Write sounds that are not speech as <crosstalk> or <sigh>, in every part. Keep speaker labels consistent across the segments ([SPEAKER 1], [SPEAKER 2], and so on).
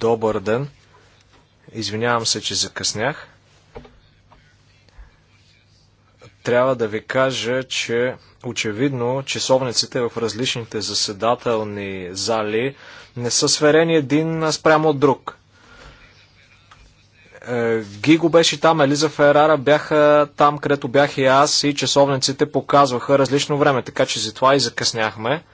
[SPEAKER 1] Добър ден. Извинявам се, че закъснях. Трябва да ви кажа, че очевидно часовниците в различните заседателни зали не са сверени един спрямо от друг. Е, Гиго беше там, Елиза Ферара бяха там, където бях и аз и часовниците показваха различно време, така че затова и закъсняхме.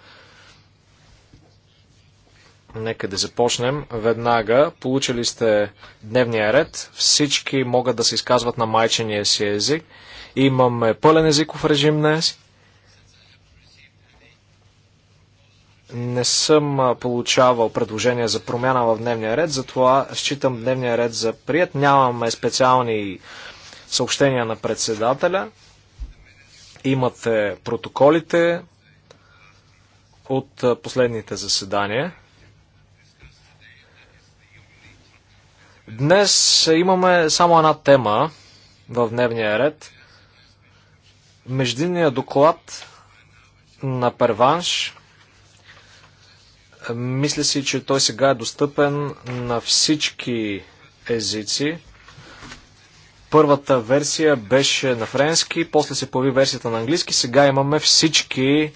[SPEAKER 1] Нека да започнем веднага. Получили сте дневния ред. Всички могат да се изказват на майчения си език. Имаме пълен езиков режим днес. Не съм получавал предложения за промяна в дневния ред, затова считам дневния ред за прият. Нямаме специални съобщения на председателя. Имате протоколите от последните заседания. Днес имаме само една тема в дневния ред. Междинният доклад на перванш. Мисля си, че той сега е достъпен на всички езици. Първата версия беше на френски, после се появи версията на английски. Сега имаме всички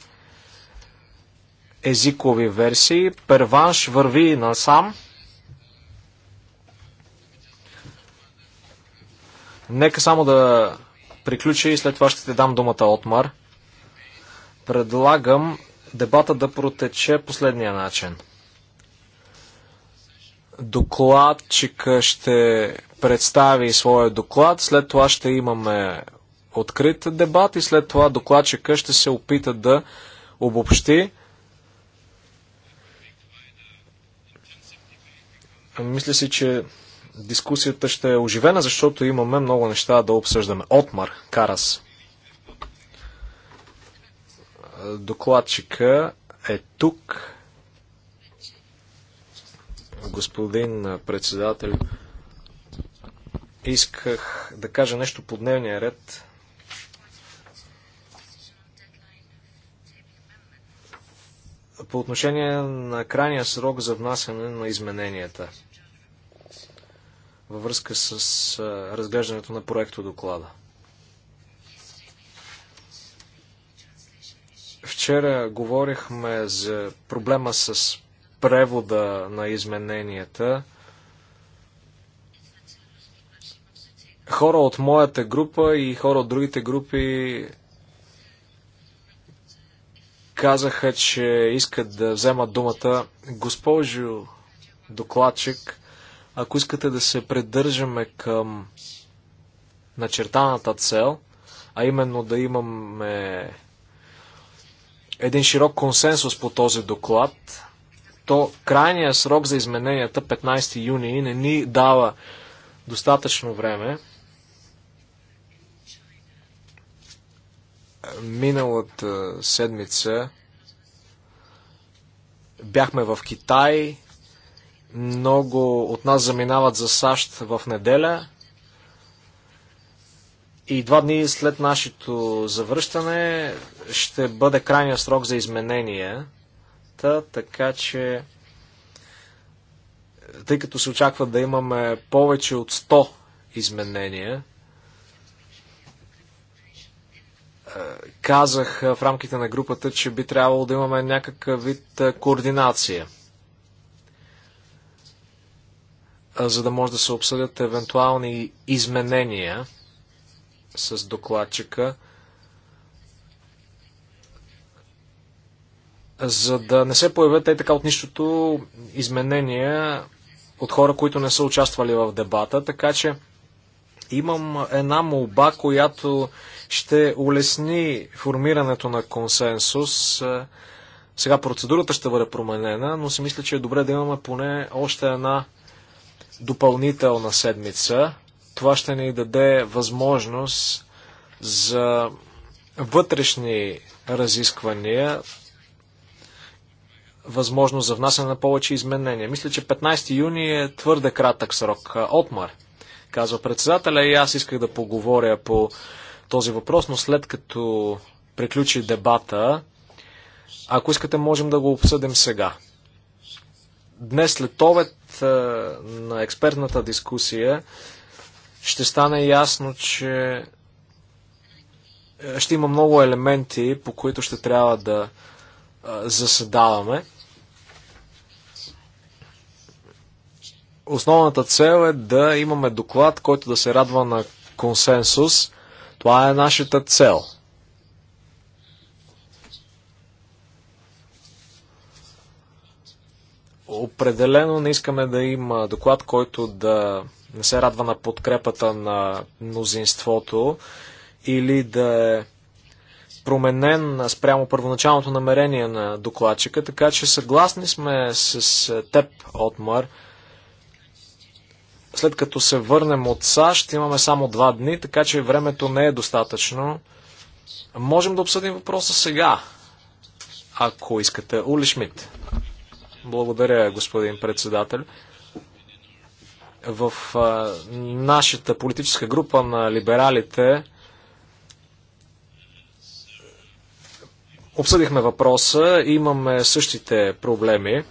[SPEAKER 1] езикови версии. Перванш върви насам. Нека само да приключа и след това ще ти дам думата Отмар. Предлагам дебата да протече последния начин. Докладчика ще представи своя доклад, след това ще имаме открит дебат и след това докладчика ще се опита да обобщи. Мисля си, че Дискусията ще е оживена, защото имаме много неща да обсъждаме. Отмар Карас. Докладчика е тук. Господин председател, исках да кажа нещо по дневния ред. по отношение на крайния срок за внасяне на измененията във връзка с разглеждането на проекто доклада. Вчера говорихме за проблема с превода на измененията. Хора от моята група и хора от другите групи казаха, че искат да вземат думата. Госпожо докладчик, ако искате да се придържаме към начертаната цел, а именно да имаме един широк консенсус по този доклад, то крайният срок за измененията 15 юни не ни дава достатъчно време. Миналата седмица бяхме в Китай, много от нас заминават за САЩ в неделя. И два дни след нашето завръщане ще бъде крайния срок за изменения. Та, така че, тъй като се очаква да имаме повече от 100 изменения, казах в рамките на групата, че би трябвало да имаме някакъв вид координация – за да може да се обсъдят евентуални изменения с докладчика, за да не се появят е така от нищото изменения от хора, които не са участвали в дебата. Така че имам една молба, която ще улесни формирането на консенсус. Сега процедурата ще бъде променена, но си мисля, че е добре да имаме поне още една допълнителна седмица. Това ще ни даде възможност за вътрешни разисквания, възможност за внасяне на повече изменения. Мисля, че 15 юни е твърде кратък срок. Отмар, казва председателя, и аз исках да поговоря по този въпрос, но след като приключи дебата, ако искате, можем да го обсъдим сега. Днес след обед на експертната дискусия ще стане ясно, че е, ще има много елементи, по които ще трябва да е, заседаваме. Основната цел е да имаме доклад, който да се радва на консенсус. Това е нашата цел – Определено не искаме да има доклад, който да не се радва на подкрепата на мнозинството или да е променен спрямо първоначалното намерение на докладчика, така че съгласни сме с теб, Отмар. След като се върнем от САЩ, имаме само два дни, така че времето не е достатъчно. Можем да обсъдим въпроса сега, ако искате. Ули Шмидт. Благодаря, господин председател. В а, нашата политическа група на либералите обсъдихме въпроса. Имаме същите проблеми.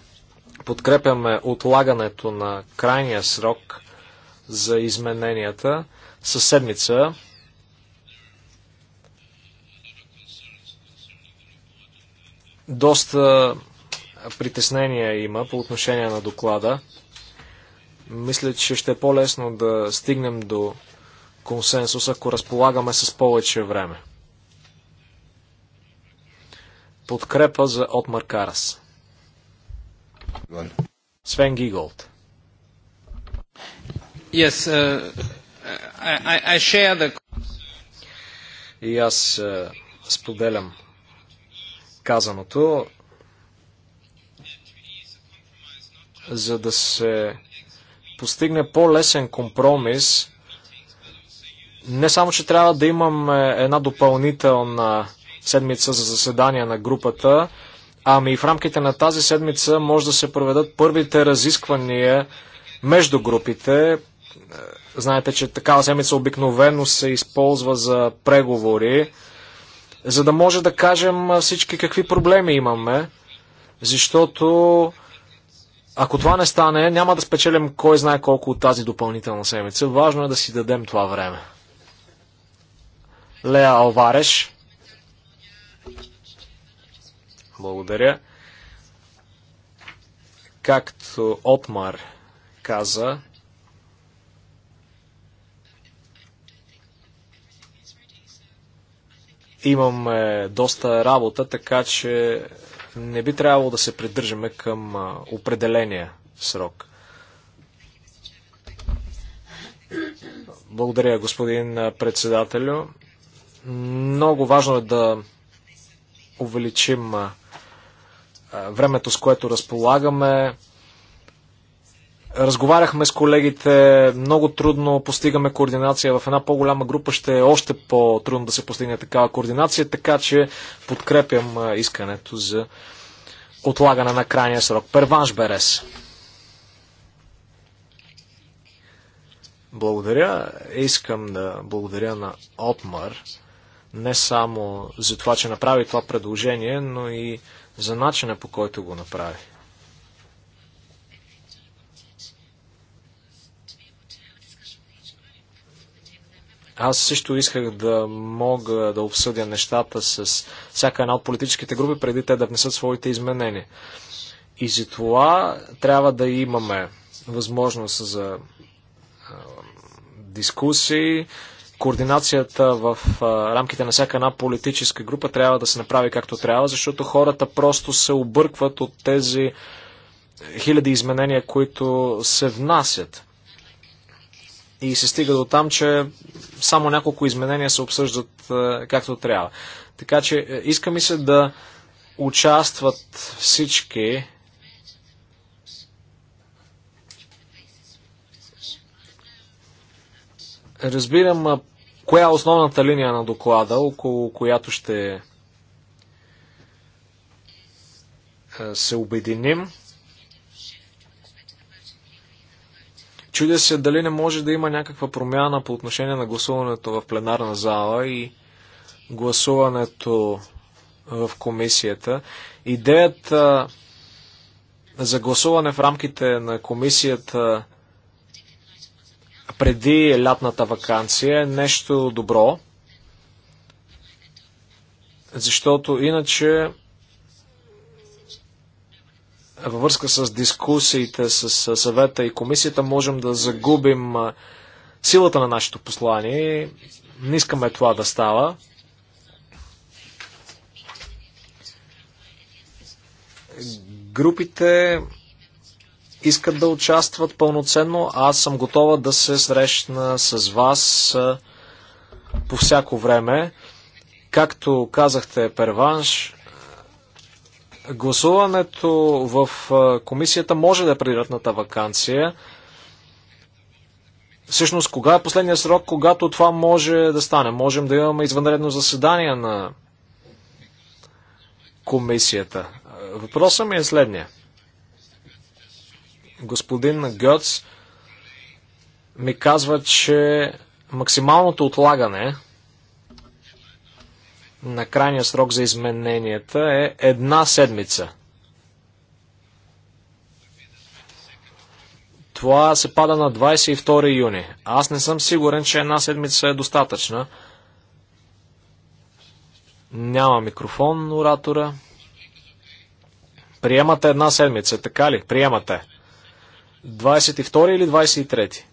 [SPEAKER 1] Подкрепяме отлагането на крайния срок за измененията със седмица. Доста притеснения има по отношение на доклада. Мисля, че ще е по-лесно да стигнем до консенсус, ако разполагаме с повече време. Подкрепа за Отмар Карас. Свен Гиголд. Yes, uh, I, I share the... И аз uh, споделям казаното. за да се постигне по-лесен компромис, не само, че трябва да имаме една допълнителна седмица за заседания на групата, ами и в рамките на тази седмица може да се проведат първите разисквания между групите. Знаете, че такава седмица обикновено се използва за преговори, за да може да кажем всички какви проблеми имаме, защото ако това не стане, няма да спечелим кой знае колко от тази допълнителна седмица. Важно е да си дадем това време. Леа Алвареш. Благодаря. Както Отмар каза, имаме доста работа, така че не би трябвало да се придържаме към определения срок. Благодаря, господин председателю. Много важно е да увеличим времето, с което разполагаме. Разговаряхме с колегите, много трудно постигаме координация. В една по-голяма група ще е още по-трудно да се постигне такава координация, така че подкрепям искането за отлагане на крайния срок. Перванш Берес. Благодаря. Искам да благодаря на Отмар не само за това, че направи това предложение, но и за начина по който го направи. Аз също исках да мога да обсъдя нещата с всяка една от политическите групи, преди те да внесат своите изменения. И за това трябва да имаме възможност за дискусии. Координацията в рамките на всяка една политическа група трябва да се направи както трябва, защото хората просто се объркват от тези хиляди изменения, които се внасят и се стига до там, че само няколко изменения се обсъждат е, както трябва. Така че е, иска ми се да участват всички Разбирам е, коя е основната линия на доклада, около която ще се обединим. Чудя се дали не може да има някаква промяна по отношение на гласуването в пленарна зала и гласуването в комисията. Идеята за гласуване в рамките на комисията преди лятната вакансия е нещо добро, защото иначе във връзка с дискусиите с съвета и комисията можем да загубим силата на нашето послание. Не искаме това да става. Групите искат да участват пълноценно. Аз съм готова да се срещна с вас по всяко време. Както казахте, Перванш, Гласуването в комисията може да е преди вакансия. Всъщност, кога е последният срок, когато това може да стане? Можем да имаме извънредно заседание на комисията. Въпросът ми е следния. Господин Гьоц ми казва, че максималното отлагане на крайния срок за измененията е една седмица. Това се пада на 22 юни. Аз не съм сигурен, че една седмица е достатъчна. Няма микрофон, оратора. Приемате една седмица, така ли? Приемате. 22 или 23?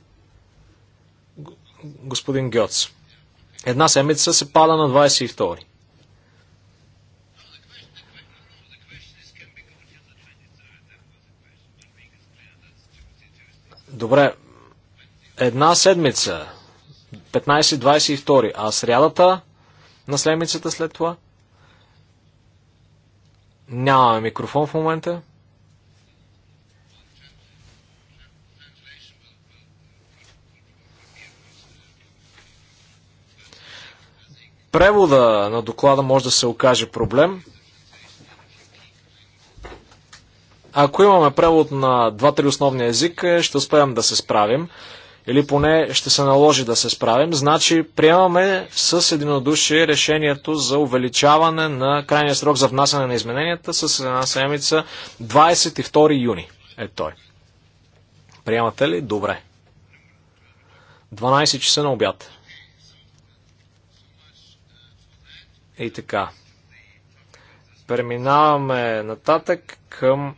[SPEAKER 1] Господин Гьоц. Една седмица се пада на 22. Добре, една седмица, 15-22, а срядата на седмицата след това? Нямаме микрофон в момента. Превода на доклада може да се окаже проблем. Ако имаме превод на два-три основни езика, ще успеем да се справим. Или поне ще се наложи да се справим. Значи приемаме с единодушие решението за увеличаване на крайния срок за внасяне на измененията с една седмица 22 юни. Е той. Приемате ли? Добре. 12 часа на обяд. И така. Преминаваме нататък към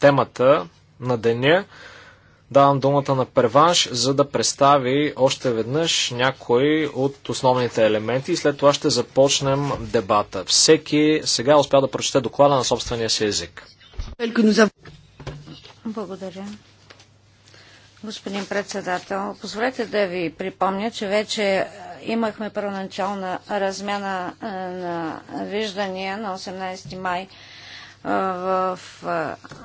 [SPEAKER 1] темата на деня. Давам думата на преванш, за да представи още веднъж някои от основните елементи и след това ще започнем дебата. Всеки сега успя да прочете доклада на собствения си език.
[SPEAKER 2] Благодаря. Господин председател, позволете да ви припомня, че вече имахме първоначална размяна на виждания на 18 май в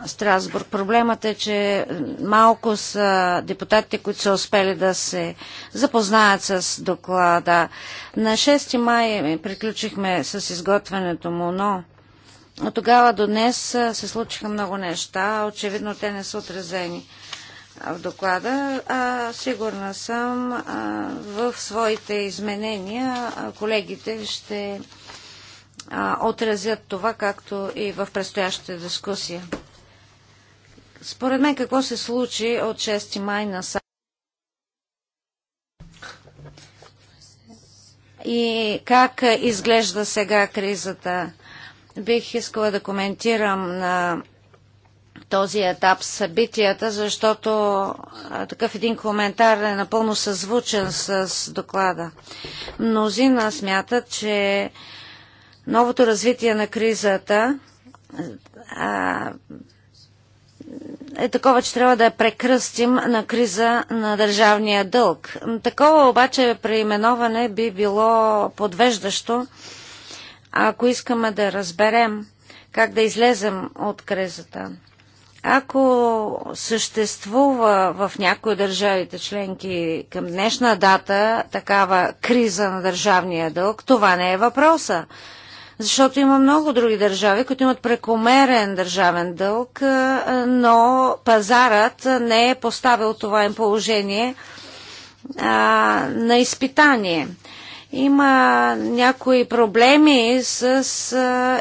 [SPEAKER 2] Страсбург. Проблемът е, че малко са депутатите, които са успели да се запознаят с доклада. На 6 май приключихме с изготвянето му, но от тогава до днес се случиха много неща. Очевидно те не са отразени в доклада. А, сигурна съм а, в своите изменения колегите ще а, отразят това, както и в предстоящата дискусия. Според мен какво се случи от 6 май на САЩ? И как изглежда сега кризата? Бих искала да коментирам на този етап събитията, защото такъв един коментар е напълно съзвучен с доклада. Мнозина смятат, че новото развитие на кризата а, е такова, че трябва да я прекръстим на криза на държавния дълг. Такова обаче преименоване би било подвеждащо, ако искаме да разберем как да излезем от кризата. Ако съществува в някои държавите членки към днешна дата такава криза на държавния дълг, това не е въпроса. Защото има много други държави, които имат прекомерен държавен дълг, но пазарът не е поставил това им положение а, на изпитание. Има някои проблеми с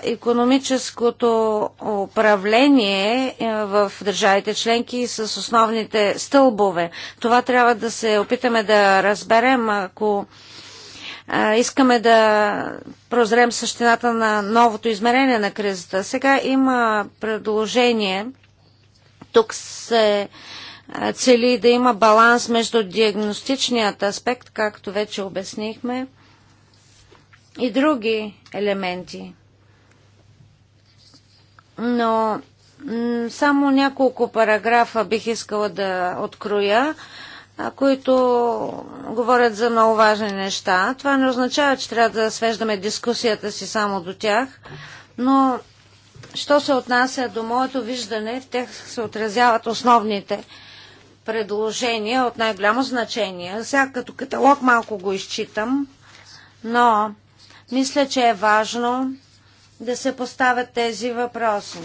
[SPEAKER 2] економическото управление в държавите членки и с основните стълбове. Това трябва да се опитаме да разберем, ако искаме да прозрем същината на новото измерение на кризата. Сега има предложение. Тук се цели да има баланс между диагностичният аспект, както вече обяснихме, и други елементи. Но само няколко параграфа бих искала да откроя които говорят за много важни неща. Това не означава, че трябва да свеждаме дискусията си само до тях, но що се отнася до моето виждане, в тях се отразяват основните предложения от най-голямо значение. Сега като каталог малко го изчитам, но мисля, че е важно да се поставят тези въпроси.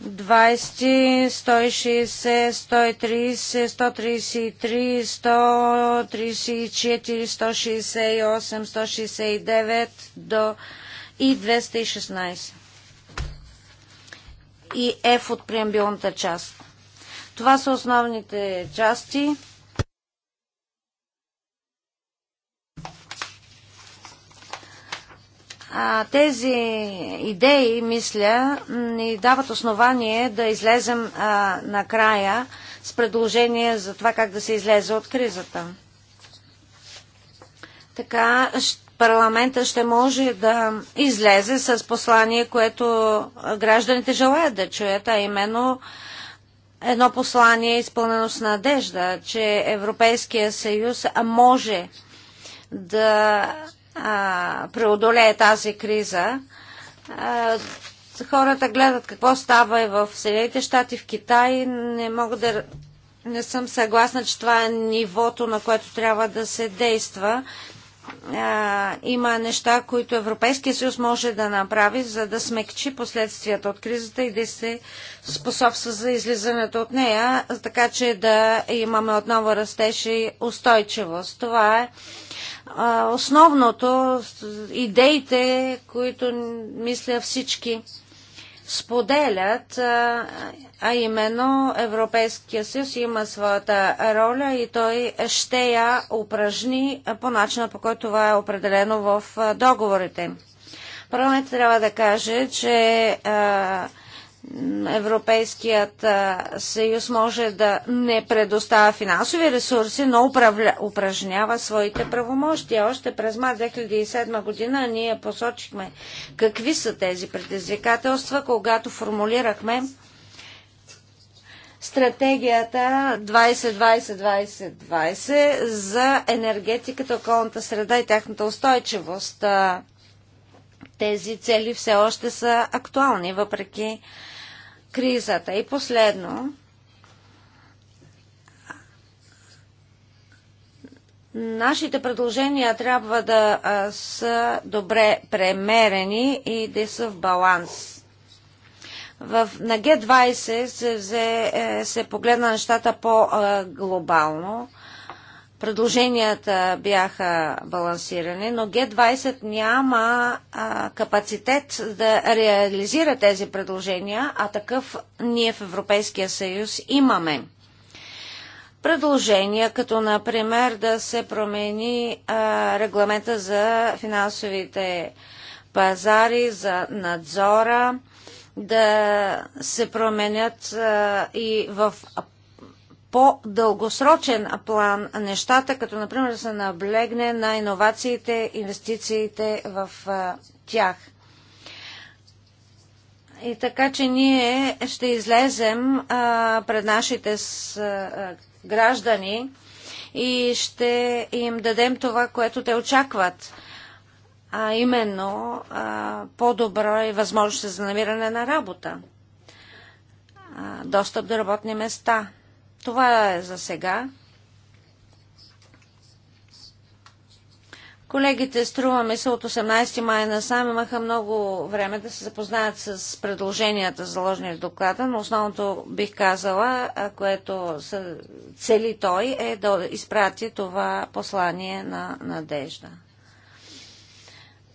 [SPEAKER 2] 20, 160, 130, 133, 134, 168, 169 до и 216. И F от преамбилната част. Това са основните части. тези идеи, мисля, ни дават основание да излезем накрая с предложение за това как да се излезе от кризата. Така парламента ще може да излезе с послание, което гражданите желаят да чуят, а именно едно послание изпълнено с надежда, че Европейския съюз може да а, преодолее тази криза, а, хората гледат какво става и в Съединените щати, в Китай. Не мога да. Не съм съгласна, че това е нивото, на което трябва да се действа. А, има неща, които Европейския съюз може да направи, за да смекчи последствията от кризата и да се способства за излизането от нея, така че да имаме отново растеж и устойчивост. Това е основното, идеите, които мисля всички споделят, а именно Европейския съюз има своята роля и той ще я упражни по начина, по който това е определено в договорите. Парламент трябва да каже, че Европейският съюз може да не предоставя финансови ресурси, но управля, упражнява своите правомощия. Още през март 2007 година ние посочихме какви са тези предизвикателства, когато формулирахме стратегията 2020-2020 за енергетиката, околната среда и тяхната устойчивост. Тези цели все още са актуални, въпреки кризата. И последно, Нашите предложения трябва да а, са добре премерени и да са в баланс. В, на Г20 се, взе, е, се погледна нещата по-глобално. Предложенията бяха балансирани, но Г20 няма а, капацитет да реализира тези предложения, а такъв ние в Европейския съюз имаме. Предложения, като например да се промени а, регламента за финансовите пазари, за надзора, да се променят а, и в по-дългосрочен план нещата, като например да се наблегне на иновациите, инвестициите в тях. И така, че ние ще излезем а, пред нашите с, а, граждани и ще им дадем това, което те очакват, а именно по-добра и възможност за намиране на работа, а, достъп до работни места – това е за сега. Колегите, струва ми се, от 18 май насам имаха много време да се запознаят с предложенията, заложени в доклада, но основното бих казала, което цели той, е да изпрати това послание на надежда.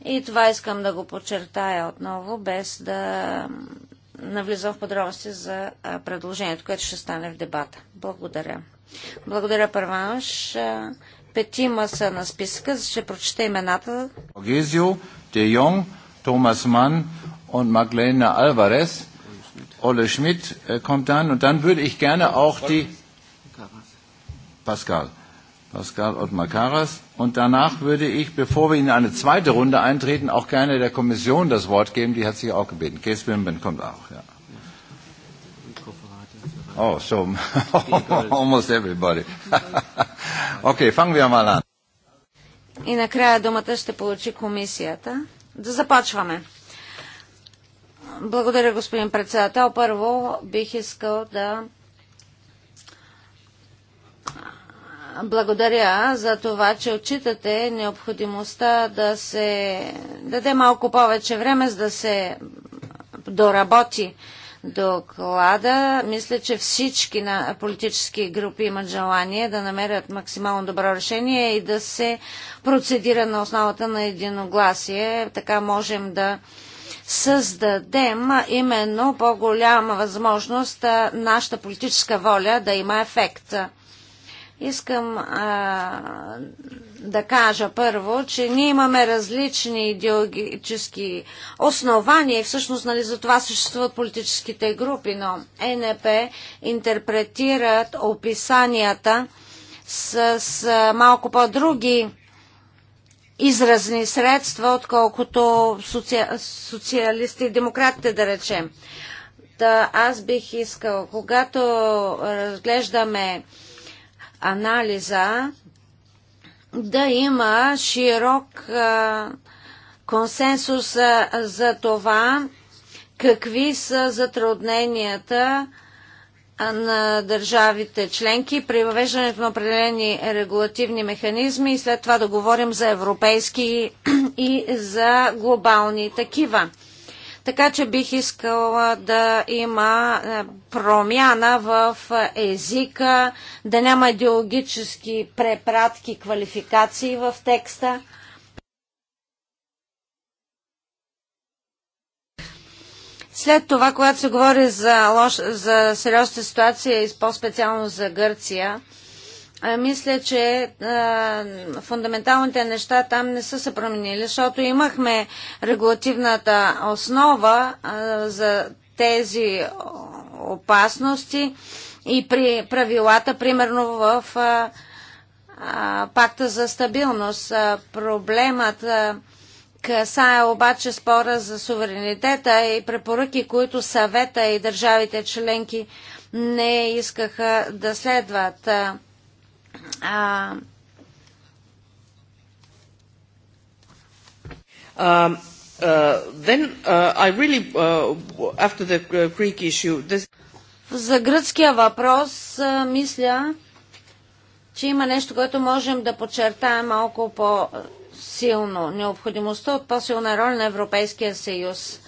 [SPEAKER 2] И това искам да го подчертая отново, без да навлизам в подробности за предложението, което ще стане в дебата. Благодаря. Благодаря, Първанш. Петима са на списъка. Ще прочета имената.
[SPEAKER 3] Огезио, Де Йонг, Томас Ман и Маглена Алварес. Оле Шмидт kommt dann und dann würde ich gerne auch die Pascal. Pascal Ottmar Karas. Und danach würde ich, bevor wir in eine zweite Runde eintreten, auch gerne der Kommission das Wort geben. Die hat sich auch gebeten. Case Wimben kommt auch. Ja.
[SPEAKER 2] Oh, so almost everybody. okay, fangen wir mal an. И накрая думата ще получи комисията. Да започваме. Благодаря, господин председател. Първо бих искал да благодаря за това, че отчитате необходимостта да се даде малко повече време, за да се доработи доклада. Мисля, че всички на политически групи имат желание да намерят максимално добро решение и да се процедира на основата на единогласие. Така можем да създадем именно по-голяма възможност нашата политическа воля да има ефект. Искам а, да кажа първо, че ние имаме различни идеологически основания и всъщност нали, за това съществуват политическите групи, но НП интерпретират описанията с, с малко по-други изразни средства, отколкото соци... социалисти и демократите, да речем. Та аз бих искал, когато разглеждаме анализа да има широк консенсус за това какви са затрудненията на държавите членки при въвеждането на определени регулативни механизми и след това да говорим за европейски <clears throat> и за глобални такива. Така че бих искала да има е, промяна в е, езика, да няма идеологически препратки, квалификации в текста. След това, когато се говори за, лош, за сериозна ситуация е и по-специално за Гърция, мисля, че а, фундаменталните неща там не са се променили, защото имахме регулативната основа а, за тези опасности и при правилата, примерно в а, а, пакта за стабилност. А, проблемът а, касае обаче спора за суверенитета и препоръки, които съвета и държавите членки не искаха да следват. А, а... Um, uh, then uh, I really, uh, after the uh, Greek issue, this... За гръцкия въпрос мисля, че има нещо, което можем да подчертаем малко по-силно. Необходимостта от по-силна роля на Европейския съюз.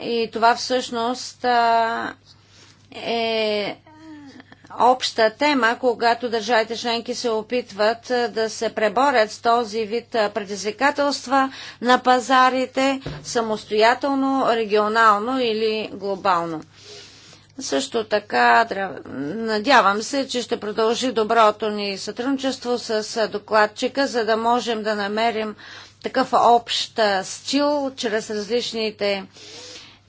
[SPEAKER 2] И това всъщност е обща тема, когато държавите членки се опитват да се преборят с този вид предизвикателства на пазарите самостоятелно, регионално или глобално. Също така, надявам се, че ще продължи доброто ни сътрудничество с докладчика, за да можем да намерим такъв общ стил чрез различните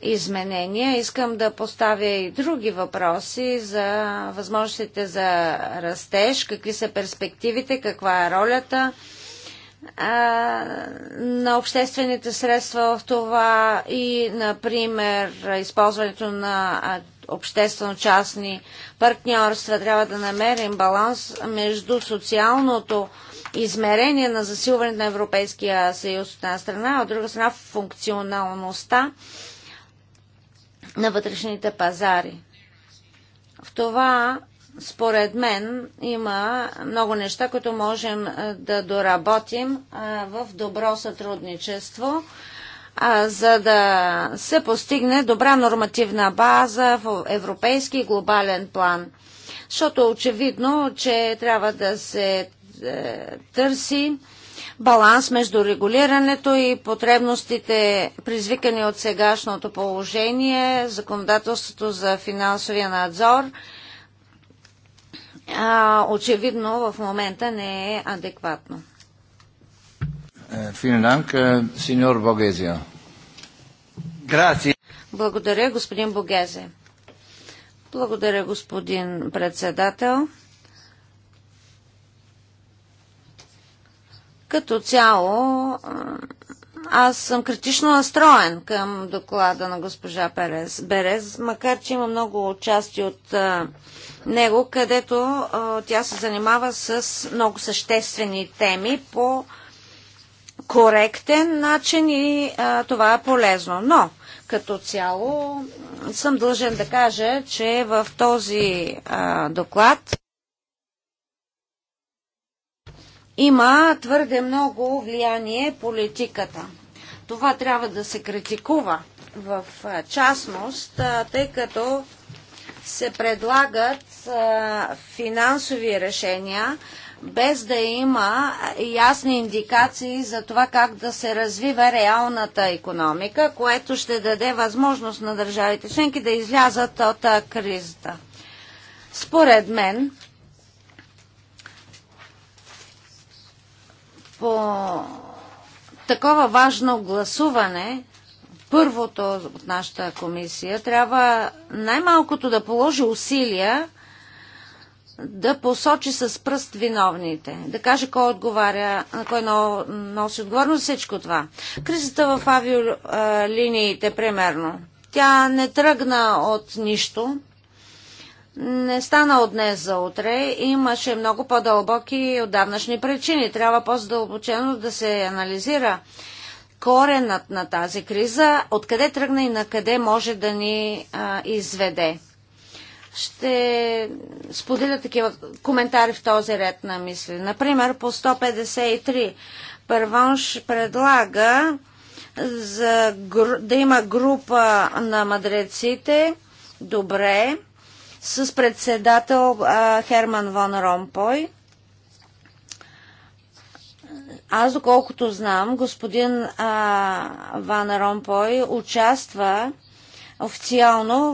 [SPEAKER 2] изменения. Искам да поставя и други въпроси за възможностите за растеж, какви са перспективите, каква е ролята на обществените средства в това и, например, използването на обществено-частни партньорства. Трябва да намерим баланс между социалното измерение на засилване на Европейския съюз от една страна, а от друга страна функционалността на вътрешните пазари. В това, според мен, има много неща, които можем да доработим в добро сътрудничество, за да се постигне добра нормативна база в европейски и глобален план. Защото очевидно, че трябва да се е, търси баланс между регулирането и потребностите, призвикани от сегашното положение, законодателството за финансовия надзор. А, очевидно в момента не е адекватно. Е, е, Благодаря, господин Богезе. Благодаря, господин председател. Като цяло, аз съм критично настроен към доклада на госпожа Перес, Берез, макар че има много части от а, него, където а, тя се занимава с много съществени теми по коректен начин и а, това е полезно. Но, като цяло, съм дължен да кажа, че в този а, доклад има твърде много влияние политиката. Това трябва да се критикува в частност, тъй като се предлагат финансови решения, без да има ясни индикации за това как да се развива реалната економика, което ще даде възможност на държавите членки да излязат от кризата. Според мен, по такова важно гласуване, първото от нашата комисия, трябва най-малкото да положи усилия да посочи с пръст виновните, да каже кой отговаря, на кой носи отговорност всичко това. Кризата в авиолиниите, примерно, тя не тръгна от нищо, не стана от днес за утре. Имаше много по-дълбоки отдавнашни причини. Трябва по-задълбочено да се анализира коренът на тази криза, откъде тръгна и на къде може да ни а, изведе. Ще споделя такива коментари в този ред на мисли. Например, по 153 Първанш предлага за, да има група на мъдреците. Добре с председател Херман Вон Ромпой. Аз, доколкото знам, господин а, Ван Ромпой участва официално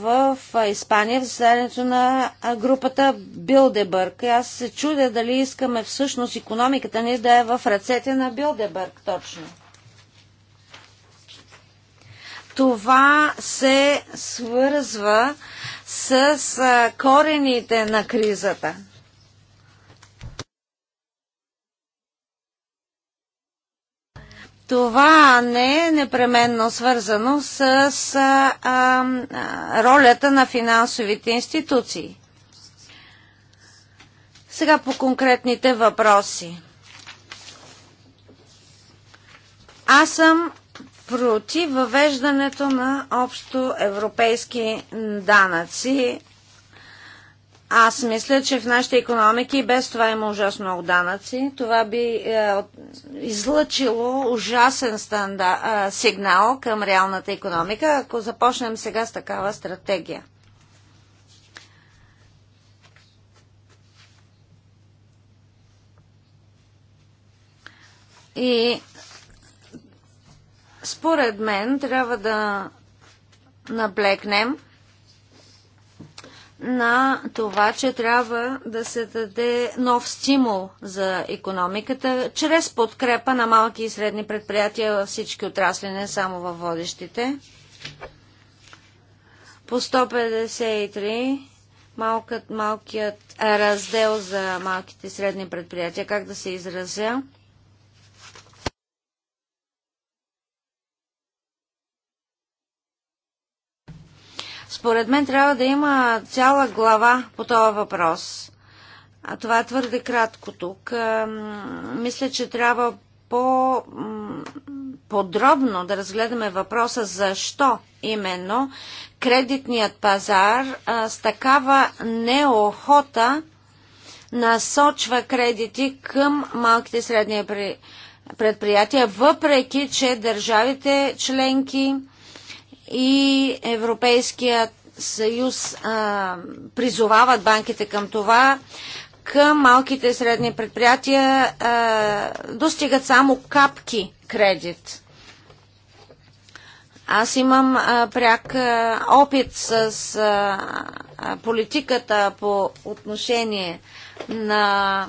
[SPEAKER 2] в, в Испания в заседанието на групата Билдебърг. И аз се чудя дали искаме всъщност економиката ни да е в ръцете на Билдебърг точно. Това се свързва с корените на кризата. Това не е непременно свързано с а, а, ролята на финансовите институции. Сега по конкретните въпроси. Аз съм против въвеждането на общо европейски данъци. Аз мисля, че в нашите економики и без това има ужасно много данъци. Това би е, излъчило ужасен станда, е, сигнал към реалната економика, ако започнем сега с такава стратегия. И според мен трябва да наблекнем на това, че трябва да се даде нов стимул за економиката, чрез подкрепа на малки и средни предприятия във всички отрасли, не само във водещите. По 153 малкият раздел за малките и средни предприятия, как да се изразя, Според мен трябва да има цяла глава по този въпрос. А това е твърде кратко тук. Мисля, че трябва по-подробно да разгледаме въпроса защо именно кредитният пазар с такава неохота насочва кредити към малките и средни предприятия, въпреки че държавите членки и Европейският съюз а, призовават банките към това, към малките и средни предприятия а, достигат само капки кредит. Аз имам а, пряк а, опит с а, политиката по отношение на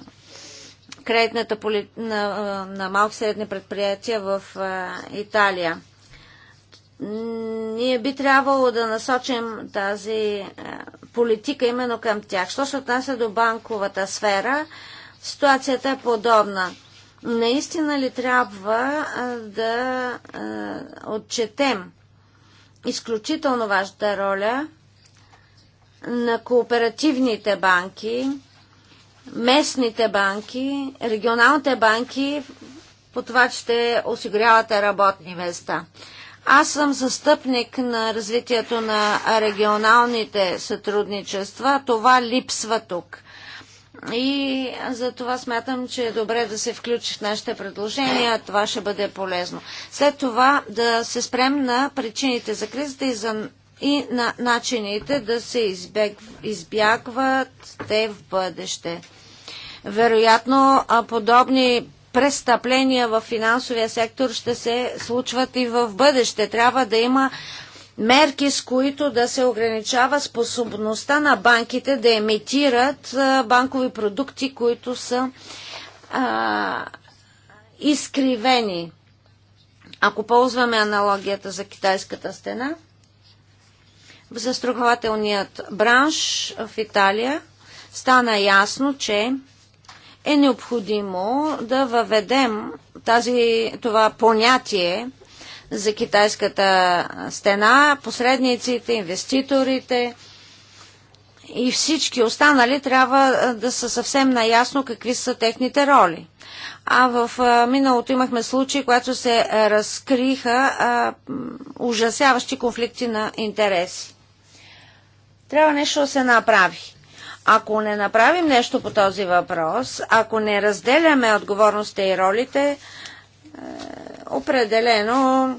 [SPEAKER 2] кредитната поли... на, на малки средни предприятия в а, Италия ние би трябвало да насочим тази е, политика именно към тях. Що се отнася до банковата сфера, ситуацията е подобна. Наистина ли трябва е, да е, отчетем изключително важната роля на кооперативните банки, местните банки, регионалните банки, по това, че те осигуряват работни места. Аз съм застъпник на развитието на регионалните сътрудничества. Това липсва тук. И за това смятам, че е добре да се включи в нашите предложения. Това ще бъде полезно. След това да се спрем на причините за кризата и, за, и на начините да се избег, избягват те в бъдеще. Вероятно, подобни престъпления в финансовия сектор ще се случват и в бъдеще. Трябва да има мерки, с които да се ограничава способността на банките да емитират банкови продукти, които са а, изкривени. Ако ползваме аналогията за китайската стена, в застрахователният бранш в Италия стана ясно, че е необходимо да въведем тази, това понятие за китайската стена, посредниците, инвеститорите и всички останали трябва да са съвсем наясно какви са техните роли. А в миналото имахме случаи, когато се разкриха а, ужасяващи конфликти на интереси. Трябва нещо да се направи. Ако не направим нещо по този въпрос, ако не разделяме отговорностите и ролите, е, определено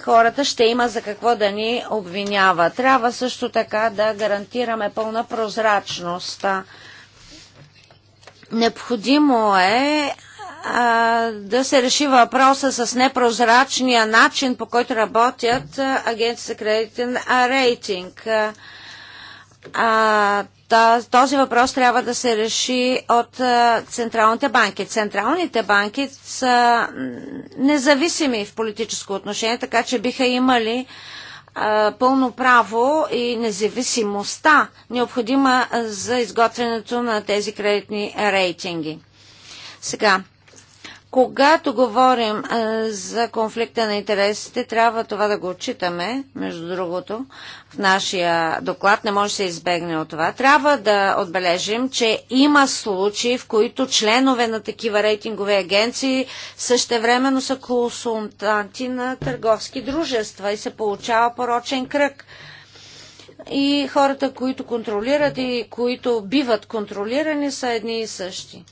[SPEAKER 2] хората ще има за какво да ни обвинява. Трябва също така да гарантираме пълна прозрачност. Необходимо е да се реши въпроса с непрозрачния начин, по който работят агенци за кредитен рейтинг. Този въпрос трябва да се реши от е, централните банки. Централните банки са независими в политическо отношение, така че биха имали е, пълно право и независимостта, необходима е, за изготвянето на тези кредитни рейтинги. Сега, когато говорим а, за конфликта на интересите, трябва това да го отчитаме, между другото, в нашия доклад, не може да се избегне от това. Трябва да отбележим, че има случаи, в които членове на такива рейтингови агенции същевременно са консултанти на търговски дружества и се получава порочен кръг и хората, които контролират и които биват контролирани, са едни и същи.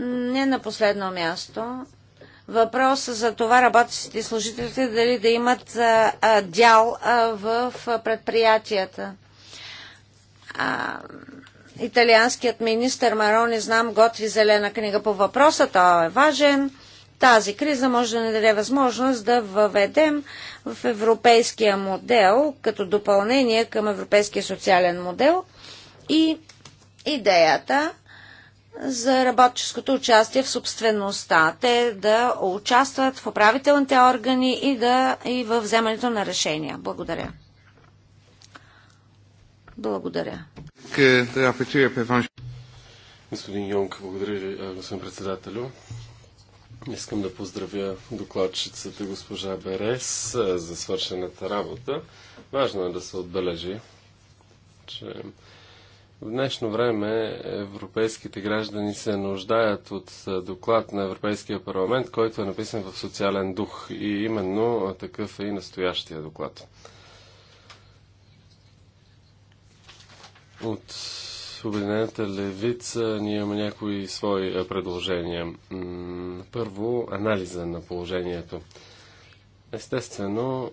[SPEAKER 2] Не на последно място. Въпросът за това работещите и служителите дали да имат а, а, дял а, в предприятията. А, италианският министр Марони, знам, готви зелена книга по въпроса. Това, е важен. Тази криза може да ни даде възможност да въведем в европейския модел като допълнение към европейския социален модел и идеята за работческото участие в собствеността. Те да участват в управителните органи и, да, и в вземането на решения. Благодаря. Благодаря.
[SPEAKER 3] Господин Йонк, благодаря ви, господин председателю. Искам да поздравя докладчицата госпожа Берес за свършената работа. Важно е да се отбележи, че в днешно време европейските граждани се нуждаят от доклад на Европейския парламент, който е написан в социален дух. И именно такъв е и настоящия доклад. От Обединената левица ние имаме някои свои предложения. Първо, анализа на положението. Естествено,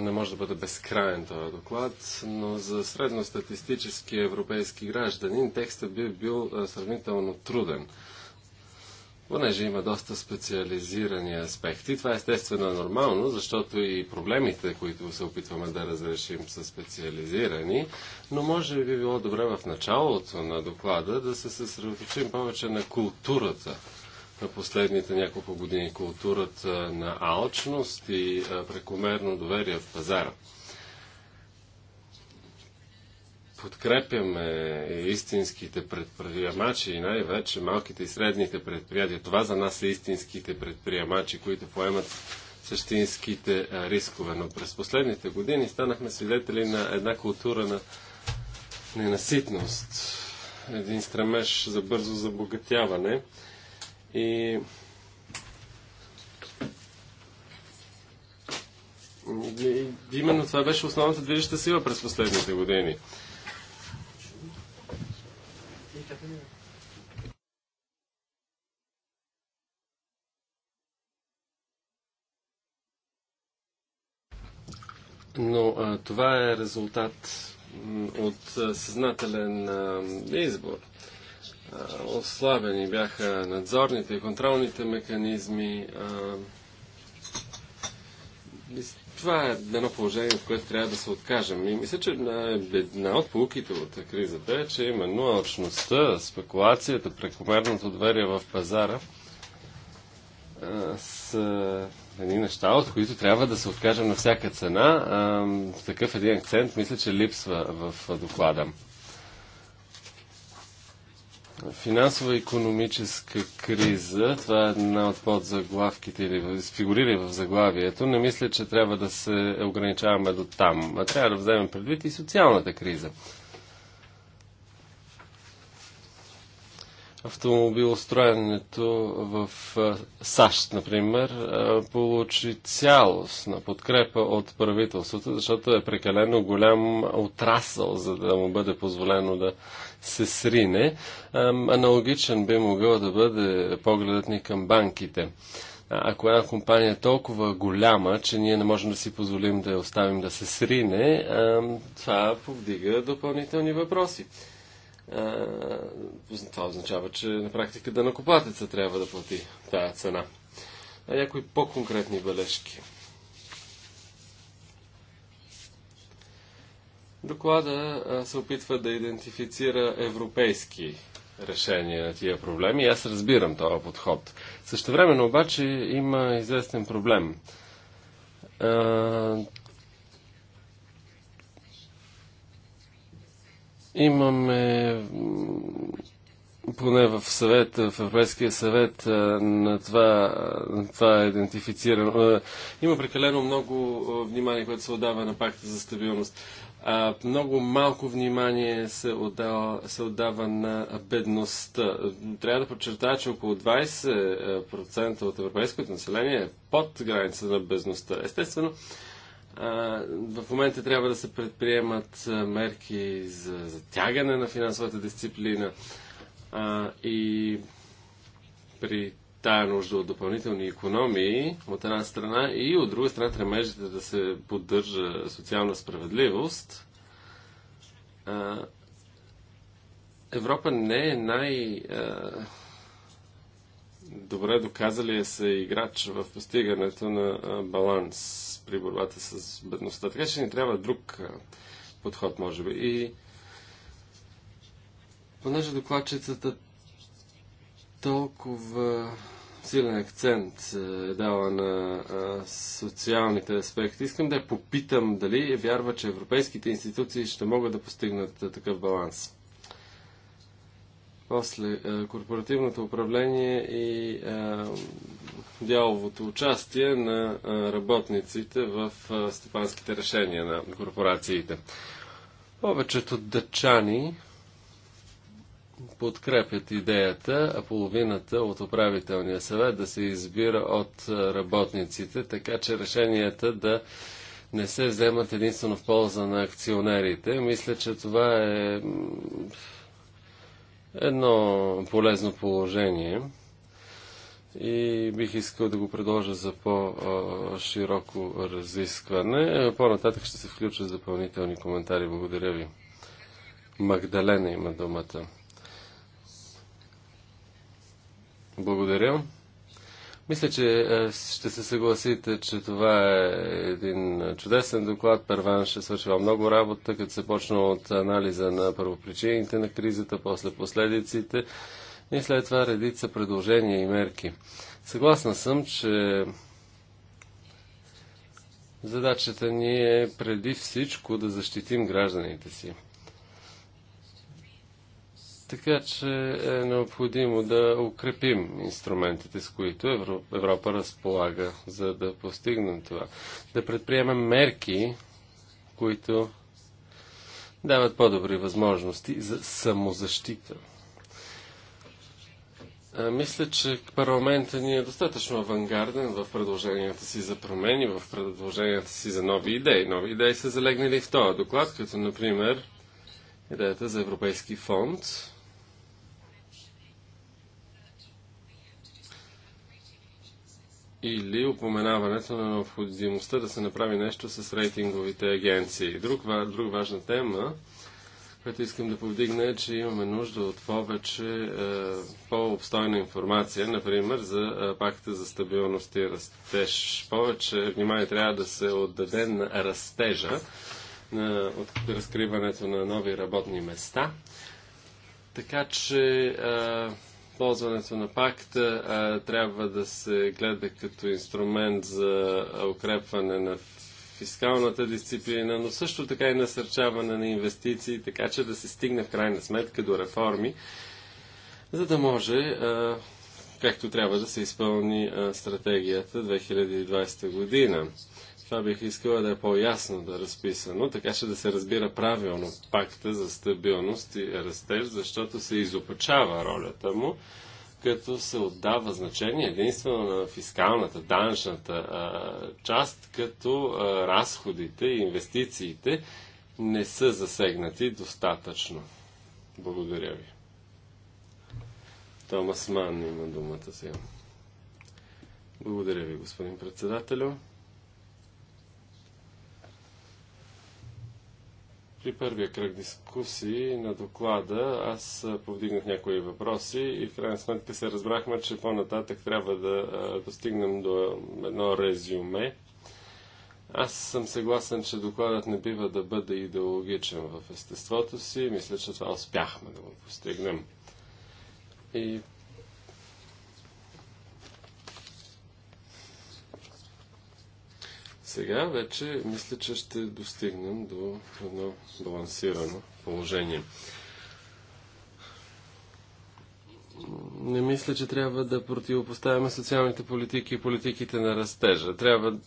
[SPEAKER 3] не може да бъде безкраен този доклад, но за средностатистически европейски гражданин текстът би бил сравнително труден, понеже има доста специализирани аспекти. Това естествено е нормално, защото и проблемите, които се опитваме да разрешим, са специализирани, но може би било добре в началото на доклада да се съсредоточим повече на културата на последните няколко години културата на алчност и прекомерно доверие в пазара. Подкрепяме истинските предприемачи и най-вече малките и средните предприятия. Това за нас са истинските предприемачи, които поемат същинските рискове. Но през последните години станахме свидетели на една култура на ненаситност, един стремеж за бързо забогатяване и именно това беше основната движеща сила през последните години. Но а, това е резултат от съзнателен а, избор. А, ослабени бяха надзорните и контролните механизми. Това е едно положение, от което трябва да се откажем. И мисля, че една от полуките от кризата е, че именно очността, спекулацията, прекомерното доверие в пазара са едни неща, от които трябва да се откажем на всяка цена. Такъв един акцент мисля, че липсва в доклада финансово-економическа криза, това е една от подзаглавките или фигурира в заглавието, не мисля, че трябва да се ограничаваме до там. А трябва да вземем предвид и социалната криза. Автомобилостроенето в САЩ, например, получи цялостна подкрепа от правителството, защото е прекалено голям отрасъл, за да му бъде позволено да се срине. Аналогичен би могъл да бъде погледът ни към банките. Ако една компания е толкова голяма, че ние не можем да си позволим да я оставим да се срине, това повдига допълнителни въпроси. Това означава, че на практика да накопатеца трябва да плати тая цена. Някои по-конкретни бележки – Доклада се опитва да идентифицира европейски решения на тия проблеми. Аз разбирам този подход. време, обаче има известен проблем. имаме поне в съвет, в Европейския съвет на това, на това е идентифицирано. Има прекалено много внимание, което се отдава на пакта за стабилност а, много малко внимание се, отдава, се отдава на бедността. Трябва да подчертая, че около 20% от европейското население е под граница на бедността. Естествено, а, в момента трябва да се предприемат мерки за затягане на финансовата дисциплина а, и при тая нужда от допълнителни економии, от една страна, и от друга страна тремежите да се поддържа социална справедливост, а, Европа не е най- а, добре доказалия се играч в постигането на баланс при борбата с бедността. Така че ни трябва друг подход, може би. И понеже докладчицата толкова силен акцент е дала на а, социалните аспекти. Искам да я попитам дали вярва, че европейските институции ще могат да постигнат е, такъв баланс. После а, е, корпоративното управление и е, дяловото участие на работниците в стопанските решения на корпорациите. Повечето дъчани подкрепят идеята, а половината от управителния съвет да се избира от работниците, така че решенията да не се вземат единствено в полза на акционерите. Мисля, че това е едно полезно положение и бих искал да го предложа за по-широко разискване. По-нататък ще се включат допълнителни коментари. Благодаря ви. Магдалена има думата. Благодаря. Мисля, че е, ще се съгласите, че това е един чудесен доклад. Първан ще свършва много работа, като се почна от анализа на първопричините на кризата, после последиците и след това редица предложения и мерки. Съгласна съм, че задачата ни е преди всичко да защитим гражданите си. Така че е необходимо да укрепим инструментите, с които Европа, разполага, за да постигнем това. Да предприемем мерки, които дават по-добри възможности за самозащита. А, мисля, че парламента ни е достатъчно авангарден в предложенията си за промени, в предложенията си за нови идеи. Нови идеи са залегнали в този доклад, като например идеята за Европейски фонд или упоменаването на необходимостта да се направи нещо с рейтинговите агенции. Друг, друг важна тема, която искам да повдигна е, че имаме нужда от повече е, по-обстойна информация, например за е, пакта за стабилност и растеж. Повече внимание трябва да се отдаде на растежа, на, от разкриването на нови работни места. Така че е, Ползването на пакта а, трябва да се гледа като инструмент за укрепване на фискалната дисциплина, но също така и насърчаване на инвестиции, така че да се стигне в крайна сметка до реформи, за да може а, както трябва да се изпълни а, стратегията 2020 година. Това бих искала да е по-ясно да е разписано, така че да се разбира правилно пакта за стабилност и растеж, защото се изопачава ролята му, като се отдава значение единствено на фискалната, данъчната а, част, като а, разходите и инвестициите не са засегнати достатъчно. Благодаря ви. Томас Ман има думата сега. Благодаря ви, господин председателю. При първия кръг дискусии на доклада аз повдигнах някои въпроси и в крайна сметка се разбрахме, че по-нататък трябва да достигнем до едно резюме. Аз съм съгласен, че докладът не бива да бъде идеологичен в естеството си. Мисля, че това успяхме да го постигнем. И Сега вече мисля, че ще достигнем до едно балансирано положение. Не мисля, че трябва да противопоставяме социалните политики и политиките на растежа. Трябва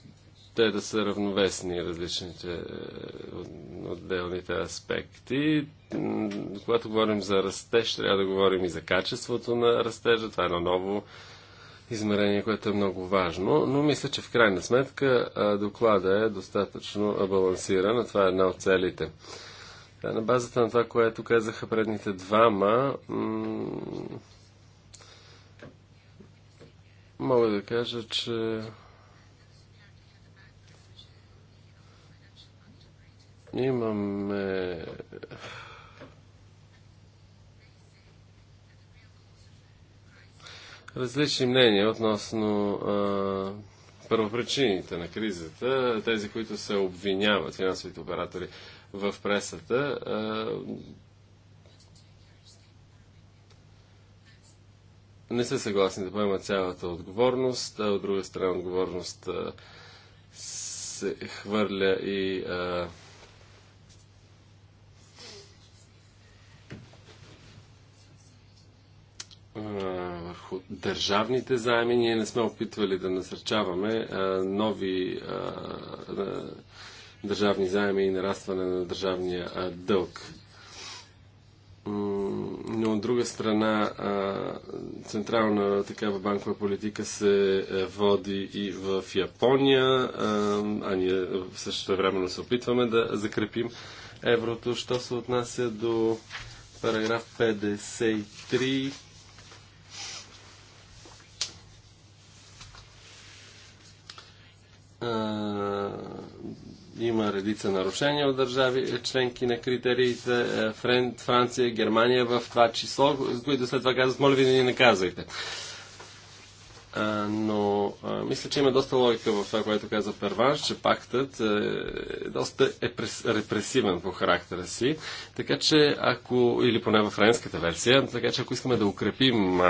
[SPEAKER 3] те да са равновесни различните е, отделните аспекти. Когато говорим за растеж, трябва да говорим и за качеството на растежа. Това е едно ново измерение, което е много важно, но мисля, че в крайна сметка доклада е достатъчно балансиран, това е една от целите. Е, на базата на това, което казаха предните двама, мога да кажа, че имаме различни мнения относно а, първопричините на кризата, тези, които се обвиняват, финансовите оператори в пресата. А, не са съгласни да поемат цялата отговорност, а от друга страна отговорност а, се хвърля и а, върху държавните заеми. Ние не сме опитвали да насърчаваме нови държавни заеми и нарастване на държавния дълг. Но от друга страна, централна такава банкова политика се е, води и в Япония, а ние също времено се опитваме да закрепим еврото. Що се отнася до параграф 53, има редица нарушения от държави, е, членки на критериите, е, Френ, Франция, Германия в това число, които след това казват, моля ви да ни наказвайте но мисля, че има доста логика в това, което каза Перванш, че пактът е, е доста е репресивен по характера си. Така че ако, или поне в френската версия, така че ако искаме да укрепим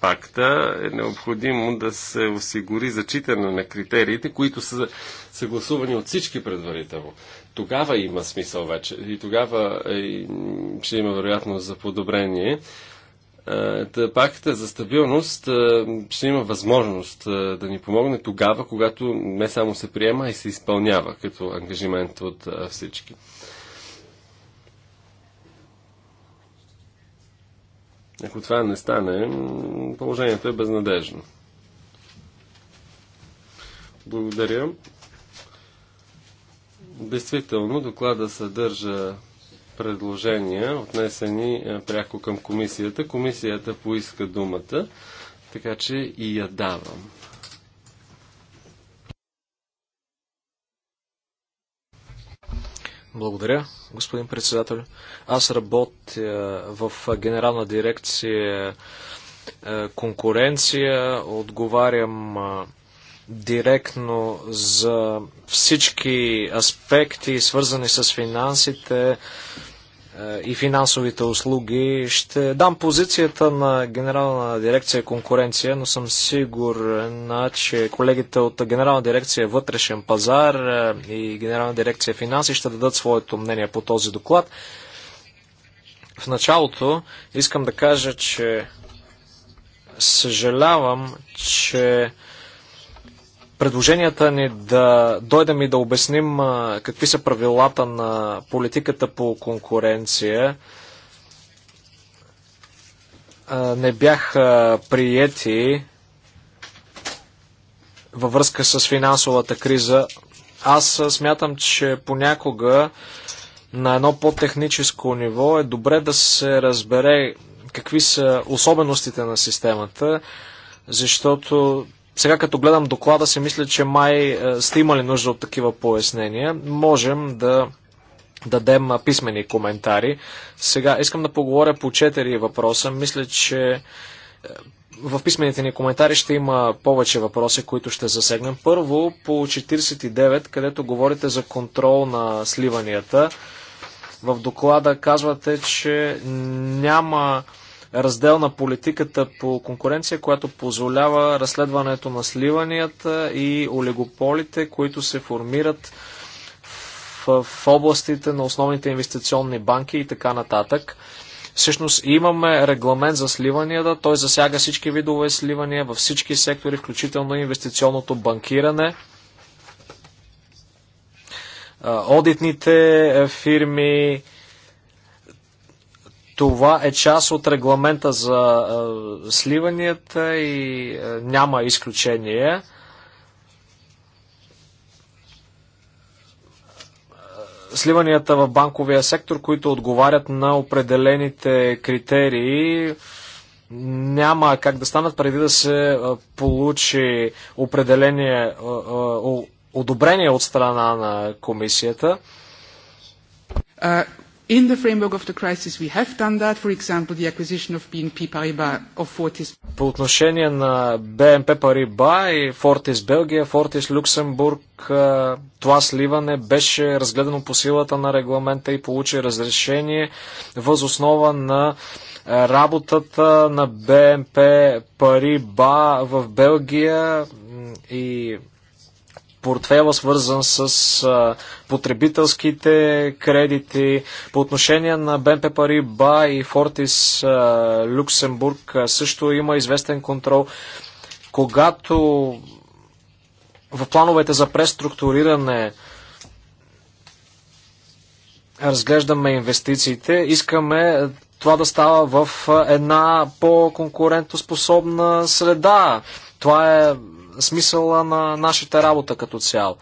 [SPEAKER 3] пакта, е необходимо да се осигури зачитане на критериите, които са съгласувани от всички предварително тогава има смисъл вече. И тогава ще има вероятност за подобрение. Е, пакта за стабилност е, ще има възможност е, да ни помогне тогава, когато не само се приема, а и се изпълнява като ангажимент от всички. Ако това не стане, положението е безнадежно. Благодаря. Действително, доклада съдържа предложения, отнесени е, пряко към комисията. Комисията поиска думата, така че и я давам.
[SPEAKER 1] Благодаря, господин председател. Аз работя в генерална дирекция е, конкуренция, отговарям е, директно за всички аспекти, свързани с финансите, и финансовите услуги. Ще дам позицията на Генерална дирекция конкуренция, но съм сигурна, че колегите от Генерална дирекция вътрешен пазар е, и Генерална дирекция финанси ще дадат своето мнение по този доклад. В началото искам да кажа, че съжалявам, че предложенията ни да дойдем и да обясним какви са правилата на политиката по конкуренция не бяха приети във връзка с финансовата криза. Аз смятам, че понякога на едно по-техническо ниво е добре да се разбере какви са особеностите на системата, защото сега като гледам доклада си мисля, че май е, сте имали нужда от такива пояснения. Можем да дадем писмени коментари. Сега искам да поговоря по четири въпроса. Мисля, че е, в писмените ни коментари ще има повече въпроси, които ще засегнем. Първо по 49, където говорите за контрол на сливанията. В доклада казвате, че няма раздел на политиката по конкуренция, която позволява разследването на сливанията и олигополите, които се формират в, в областите на основните инвестиционни банки и така нататък. Всъщност имаме регламент за сливанията, той засяга всички видове сливания във всички сектори, включително инвестиционното банкиране, одитните е, фирми, това е част от регламента за сливанията и няма изключение. Сливанията в банковия сектор, които отговарят на определените критерии, няма как да станат преди да се получи определение, одобрение от страна на комисията. In the framework of the crisis, we have done that. For example, the acquisition of BNP Paribas of Fortis. По отношение на BNP Paribas и Fortis Белгия, Fortis Luxembourg, това сливане беше разгледано по силата на регламента и получи разрешение въз основа на работата на BNP Paribas в Белгия и портфела, свързан с потребителските кредити. По отношение на БНП БА и Фортис Люксембург също има известен контрол. Когато в плановете за преструктуриране разглеждаме инвестициите, искаме това да става в една по-конкурентоспособна среда. Това е смисъла на нашата работа като цяло.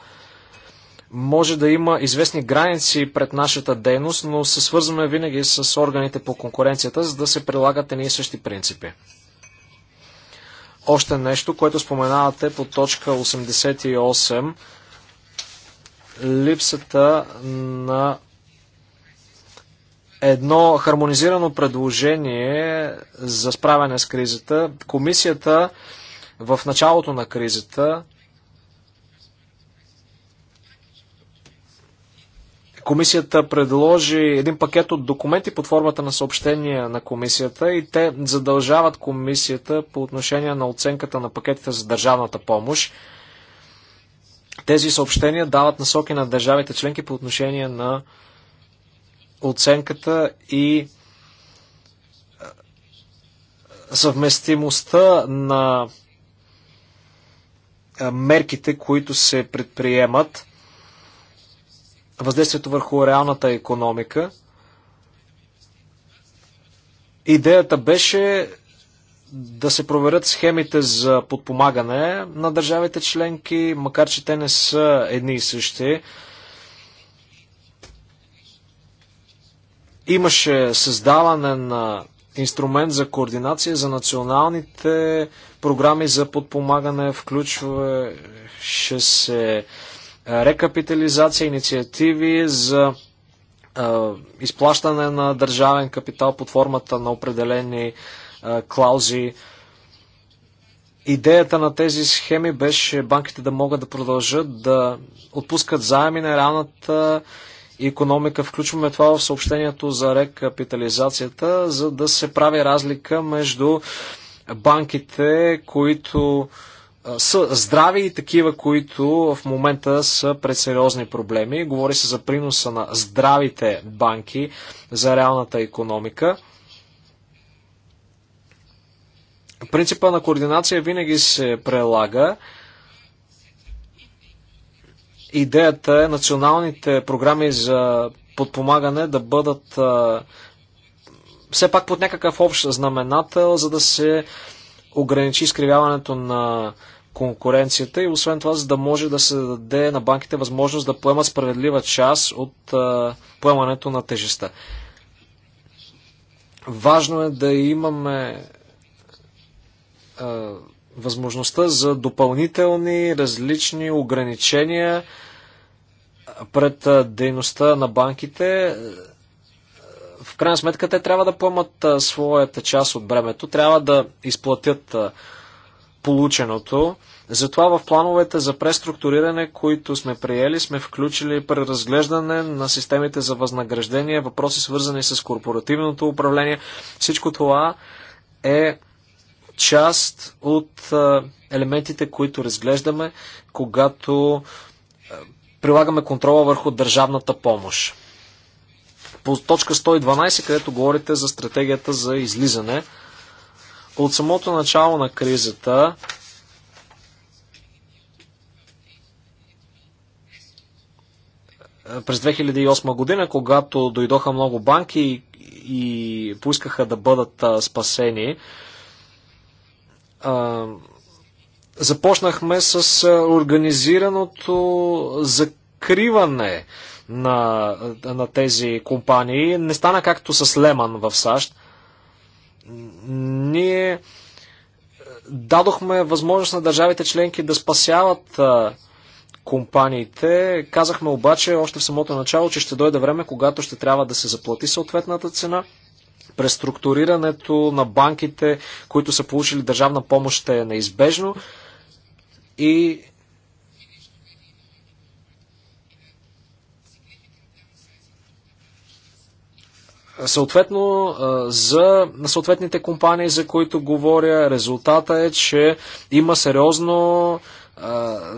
[SPEAKER 1] Може да има известни граници пред нашата дейност, но се свързваме винаги с органите по конкуренцията, за да се прилагат едни и същи принципи. Още нещо, което споменавате по точка 88, липсата на едно хармонизирано предложение за справяне с кризата. Комисията в началото на кризата Комисията предложи един пакет от документи под формата на съобщения на комисията и те задължават комисията по отношение на оценката на пакетите за държавната помощ. Тези съобщения дават насоки на държавите членки по отношение на оценката и е, съвместимостта на мерките, които се предприемат, въздействието върху реалната економика. Идеята беше да се проверят схемите за подпомагане на държавите членки, макар че те не са едни и същи. Имаше създаване на инструмент за координация за националните програми за подпомагане, включваше се рекапитализация, инициативи за изплащане на държавен капитал под формата на определени клаузи. Идеята на тези схеми беше банките да могат да продължат да отпускат заеми на реалната економика. Включваме това в съобщението за рекапитализацията, за да се прави разлика между банките, които са здрави и такива, които в момента са пред сериозни проблеми. Говори се за приноса на здравите банки за реалната економика. Принципа на координация винаги се прелага. Идеята е националните програми за подпомагане да бъдат а, все пак под някакъв общ знаменател, за да се ограничи изкривяването на конкуренцията и освен това, за да може да се даде на банките възможност да поемат справедлива част от а, поемането на тежеста. Важно е да имаме а, възможността за допълнителни различни ограничения, пред дейността на банките, е, в крайна сметка те трябва да поемат своята част от бремето, трябва да изплатят полученото. Затова в плановете за преструктуриране, които сме приели, сме включили преразглеждане на системите за възнаграждение, въпроси свързани с корпоративното управление. Всичко това е част от елементите, които разглеждаме, когато прилагаме контрола върху държавната помощ. По точка 112, където говорите за стратегията за излизане, от самото начало на кризата през 2008 година, когато дойдоха много банки и поискаха да бъдат спасени, Започнахме с организираното закриване на, на тези компании. Не стана както с Леман в САЩ. Ние дадохме възможност на държавите членки да спасяват компаниите. Казахме обаче още в самото начало, че ще дойде време, когато ще трябва да се заплати съответната цена. Преструктурирането на банките, които са получили държавна помощ, ще е неизбежно и Съответно, за съответните компании, за които говоря, резултата е, че има сериозно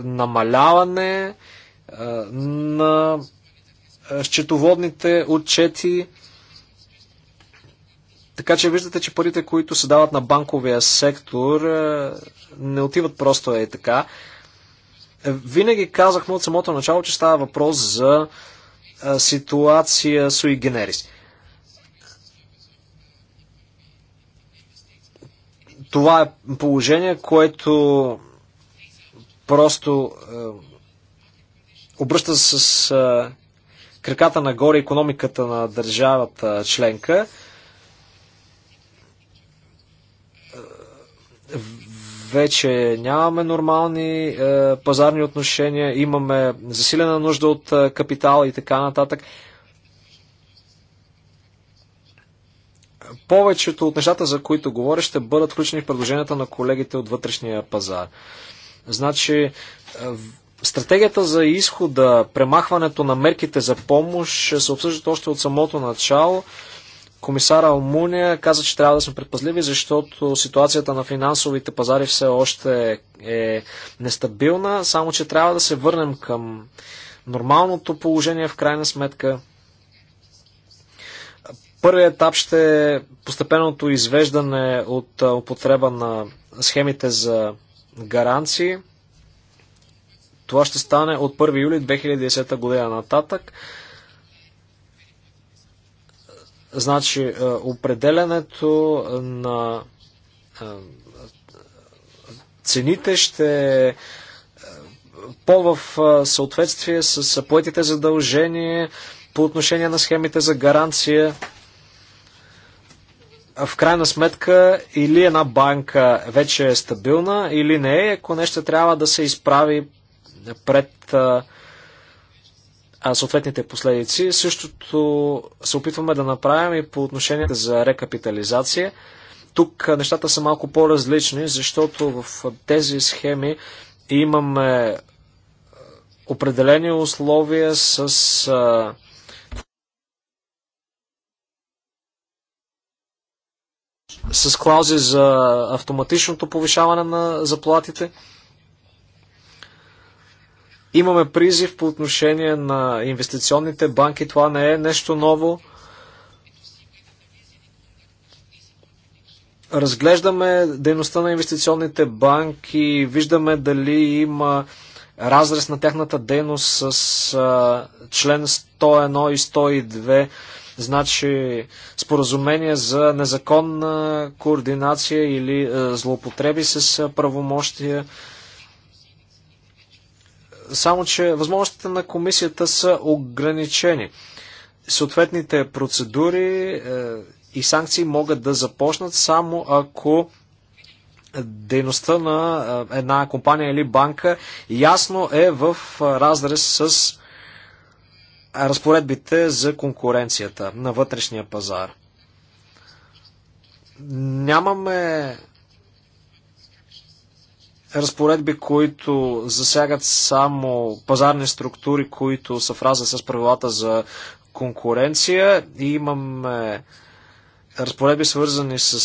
[SPEAKER 1] намаляване на счетоводните отчети така че виждате, че парите, които се дават на банковия сектор, е, не отиват просто е така. Винаги казахме от самото начало, че става въпрос за е, ситуация Sui generis. Това е положение, което просто е, обръща с е, краката нагоре економиката на държавата членка. вече нямаме нормални е, пазарни отношения, имаме засилена нужда от е, капитал и така нататък. Повечето от нещата, за които говоря, ще бъдат включени в предложенията на колегите от вътрешния пазар. Значи, е, стратегията за изхода, премахването на мерките за помощ е, се обсъждат още от самото начало. Е, Комисара Алмуния каза, че трябва да сме предпазливи, защото ситуацията на финансовите пазари все още е нестабилна, само че трябва да се върнем към нормалното положение в крайна сметка. Първият етап ще е постепенното извеждане от употреба на схемите за гаранции. Това ще стане от 1 юли 2010 година нататък. Значи, е, определенето на е, цените ще е по-в е, съответствие с поетите задължения по отношение на схемите за гаранция. В крайна сметка, или една банка вече е стабилна, или не е, ако нещо трябва да се изправи пред а, съответните последици. Същото се опитваме да направим и по отношение за рекапитализация. Тук нещата са малко по-различни, защото в тези схеми имаме определени условия с а, с клаузи за автоматичното повишаване на заплатите. Имаме призив по отношение на инвестиционните банки. Това не е нещо ново. Разглеждаме дейността на инвестиционните банки, виждаме дали има разрез на тяхната дейност с а, член 101 и 102, значи споразумение за незаконна координация или а, злоупотреби с а, правомощия. Само, че възможностите на комисията са ограничени. Съответните процедури е, и санкции могат да започнат само ако дейността на е, една компания или банка ясно е в разрез с разпоредбите за конкуренцията на вътрешния пазар. Нямаме разпоредби, които засягат само пазарни структури, които са в раза с правилата за конкуренция и имаме разпоредби свързани с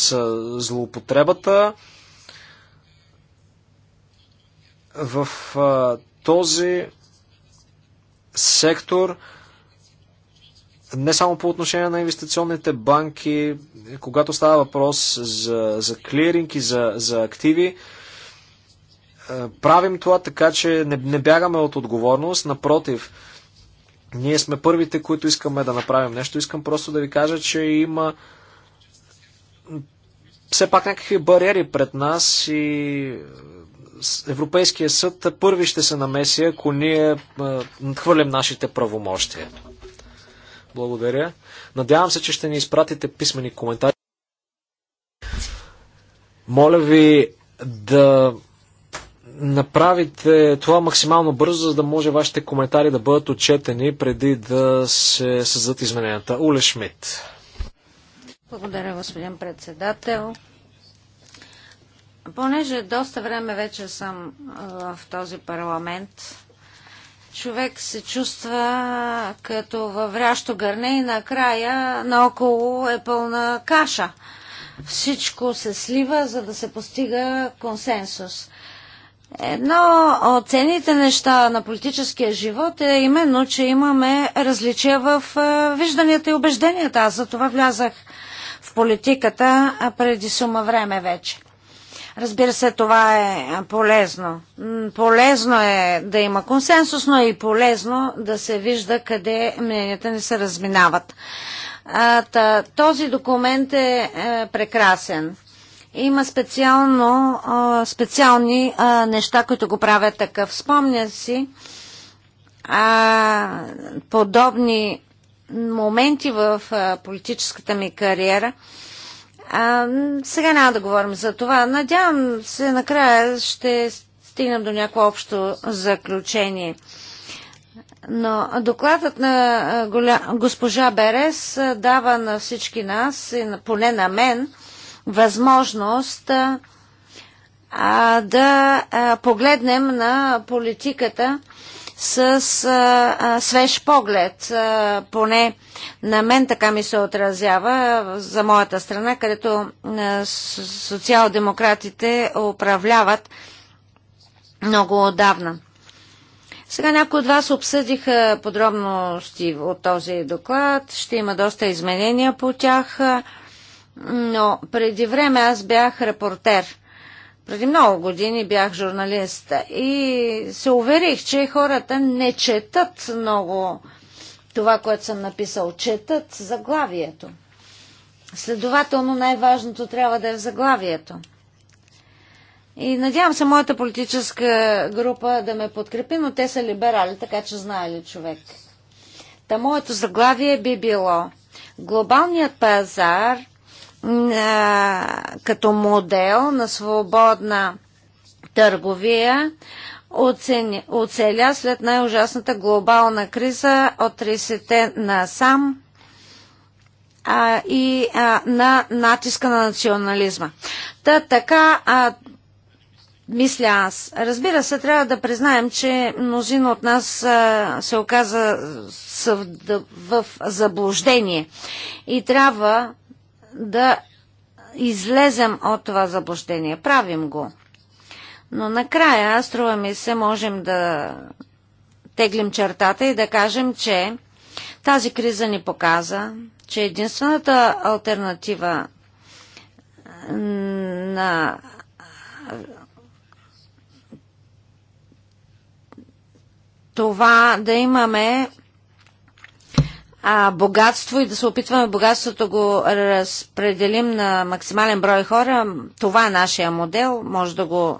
[SPEAKER 1] злоупотребата. В този сектор не само по отношение на инвестиционните банки, когато става въпрос за, за клиринг и за, за активи, е, правим това така, че не, не бягаме от отговорност, напротив, ние сме първите, които искаме да направим нещо. Искам просто да ви кажа, че има все пак някакви бариери пред нас и е, Европейския съд първи ще се намеси, ако ние е, хвърлим нашите правомощия. Благодаря. Надявам се, че ще ни изпратите писмени коментари. Моля ви да направите това максимално бързо, за да може вашите коментари да бъдат отчетени преди да се създадат измененията. Уле Шмидт.
[SPEAKER 2] Благодаря, господин председател. Понеже доста време вече съм в този парламент, човек се чувства като във врящо гърне и накрая наоколо е пълна каша. Всичко се слива, за да се постига консенсус. Едно от ценните неща на политическия живот е именно, че имаме различия в е, вижданията и убежденията. Аз за това влязах в политиката преди сума време вече. Разбира се, това е полезно. Полезно е да има консенсус, но е и полезно да се вижда къде мненията не се разминават. Този документ е, е прекрасен. Има специално, специални неща, които го правят такъв. Спомня си а, подобни моменти в политическата ми кариера. А, сега няма да говорим за това. Надявам се, накрая ще стигнем до някакво общо заключение. Но докладът на госпожа Берес дава на всички нас, поне на мен, възможност а, да а, погледнем на политиката с а, свеж поглед. А, поне на мен така ми се отразява за моята страна, където а, социал-демократите управляват много отдавна. Сега някои от вас обсъдиха подробности от този доклад. Ще има доста изменения по тях но преди време аз бях репортер. Преди много години бях журналист и се уверих, че хората не четат много това, което съм написал. Четат заглавието. Следователно най-важното трябва да е в заглавието. И надявам се моята политическа група да ме подкрепи, но те са либерали, така че знае ли човек. Та моето заглавие би било Глобалният пазар като модел на свободна търговия оцеля след най-ужасната глобална криза от 30-те сам, а, и а, на натиска на национализма. Та така, а, мисля аз. Разбира се, трябва да признаем, че мнозина от нас а, се оказа в, в заблуждение и трябва да излезем от това заблуждение. Правим го. Но накрая, струва ми се, можем да теглим чертата и да кажем, че тази криза ни показа, че единствената альтернатива на това да имаме а, богатство и да се опитваме богатството го разпределим на максимален брой хора. Това е нашия модел. Може да го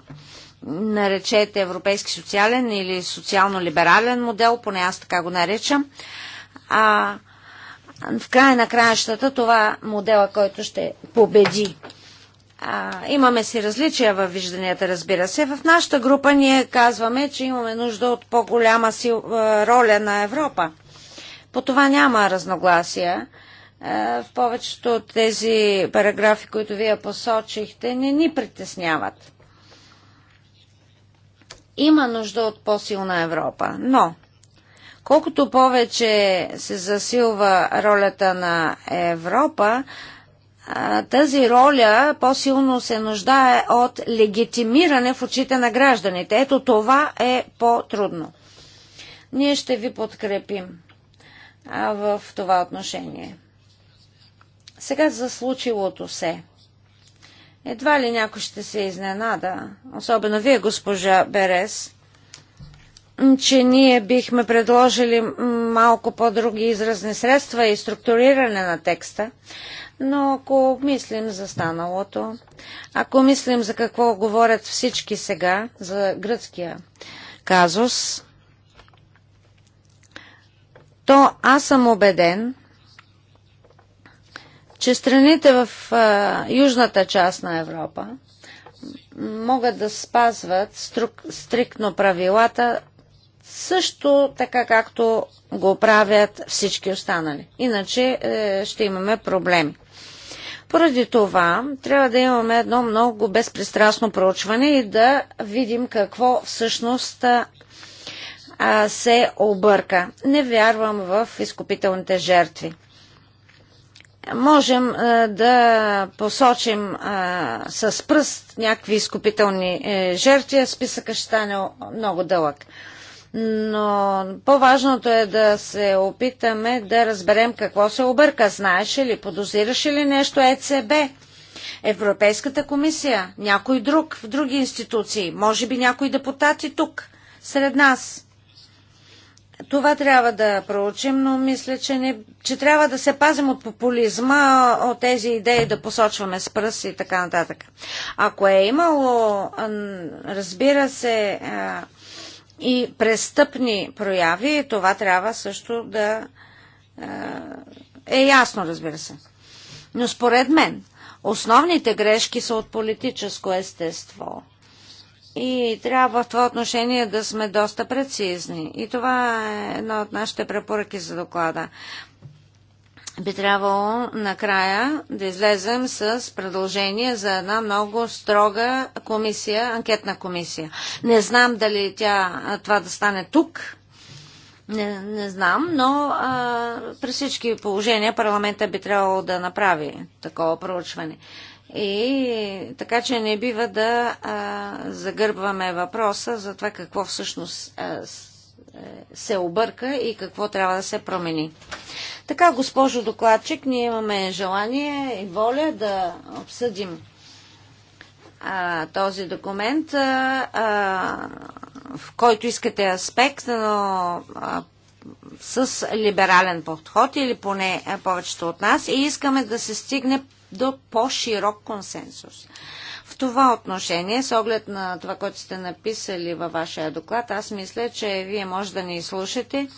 [SPEAKER 2] наречете европейски социален или социално-либерален модел, поне аз така го наричам. А, в края на краищата това е модела, който ще победи. А, имаме си различия във вижданията, разбира се. В нашата група ние казваме, че имаме нужда от по-голяма роля на Европа по това няма разногласия. Е, в повечето от тези параграфи, които вие посочихте, не ни притесняват. Има нужда от по-силна Европа, но колкото повече се засилва ролята на Европа, е, тази роля по-силно се нуждае от легитимиране в очите на гражданите. Ето това е по-трудно. Ние ще ви подкрепим в това отношение. Сега за случилото се. Едва ли някой ще се изненада, особено вие, госпожа Берес, че ние бихме предложили малко по-други изразни средства и структуриране на текста, но ако мислим за станалото, ако мислим за какво говорят всички сега, за гръцкия казус, то аз съм убеден, че страните в а, южната част на Европа могат да спазват струк, стриктно правилата, също така както го правят всички останали. Иначе е, ще имаме проблеми. Поради това трябва да имаме едно много безпристрастно проучване и да видим какво всъщност а, се обърка. Не вярвам в изкупителните жертви. Можем а, да посочим а, с пръст някакви изкупителни е, жертви, списъка ще стане много дълъг. Но по-важното е да се опитаме да разберем какво се обърка. Знаеш ли, подозираш ли нещо ЕЦБ? Европейската комисия, някой друг в други институции, може би някои депутати тук, сред нас. Това трябва да проучим, но мисля, че, не, че трябва да се пазим от популизма, от тези идеи да посочваме с пръст и така нататък. Ако е имало, разбира се, и престъпни прояви, това трябва също да е ясно, разбира се. Но според мен, основните грешки са от политическо естество – и трябва в това отношение да сме доста прецизни. И това е една от нашите препоръки за доклада. Би трябвало накрая да излезем с предложение за една много строга комисия, анкетна комисия. Не знам дали тя това да стане тук, не, не знам, но а, при всички положения парламента би трябвало да направи такова проучване. И така че не бива да а, загърбваме въпроса за това какво всъщност а, е, се обърка и какво трябва да се промени. Така, госпожо докладчик, ние имаме желание и воля да обсъдим а, този документ, а, а, в който искате аспект, но а, с либерален подход или поне повечето от нас и искаме да се стигне до по-широк консенсус. В това отношение, с оглед на това, което сте написали във вашия доклад, аз мисля, че вие може да ни слушате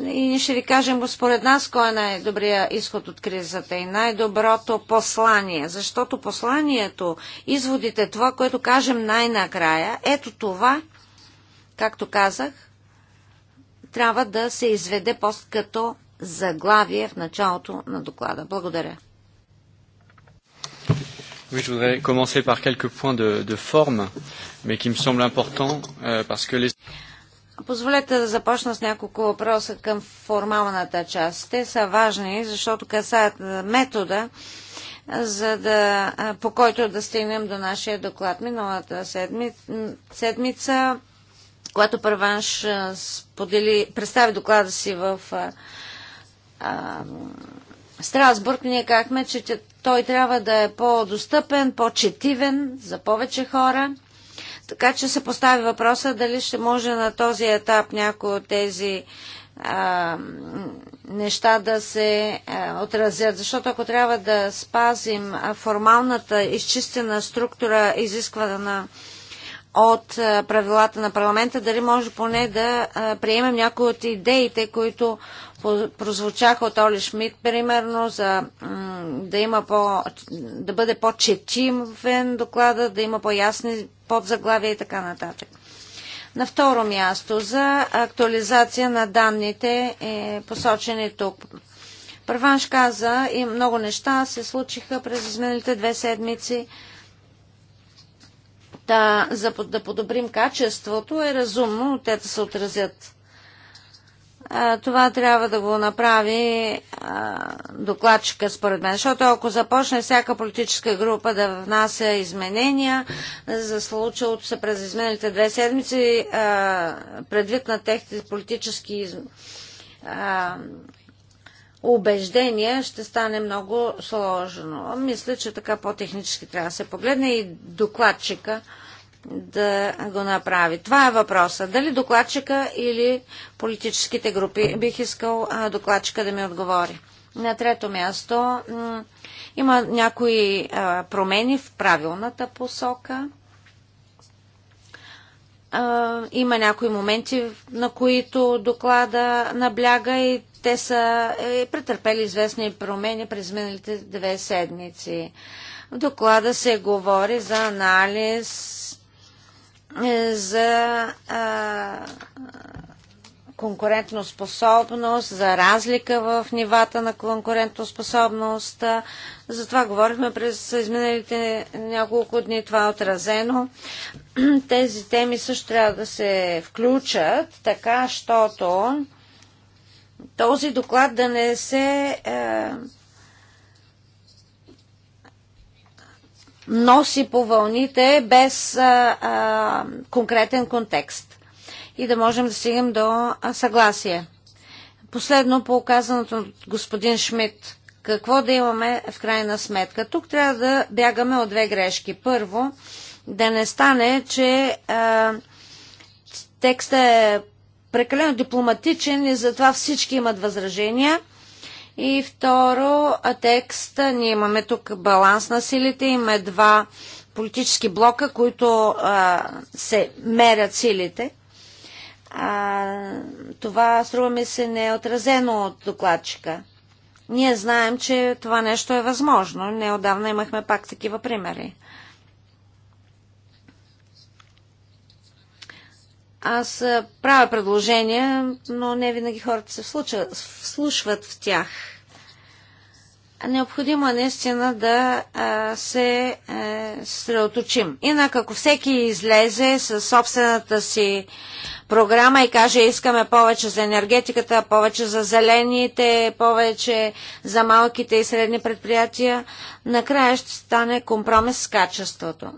[SPEAKER 2] и ние ще ви кажем според нас кой е най-добрия изход от кризата и най-доброто послание. Защото посланието, изводите, това, което кажем най-накрая, ето това, както казах, трябва да се изведе пост като заглавие в началото на доклада. Благодаря.
[SPEAKER 1] Oui, je voudrais commencer par quelques points de, de forme, mais qui me semblent importants euh, parce que les...
[SPEAKER 2] Позволете да започна с няколко въпроса към формалната част. Те са важни, защото касаят е, метода, е, за да, е, по който да стигнем до нашия доклад. Миналата седми, седмица, когато Първанш сподели, представи доклада си в а, а, Страсбург, ние казахме, че той трябва да е по-достъпен, по-четивен за повече хора. Така че се постави въпроса дали ще може на този етап някои от тези а, неща да се а, отразят. Защото ако трябва да спазим формалната изчистена структура, изисквана от правилата на парламента, дали може поне да приемем някои от идеите, които прозвучаха от Оли Шмидт, примерно, за да, има по, да бъде по в доклада, да има по-ясни подзаглавия и така нататък. На второ място, за актуализация на данните е посочени тук. Първанш каза и много неща се случиха през изминалите две седмици. Да, за да подобрим качеството е разумно те да се отразят това трябва да го направи докладчика според мен, защото ако започне всяка политическа група да внася изменения за случилото се през изминалите две седмици, а, предвид на техните политически а, убеждения, ще стане много сложно. Мисля, че така по-технически трябва да се погледне и докладчика да го направи. Това е въпроса. Дали докладчика или политическите групи? Бих искал докладчика да ми отговори. На трето място има някои промени в правилната посока. Има някои моменти, на които доклада набляга и те са е, претърпели известни промени през миналите две седмици. В доклада се говори за анализ за конкурентоспособност, за разлика в нивата на конкурентоспособност. За това говорихме през изминалите няколко дни. Това е отразено. Тези теми също трябва да се включат, така, щото този доклад да не се е, носи по вълните без а, а, конкретен контекст и да можем да стигнем до съгласие. Последно по оказаното от господин Шмидт. Какво да имаме в крайна сметка? Тук трябва да бягаме от две грешки. Първо, да не стане, че а, текстът е прекалено дипломатичен и затова всички имат възражения. И второ, текст, ние имаме тук баланс на силите, имаме два политически блока, които а, се мерят силите. А, това, струва ми се, не е отразено от докладчика. Ние знаем, че това нещо е възможно. Неодавна имахме пак такива примери. Аз правя предложения, но не винаги хората се вслушват в тях. Необходимо е наистина да се е, средоточим. Инак, ако всеки излезе с собствената си програма и каже искаме повече за енергетиката, повече за зелените, повече за малките и средни предприятия, накрая ще стане компромис с качеството.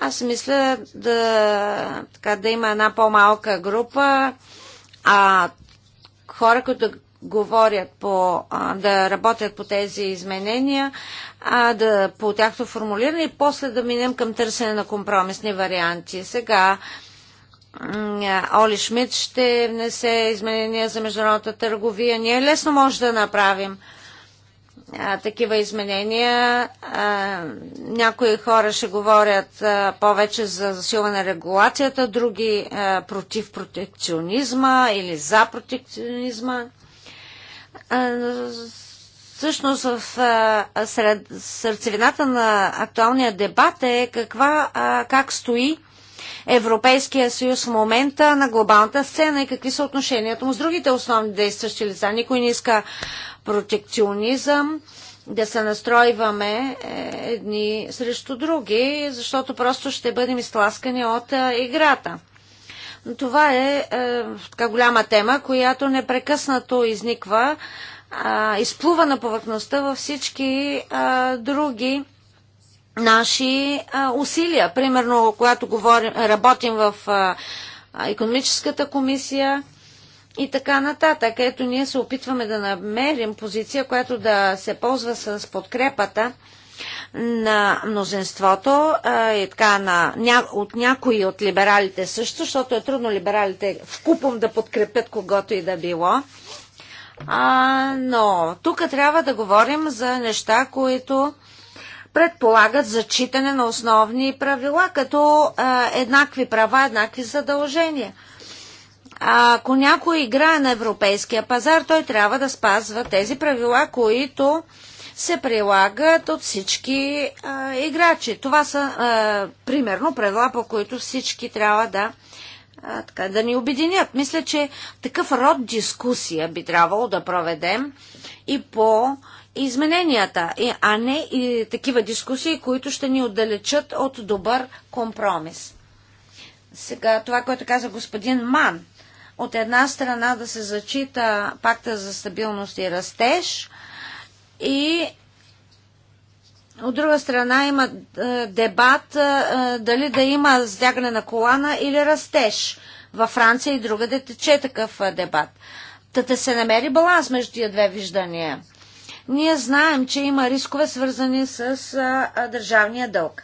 [SPEAKER 2] Аз мисля да, така, да има една по-малка група, а хора, които говорят по, да работят по тези изменения, а да по тяхто формулиране и после да минем към търсене на компромисни варианти. Сега Оли Шмидт ще внесе изменения за международната търговия. Ние лесно може да направим а, такива изменения. А, някои хора ще говорят а, повече за засилване на регулацията, други а, против протекционизма или за протекционизма всъщност в сред, сърцевината на актуалния дебат е каква, как стои Европейския съюз в момента на глобалната сцена и какви са отношенията му с другите основни действащи лица. Никой не иска протекционизъм, да се настройваме е, едни срещу други, защото просто ще бъдем изтласкани от играта. Това е, е така голяма тема, която непрекъснато изниква, е, изплува на повърхността във всички е, други наши е, усилия. Примерно, когато говорим, работим в е, економическата комисия и така нататък. Ето ние се опитваме да намерим позиция, която да се ползва с подкрепата на мнозинството и така на, ня, от някои от либералите също, защото е трудно либералите в купом да подкрепят когото и да било. А, но тук трябва да говорим за неща, които предполагат зачитане на основни правила, като а, еднакви права, еднакви задължения. А, ако някой играе на европейския пазар, той трябва да спазва тези правила, които се прилагат от всички а, играчи. Това са а, примерно правила, по които всички трябва да, а, така, да ни обединят. Мисля, че такъв род дискусия би трябвало да проведем и по измененията, а не и такива дискусии, които ще ни отдалечат от добър компромис. Сега това, което каза господин Ман. От една страна да се зачита пакта за стабилност и растеж, и от друга страна има е, дебат е, е, дали да има стягане на колана или растеж. Във Франция и друга да тече такъв дебат. Та да се намери баланс между тия две виждания. Ние знаем, че има рискове свързани с държавния дълг.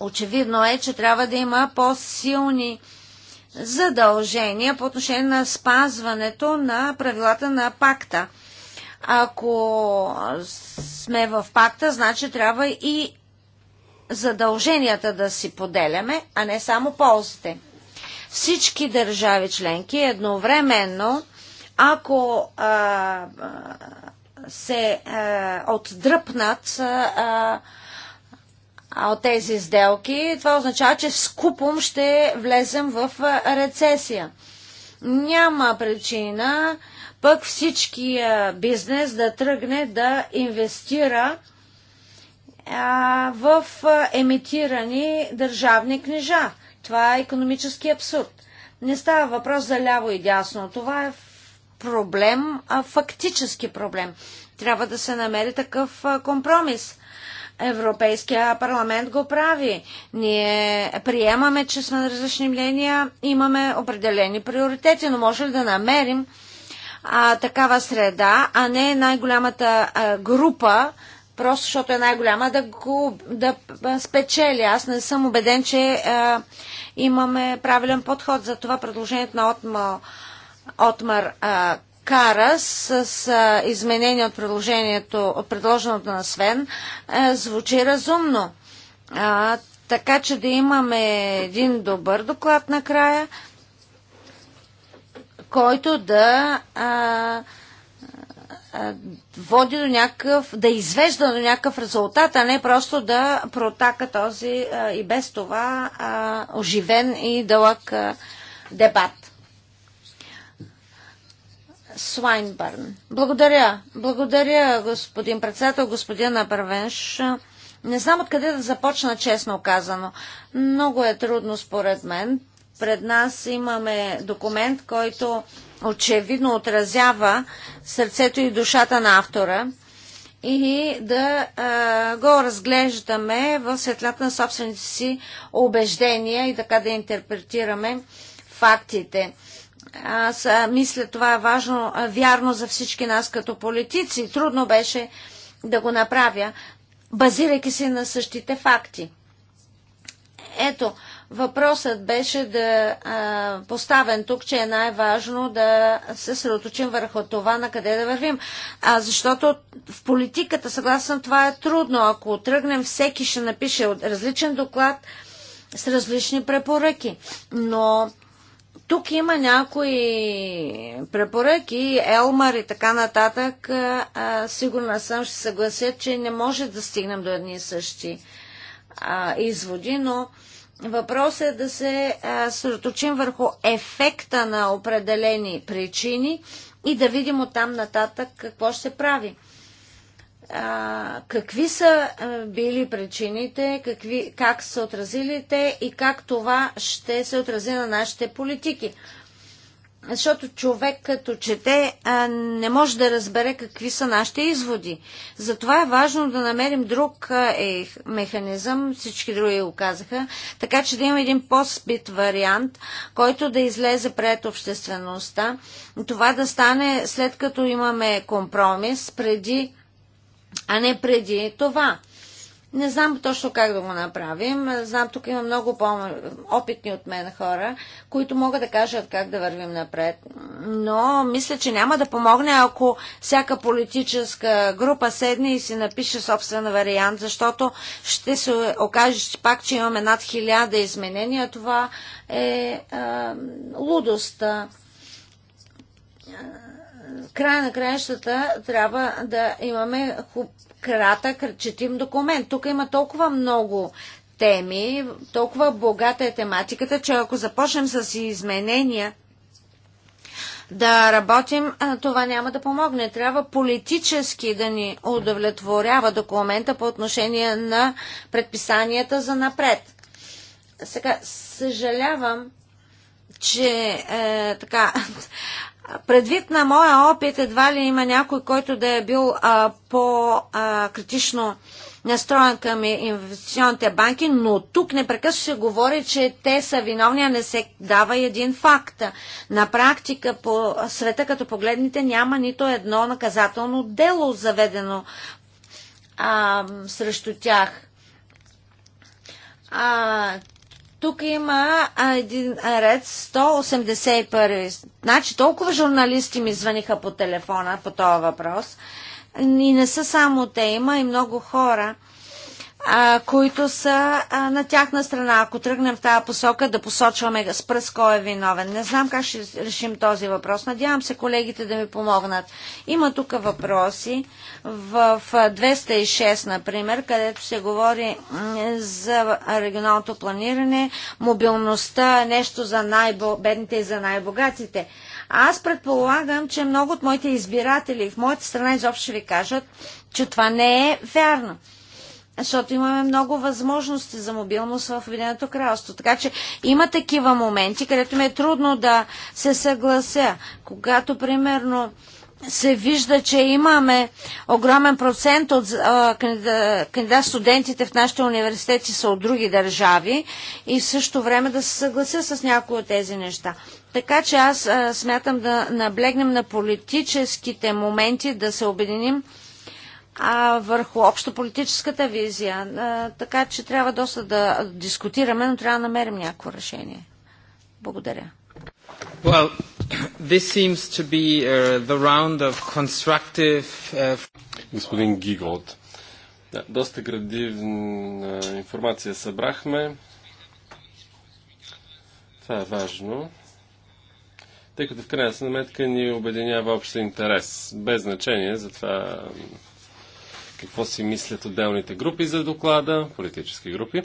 [SPEAKER 2] Очевидно е, че трябва да има по-силни задължения по отношение на спазването на правилата на пакта – ако сме в пакта, значи трябва и задълженията да си поделяме, а не само ползите. Всички държави членки едновременно, ако а, а се а, отдръпнат а, от тези сделки, това означава, че скупом ще влезем в рецесия. Няма причина пък всичкия бизнес да тръгне да инвестира в емитирани държавни книжа. Това е економически абсурд. Не става въпрос за ляво и дясно. Това е проблем, а фактически проблем. Трябва да се намери такъв компромис. Европейския парламент го прави. Ние приемаме, че сме на различни мнения, имаме определени приоритети, но може ли да намерим а, такава среда, а не най-голямата група, просто защото е най-голяма, да, го, да спечели. Аз не съм убеден, че а, имаме правилен подход за това предложението на Отма, Отмар а, Карас с а, изменение от, предложението, от предложеното на Свен а, звучи разумно. А, така че да имаме един добър доклад накрая, който да а, а, води до някакъв, да извежда до някакъв резултат, а не просто да протака този а, и без това а, оживен и дълъг а, дебат. Свайнбърн. Благодаря. Благодаря, господин председател, господин Първенш. Не знам откъде да започна, честно казано. Много е трудно според мен. Пред нас имаме документ, който очевидно отразява сърцето и душата на автора и да а, го разглеждаме в светлата на собствените си убеждения и така да интерпретираме фактите. Аз а, мисля, това е важно, а, вярно за всички нас като политици. Трудно беше да го направя, базирайки се на същите факти. Ето, Въпросът беше да а, поставен тук, че е най-важно да се средоточим върху това на къде да вървим. А, защото в политиката, съгласен, това е трудно. Ако тръгнем, всеки ще напише различен доклад с различни препоръки. Но тук има някои препоръки, Елмар и така нататък. А, сигурна съм, ще съглася, че не може да стигнем до едни и същи а, изводи, но Въпросът е да се съсредоточим върху ефекта на определени причини и да видим оттам нататък какво ще се прави. А, какви са били причините, какви, как са отразили те и как това ще се отрази на нашите политики. Защото човек като чете не може да разбере какви са нашите изводи. Затова е важно да намерим друг е, механизъм, всички други го казаха, така че да има един по-спит вариант, който да излезе пред обществеността. Това да стане след като имаме компромис, преди, а не преди това. Не знам точно как да го направим. Знам, тук има много по-опитни от мен хора, които могат да кажат как да вървим напред. Но мисля, че няма да помогне, ако всяка политическа група седне и си напише собствен вариант, защото ще се окаже пак, че имаме над хиляда изменения. Това е е лудост края на краищата трябва да имаме хуб, кратък, четим документ. Тук има толкова много теми, толкова богата е тематиката, че ако започнем с изменения да работим, това няма да помогне. Трябва политически да ни удовлетворява документа по отношение на предписанията за напред. Сега, съжалявам, че е, така Предвид на моя опит, едва ли има някой, който да е бил по-критично настроен към инвестиционните банки, но тук непрекъсно се говори, че те са виновни, а не се дава един факт. На практика по света, като погледните, няма нито едно наказателно дело заведено а, срещу тях. А, тук има един ред 181. Значи толкова журналисти ми звъниха по телефона по този въпрос. И не са само те, има и много хора а, които са а, на тяхна страна. Ако тръгнем в тази посока, да посочваме с пръст кой е виновен. Не знам как ще решим този въпрос. Надявам се колегите да ми помогнат. Има тук въпроси в 206, например, където се говори за регионалното планиране, мобилността, нещо за най-бедните и за най-богатите. Аз предполагам, че много от моите избиратели в моята страна изобщо ви кажат, че това не е вярно защото имаме много възможности за мобилност в Обединеното кралство. Така че има такива моменти, където ми е трудно да се съглася. Когато, примерно, се вижда, че имаме огромен процент от кандидат студентите в нашите университети са от други държави и в същото време да се съглася с някои от тези неща. Така че аз а, смятам да наблегнем на политическите моменти, да се обединим а, върху общополитическата визия. А, така че трябва доста да дискутираме, но трябва да намерим някакво решение. Благодаря.
[SPEAKER 3] Well, <coughs> this seems to be uh, the round of constructive... Uh... Господин Гиголд, да, доста градивна информация събрахме. Това е важно тъй като в крайна сметка ни обединява общ интерес, без значение за това какво си мислят отделните групи за доклада, политически групи.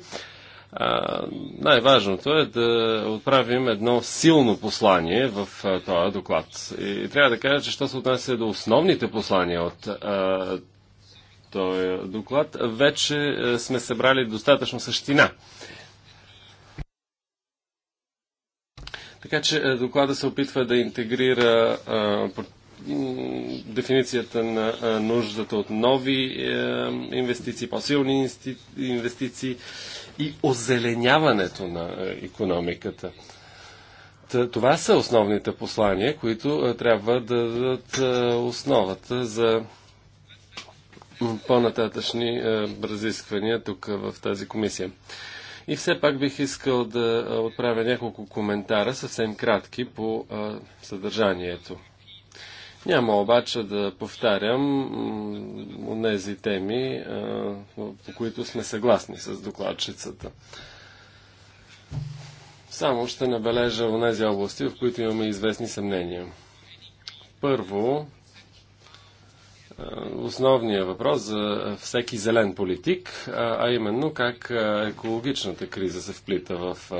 [SPEAKER 3] най-важното е да отправим едно силно послание в а, този доклад. И трябва да кажа, че що се отнася до основните послания от а, този доклад, вече а, сме събрали достатъчно същина. Така че доклада се опитва да интегрира а, дефиницията на нуждата от нови е, инвестиции, по-силни инвестиции и озеленяването на економиката. Това са основните послания, които е, трябва да дадат е, основата за по-нататъчни разисквания тук в тази комисия. И все пак бих искал да отправя няколко коментара, съвсем кратки, по съдържанието няма обаче да повтарям тези теми, по които сме съгласни с докладчицата. Само ще набележа в тези области, в които имаме известни съмнения. Първо, основният въпрос за всеки зелен политик, а именно как екологичната криза се вплита в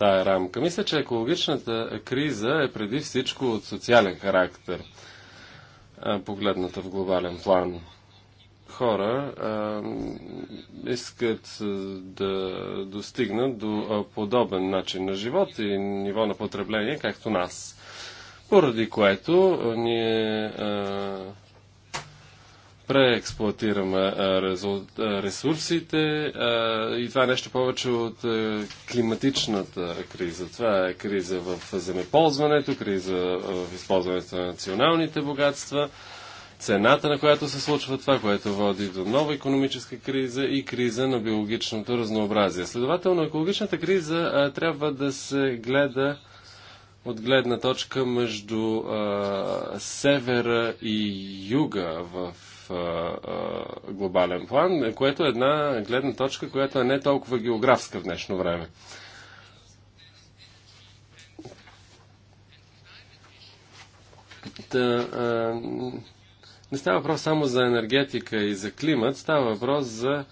[SPEAKER 3] тая рамка. Мисля, че екологичната криза е преди всичко от социален характер, погледната в глобален план. Хора а, искат да достигнат до подобен начин на живот и ниво на потребление, както нас. Поради което ние преексплуатираме ресурсите и това е нещо повече от климатичната криза. Това е криза в земеползването, криза в използването на националните богатства, цената на която се случва това, което води до нова економическа криза и криза на биологичното разнообразие. Следователно, екологичната криза трябва да се гледа от гледна точка между а, севера и юга в глобален план, което е една гледна точка, която е не толкова географска в днешно време. Та, а, не става въпрос само за енергетика и за климат, става въпрос за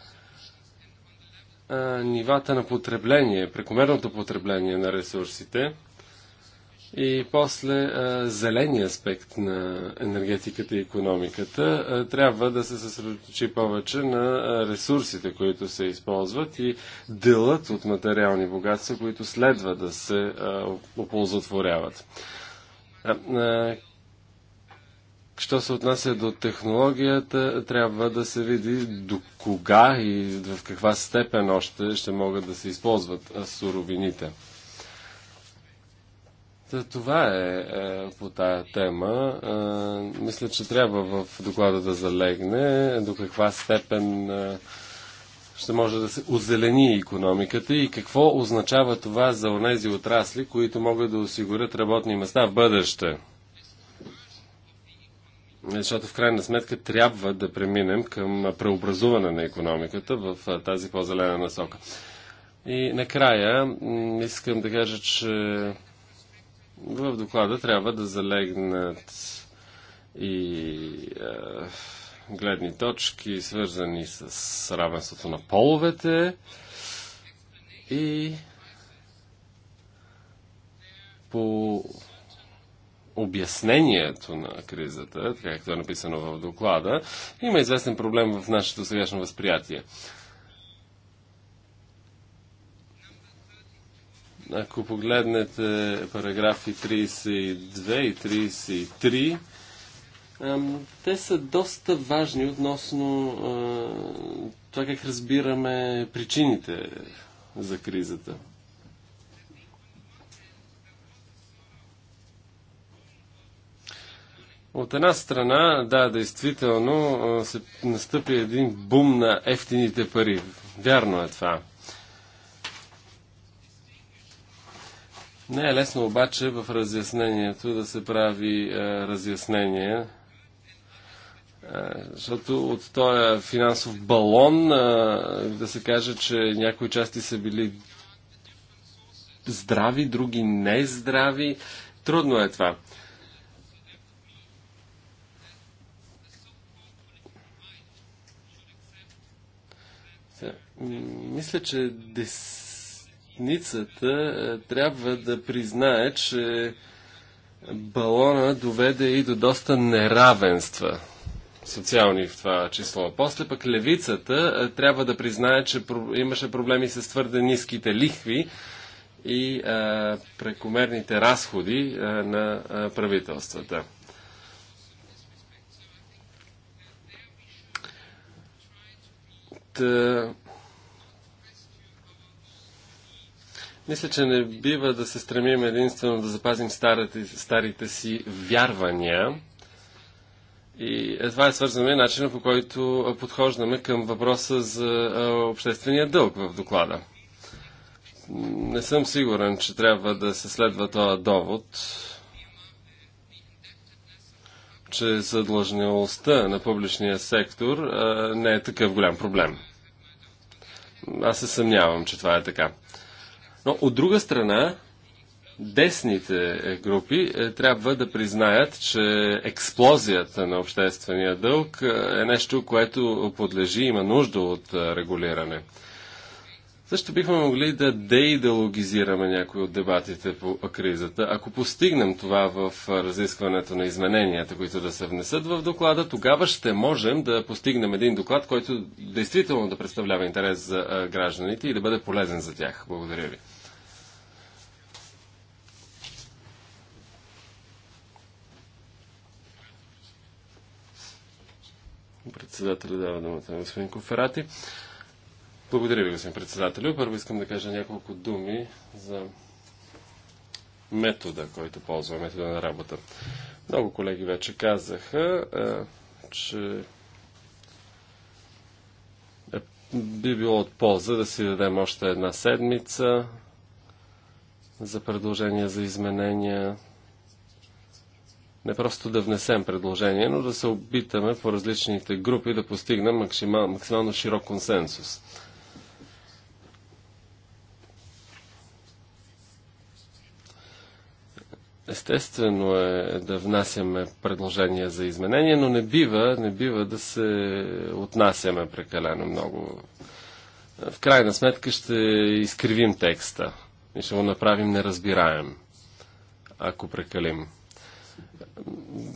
[SPEAKER 3] а, нивата на потребление, прекомерното потребление на ресурсите – и после зеления аспект на енергетиката и економиката трябва да се съсредоточи повече на ресурсите, които се използват и делът от материални богатства, които следва да се оползотворяват. Що се отнася до технологията, трябва да се види до кога и в каква степен още ще могат да се използват суровините. Това е, е по тая тема. Е, мисля, че трябва в доклада да залегне до каква степен е, ще може да се озелени економиката и какво означава това за онези отрасли, които могат да осигурят работни места в бъдеще. Е, защото в крайна сметка трябва да преминем към преобразуване на економиката в е, тази по-зелена насока. И накрая искам да кажа, че в доклада трябва да залегнат и е, гледни точки, свързани с равенството на половете и по обяснението на кризата, както е написано в доклада, има известен проблем в нашето сегашно възприятие. Ако погледнете параграфи 32 и 33, те са доста важни относно това как разбираме причините за кризата. От една страна, да, действително се настъпи един бум на ефтините пари. Вярно е това. Не е лесно обаче в разяснението да се прави е, разяснение, е, защото от този финансов балон е, да се каже, че някои части са били здрави, други не здрави. Трудно е това. Мисля, че митницата е, трябва да признае, че балона доведе и до доста неравенства социални в това число. После пък левицата е, трябва да признае, че имаше проблеми с твърде ниските лихви и а, е, прекомерните разходи а, на а, правителствата. Та, Мисля, че не бива да се стремим единствено да запазим старите, старите си вярвания. И това е свързано и начина по който подхождаме към въпроса за обществения дълг в доклада. Не съм сигурен, че трябва да се следва този довод, че задлъжнялостта на публичния сектор не е такъв голям проблем. Аз се съмнявам, че това е така. Но от друга страна, десните е, групи е, трябва да признаят, че експлозията на обществения дълг е, е нещо, което подлежи, има нужда от регулиране. Също бихме могли да деидеологизираме някои от дебатите по кризата. Ако постигнем това в разискването на измененията, които да се внесат в доклада, тогава ще можем да постигнем един доклад, който действително да представлява интерес за гражданите и да бъде полезен за тях. Благодаря ви. Председателя дава думата на господин Коферати. Благодаря ви, господин председателю. Първо искам да кажа няколко думи за метода, който ползва, метода на работа. Много колеги вече казаха, че е, би било от полза да си дадем още една седмица за предложения за изменения. Не просто да внесем предложение, но да се опитаме по различните групи да постигнем максимал, максимално широк консенсус. Естествено е да внасяме предложения за изменения, но не бива, не бива да се отнасяме прекалено много. В крайна сметка ще изкривим текста и ще го направим неразбираем, ако прекалим.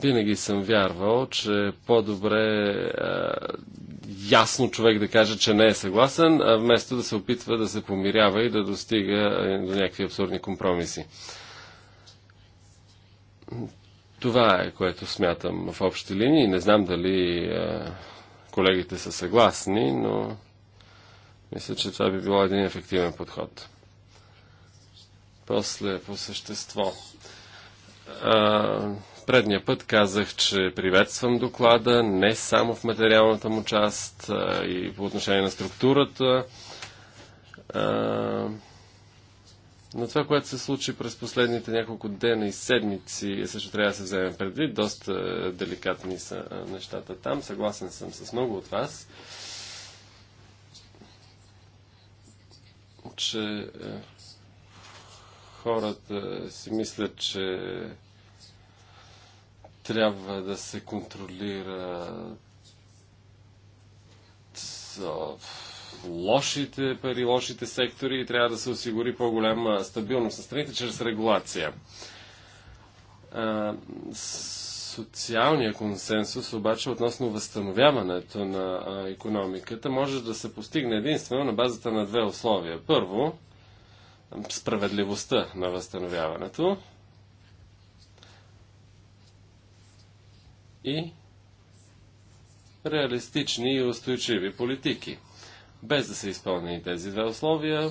[SPEAKER 3] Винаги съм вярвал, че по-добре е, ясно човек да каже, че не е съгласен, а вместо да се опитва да се помирява и да достига е, до някакви абсурдни компромиси. Това е, което смятам в общи линии. Не знам дали е, колегите са съгласни, но мисля, че това би било един ефективен подход. После по същество. А, е, предния път казах, че приветствам доклада не само в материалната му част а, е, и по отношение на структурата. А, но това, което се случи през последните няколко дена и седмици, е също трябва да се вземе предвид. Доста е, деликатни са е, нещата там. Съгласен съм с много от вас, че хората си мислят, че трябва да се контролира лошите пари, лошите сектори и трябва да се осигури по-голяма стабилност на страните чрез регулация. Социалният социалния консенсус обаче относно възстановяването на економиката може да се постигне единствено на базата на две условия. Първо, справедливостта на възстановяването и реалистични и устойчиви политики без да са изпълнени тези две условия,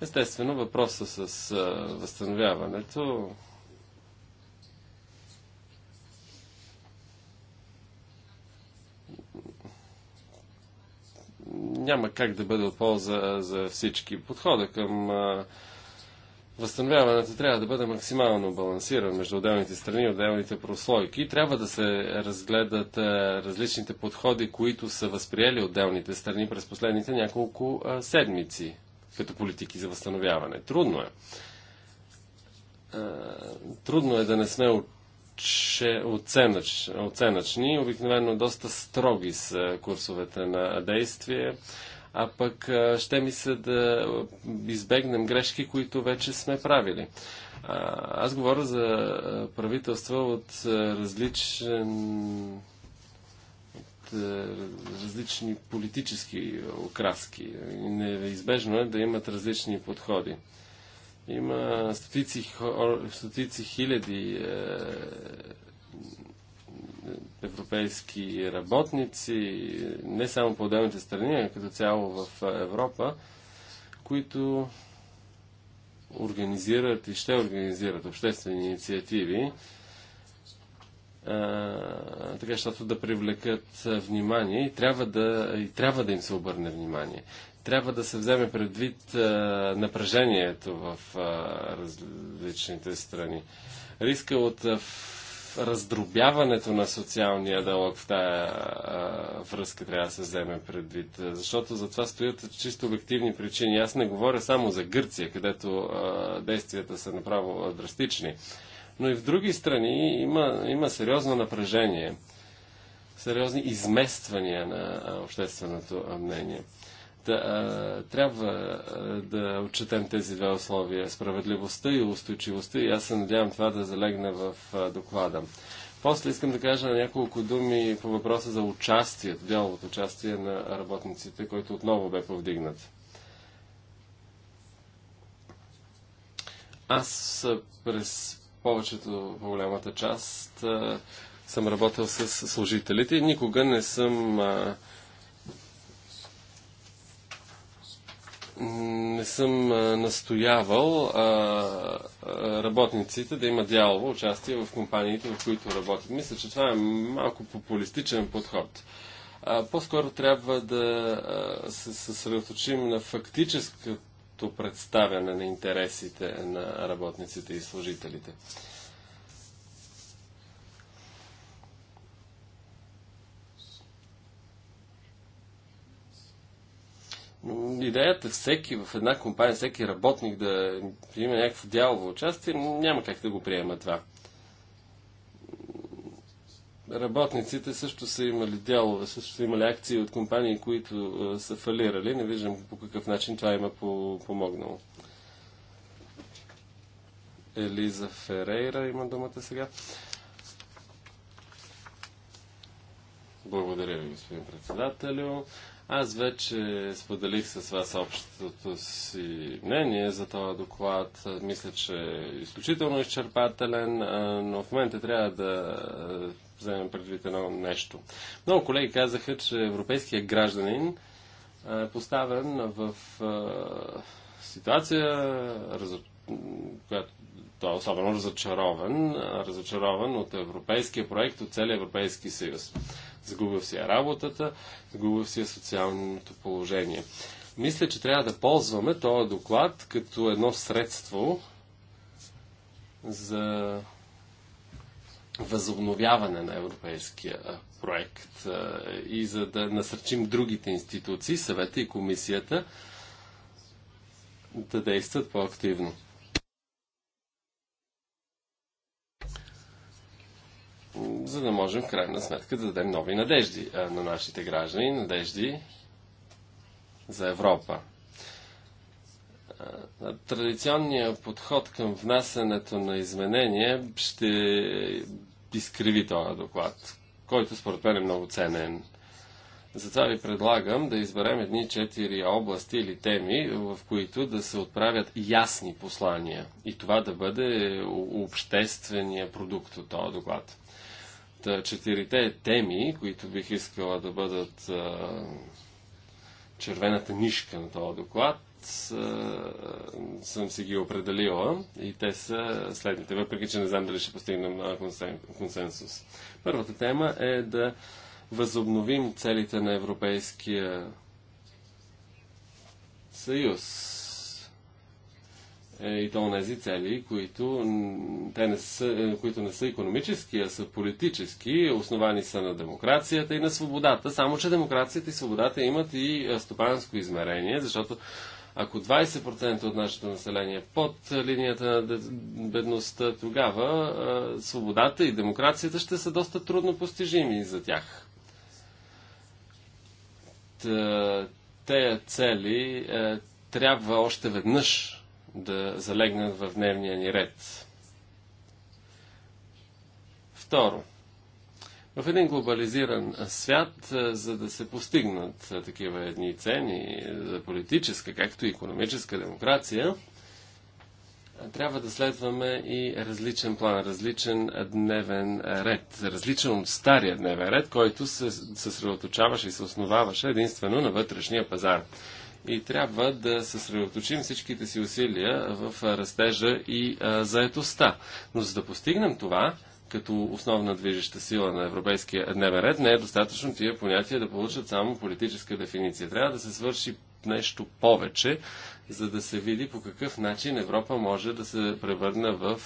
[SPEAKER 3] естествено въпроса с възстановяването няма как да бъде от полза за всички. Подхода към Възстановяването трябва да бъде максимално балансиран между отделните страни и отделните прослойки. Трябва да се разгледат е, различните подходи, които са възприели отделните страни през последните няколко е, седмици като политики за възстановяване. Трудно е. е трудно е да не сме оценъчни. Обикновено доста строги са курсовете на действие а пък ще ми се да избегнем грешки, които вече сме правили. Аз говоря за правителства от различен различни политически окраски. Неизбежно е да имат различни подходи. Има стотици, стотици хиляди европейски работници, не само по отделните страни, а като цяло в Европа, които организират и ще организират обществени инициативи, а, така, защото да привлекат внимание и трябва да, и трябва да им се обърне внимание. Трябва да се вземе предвид а, напрежението в а, различните страни. Риска от а, раздробяването на социалния диалог в тая а, връзка трябва да се вземе предвид. Защото за това стоят чисто обективни причини. Аз не говоря само за Гърция, където а, действията са направо драстични. Но и в други страни има, има сериозно напрежение, сериозни измествания на общественото мнение. Да а, трябва а, да отчетем тези две условия справедливостта и устойчивостта и аз се надявам това да залегне в а, доклада. После искам да кажа няколко думи по въпроса за участието, дяловото участие на работниците, който отново бе повдигнат. Аз през повечето, по-голямата част, съм работил с служителите и никога не съм а, не съм настоявал работниците да имат дялово участие в компаниите, в които работят. Мисля, че това е малко популистичен подход. По-скоро трябва да се съсредоточим на фактическото представяне на интересите на работниците и служителите. идеята е всеки в една компания, всеки работник да има някакво дялово участие, няма как да го приема това. Работниците също са имали дялове, също са имали акции от компании, които са фалирали. Не виждам по какъв начин това има е помогнало. Елиза Ферейра има думата сега. Благодаря ви, господин председателю. Аз вече споделих с вас общото си мнение за този доклад. Мисля, че е изключително изчерпателен, но в момента трябва да вземем предвид едно нещо. Много колеги казаха, че европейският гражданин е поставен в ситуация, която той е особено разочарован, разочарован от европейския проект, от целия Европейски съюз. Загубил си работата, загубил си социалното положение. Мисля, че трябва да ползваме този доклад като едно средство за възобновяване на европейския проект и за да насърчим другите институции, съвета и комисията да действат по-активно. за да можем в крайна сметка да дадем нови надежди на нашите граждани, надежди за Европа. Традиционният подход към внасянето на изменения ще изкриви този доклад, който според мен е много ценен. Затова ви предлагам да изберем едни четири области или теми, в които да се отправят ясни послания и това да бъде обществения продукт от този доклад четирите теми, които бих искала да бъдат червената нишка на този доклад, съм си ги определила и те са следните, въпреки че не знам дали ще постигнем консенсус. Първата тема е да възобновим целите на Европейския съюз е, и то тези цели, които, те не са, е, които не са економически, а са политически, основани са на демокрацията и на свободата. Само, че демокрацията и свободата имат и е, стопанско измерение, защото ако 20% от нашето население е под линията на бедността, тогава свободата и демокрацията ще са доста трудно постижими за тях. Те цели трябва още веднъж да залегнат в дневния ни ред. Второ. В един глобализиран свят, за да се постигнат такива едни цени за политическа, както и економическа демокрация, трябва да следваме и различен план, различен дневен ред, различен от стария дневен ред, който се съсредоточаваше и се основаваше единствено на вътрешния пазар и трябва да съсредоточим всичките си усилия в растежа и заетостта. Но за да постигнем това, като основна движеща сила на европейския дневен ред, не е достатъчно тия понятия да получат само политическа дефиниция. Трябва да се свърши нещо повече, за да се види по какъв начин Европа може да се превърне в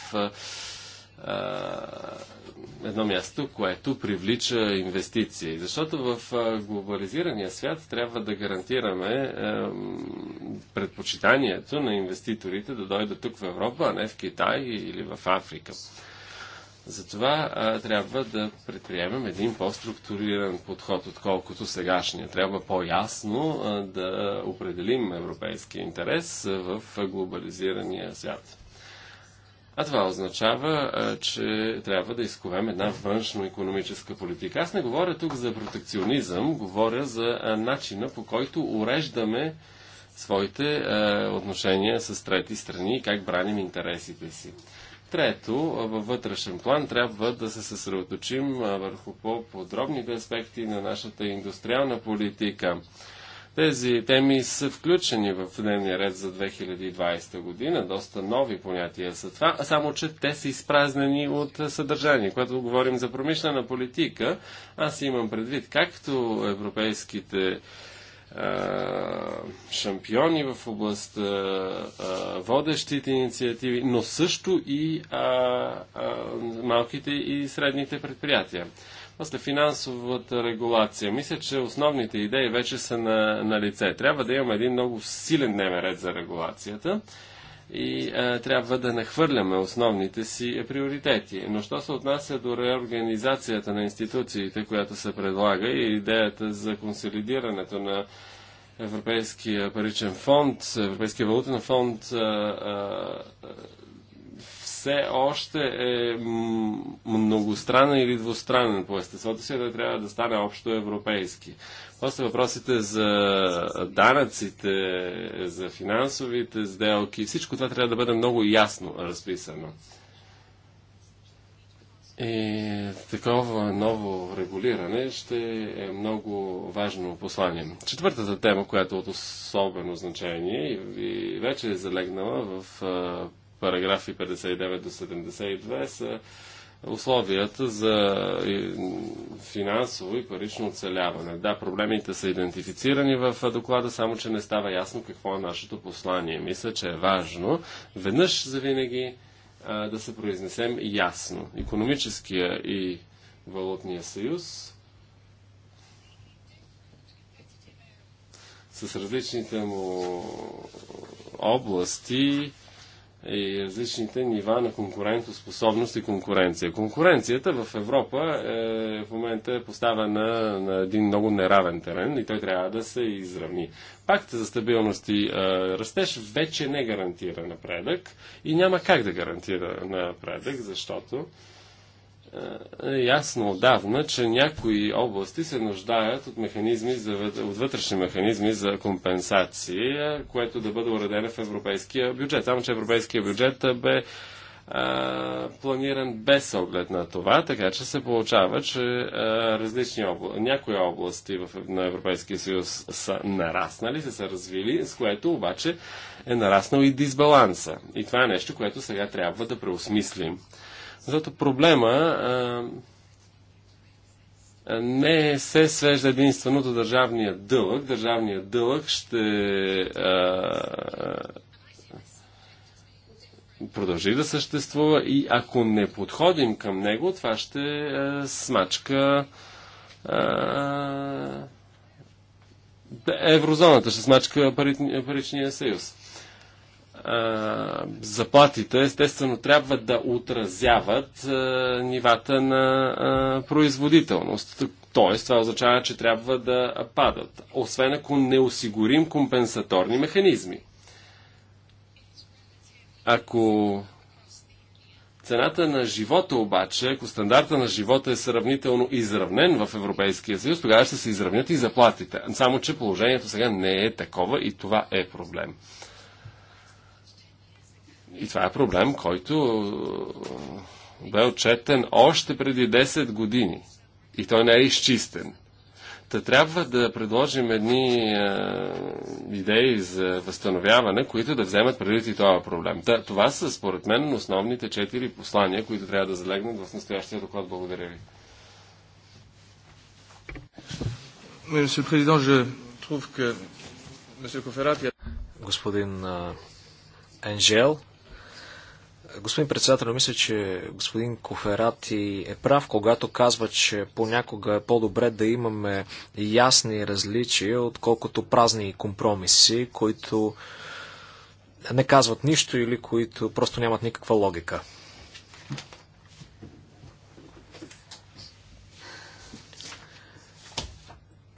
[SPEAKER 3] едно място, което привлича инвестиции. Защото в глобализирания свят трябва да гарантираме предпочитанието на инвеститорите да дойдат тук в Европа, а не в Китай или в Африка. Затова а, трябва да предприемем един по-структуриран подход, отколкото сегашния. Трябва по-ясно да определим европейския интерес в глобализирания свят. А това означава, че трябва да изковем една външно-економическа политика. Аз не говоря тук за протекционизъм, говоря за начина по който уреждаме своите отношения с трети страни и как браним интересите си. Трето, във вътрешен план трябва да се съсредоточим върху по-подробните аспекти на нашата индустриална политика. Тези теми са включени в дневния ред за 2020 година. Доста нови понятия са това, само че те са изпразнени от съдържание. Когато говорим за промишлена политика, аз имам предвид както европейските шампиони в областта, водещите инициативи, но също и а, а, малките и средните предприятия. После финансовата регулация. Мисля, че основните идеи вече са на, на лице. Трябва да имаме един много силен дневен ред за регулацията и а, трябва да нахвърляме основните си приоритети. Но що се отнася до реорганизацията на институциите, която се предлага и идеята за консолидирането на Европейския паричен фонд, Европейския валутен фонд, а, а, все още е многостранен или двустранен по естеството си, да трябва да стане общо европейски. После въпросите за данъците, за финансовите сделки, всичко това трябва да бъде много ясно разписано. И такова ново регулиране ще е много важно послание. Четвъртата тема, която е от особено значение и вече е залегнала в параграфи 59 до 72 са условията за е, финансово и парично оцеляване. Да, проблемите са идентифицирани в е, доклада, само че не става ясно какво е нашето послание. Мисля, че е важно веднъж завинаги винаги е, да се произнесем ясно. Економическия и валутния съюз с различните му области и различните нива на конкурентоспособност и конкуренция. Конкуренцията в Европа е, в момента е поставена на един много неравен терен и той трябва да се изравни. Пакта за стабилност и е, растеж вече не гарантира напредък и няма как да гарантира напредък, защото е, е ясно отдавна, че някои области се нуждаят от, механизми за, от вътрешни механизми за компенсации, е, което да бъде уредено в европейския бюджет. Само, че европейския бюджет бе а, е, планиран без оглед на това, така че се получава, че а, различни обла... някои области в... на Европейския съюз са нараснали, се са развили, с което обаче е нараснал и дисбаланса. И това е нещо, което сега трябва да преосмислим защото проблема а, не се свежда единствено до държавния дълъг. Държавния дълъг ще а, продължи да съществува и ако не подходим към него, това ще а, смачка еврозоната, ще смачка паричния съюз заплатите естествено трябва да отразяват нивата на производителност. Тоест, това означава, че трябва да падат. Освен ако не осигурим компенсаторни механизми. Ако цената на живота обаче, ако стандарта на живота е сравнително изравнен в Европейския съюз, тогава ще се изравнят и заплатите. Само, че положението сега не е такова и това е проблем. И това е проблем, който е, бе отчетен още преди 10 години. И той не е изчистен. Та трябва да предложим едни е, идеи за възстановяване, които да вземат преди и това проблем. Та, това са, според мен, основните четири послания, които трябва да залегнат в настоящия доклад. Благодаря ви.
[SPEAKER 1] Господин Енжел, Господин председател, мисля, че господин Коферати е прав, когато казва, че понякога е по-добре да имаме ясни различия, отколкото празни компромиси, които не казват нищо или които просто нямат никаква логика.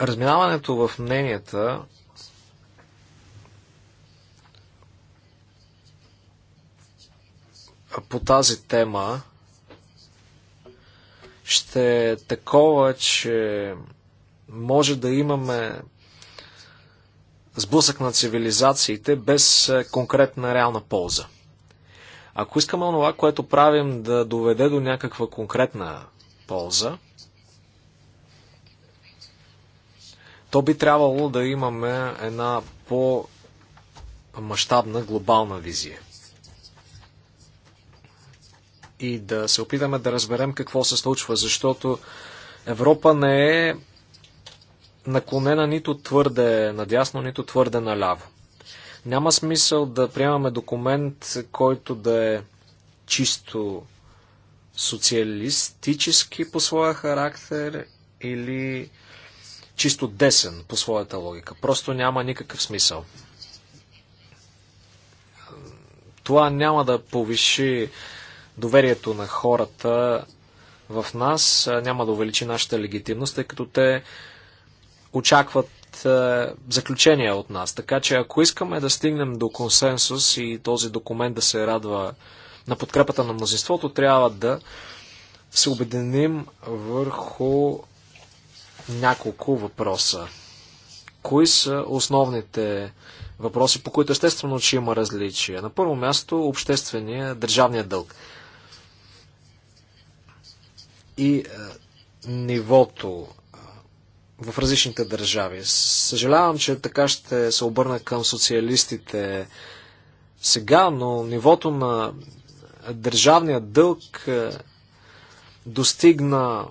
[SPEAKER 1] Разминаването в мненията по тази тема ще е такова, че може да имаме сблъсък на цивилизациите без е, конкретна реална полза. Ако искаме онова, което правим да доведе до някаква конкретна полза, то би трябвало да имаме една по-масштабна глобална визия и да се опитаме да разберем какво се случва, защото Европа не е наклонена нито твърде надясно, нито твърде наляво. Няма смисъл да приемаме документ, който да е чисто социалистически по своя характер или чисто десен по своята логика. Просто няма никакъв смисъл. Това няма да повиши доверието на хората в нас, няма да увеличи нашата легитимност, тъй като те очакват заключения от нас. Така че ако искаме да стигнем до консенсус и този документ да се радва на подкрепата на мнозинството, трябва да се обединим върху няколко въпроса. Кои са основните въпроси, по които естествено, че има различия? На първо място обществения държавния дълг и е, нивото е, в различните държави. Съжалявам, че така ще се обърна към социалистите сега, но нивото на държавния дълг е, достигна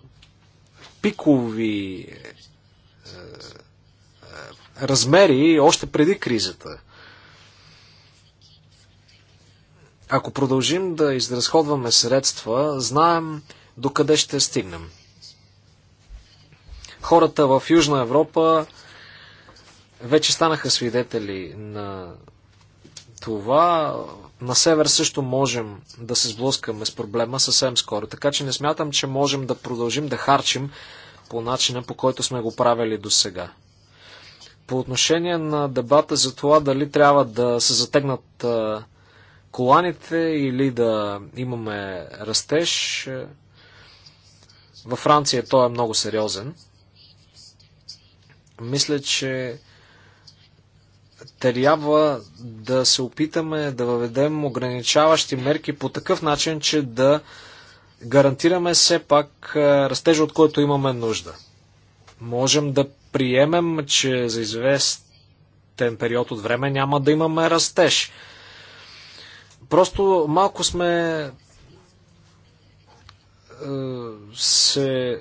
[SPEAKER 1] пикови размери още преди кризата. Ако продължим да изразходваме средства, знаем, докъде ще стигнем. Хората в Южна Европа вече станаха свидетели на това. На север също можем да се сблъскаме с проблема съвсем скоро. Така че не смятам, че можем да продължим да харчим по начина, по който сме го правили до сега. По отношение на дебата за това дали трябва да се затегнат коланите или да имаме растеж, във Франция той е много сериозен. Мисля, че трябва да се опитаме да въведем ограничаващи мерки по такъв начин, че да гарантираме все пак е, растежа, от който имаме нужда. Можем да приемем, че за известен период от време няма да имаме растеж. Просто малко сме се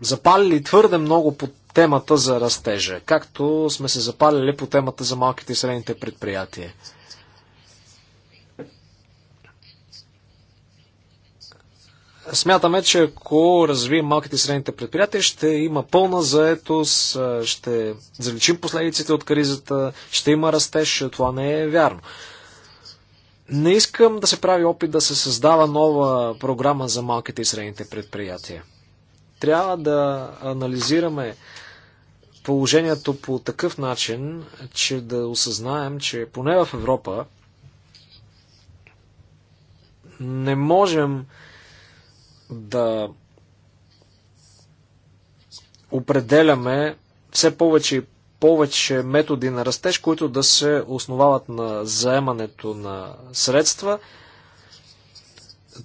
[SPEAKER 1] запалили твърде много по темата за растежа, както сме се запалили по темата за малките и средните предприятия. Смятаме, че ако развием малките и средните предприятия, ще има пълна заетост, ще заличим последиците от кризата, ще има растеж. Това не е вярно. Не искам да се прави опит да се създава нова програма за малките и средните предприятия. Трябва да анализираме положението по такъв начин, че да осъзнаем, че поне в Европа не можем да определяме все повече и повече методи на растеж, които да се основават на заемането на средства.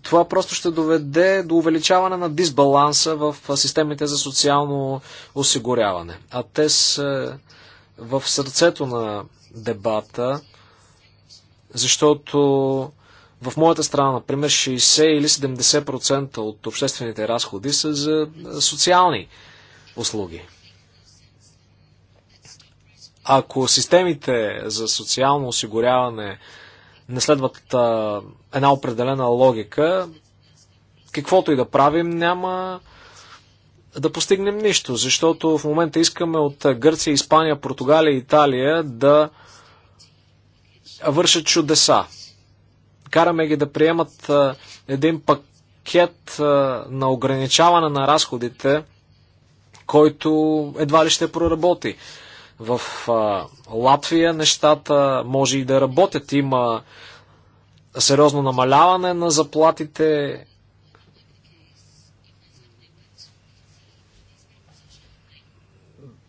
[SPEAKER 1] Това просто ще доведе до увеличаване на дисбаланса в системите за социално осигуряване. А те са в сърцето на дебата, защото в моята страна, например, 60 или 70% от обществените разходи са за социални услуги. Ако системите за социално осигуряване не следват а, една определена логика, каквото и да правим, няма да постигнем нищо, защото в момента искаме от Гърция, Испания, Португалия и Италия да вършат чудеса. Караме ги да приемат а, един пакет а, на ограничаване на разходите, който едва ли ще проработи. В Латвия нещата може и да работят. Има сериозно намаляване на заплатите.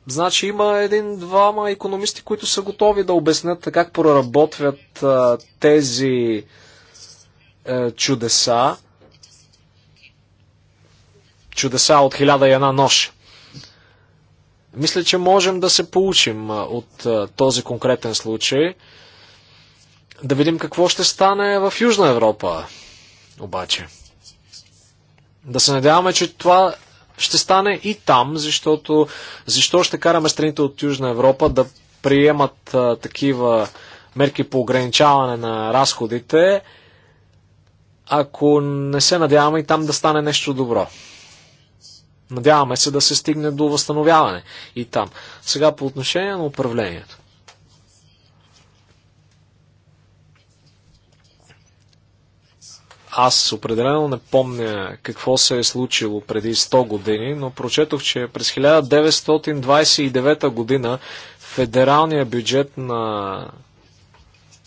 [SPEAKER 1] Значи има един-двама економисти, които са готови да обяснят как проработват тези е, чудеса. Чудеса от хиляда и една нощ. Мисля, че можем да се получим от този конкретен случай. Да видим какво ще стане в Южна Европа. Обаче. Да се надяваме, че това ще стане и там, защото защо ще караме страните от Южна Европа да приемат а, такива мерки по ограничаване на разходите, ако не се надяваме и там да стане нещо добро. Надяваме се да се стигне до възстановяване и там. Сега по отношение на управлението. Аз определено не помня какво се е случило преди 100 години, но прочетох, че през 1929 година федералният бюджет на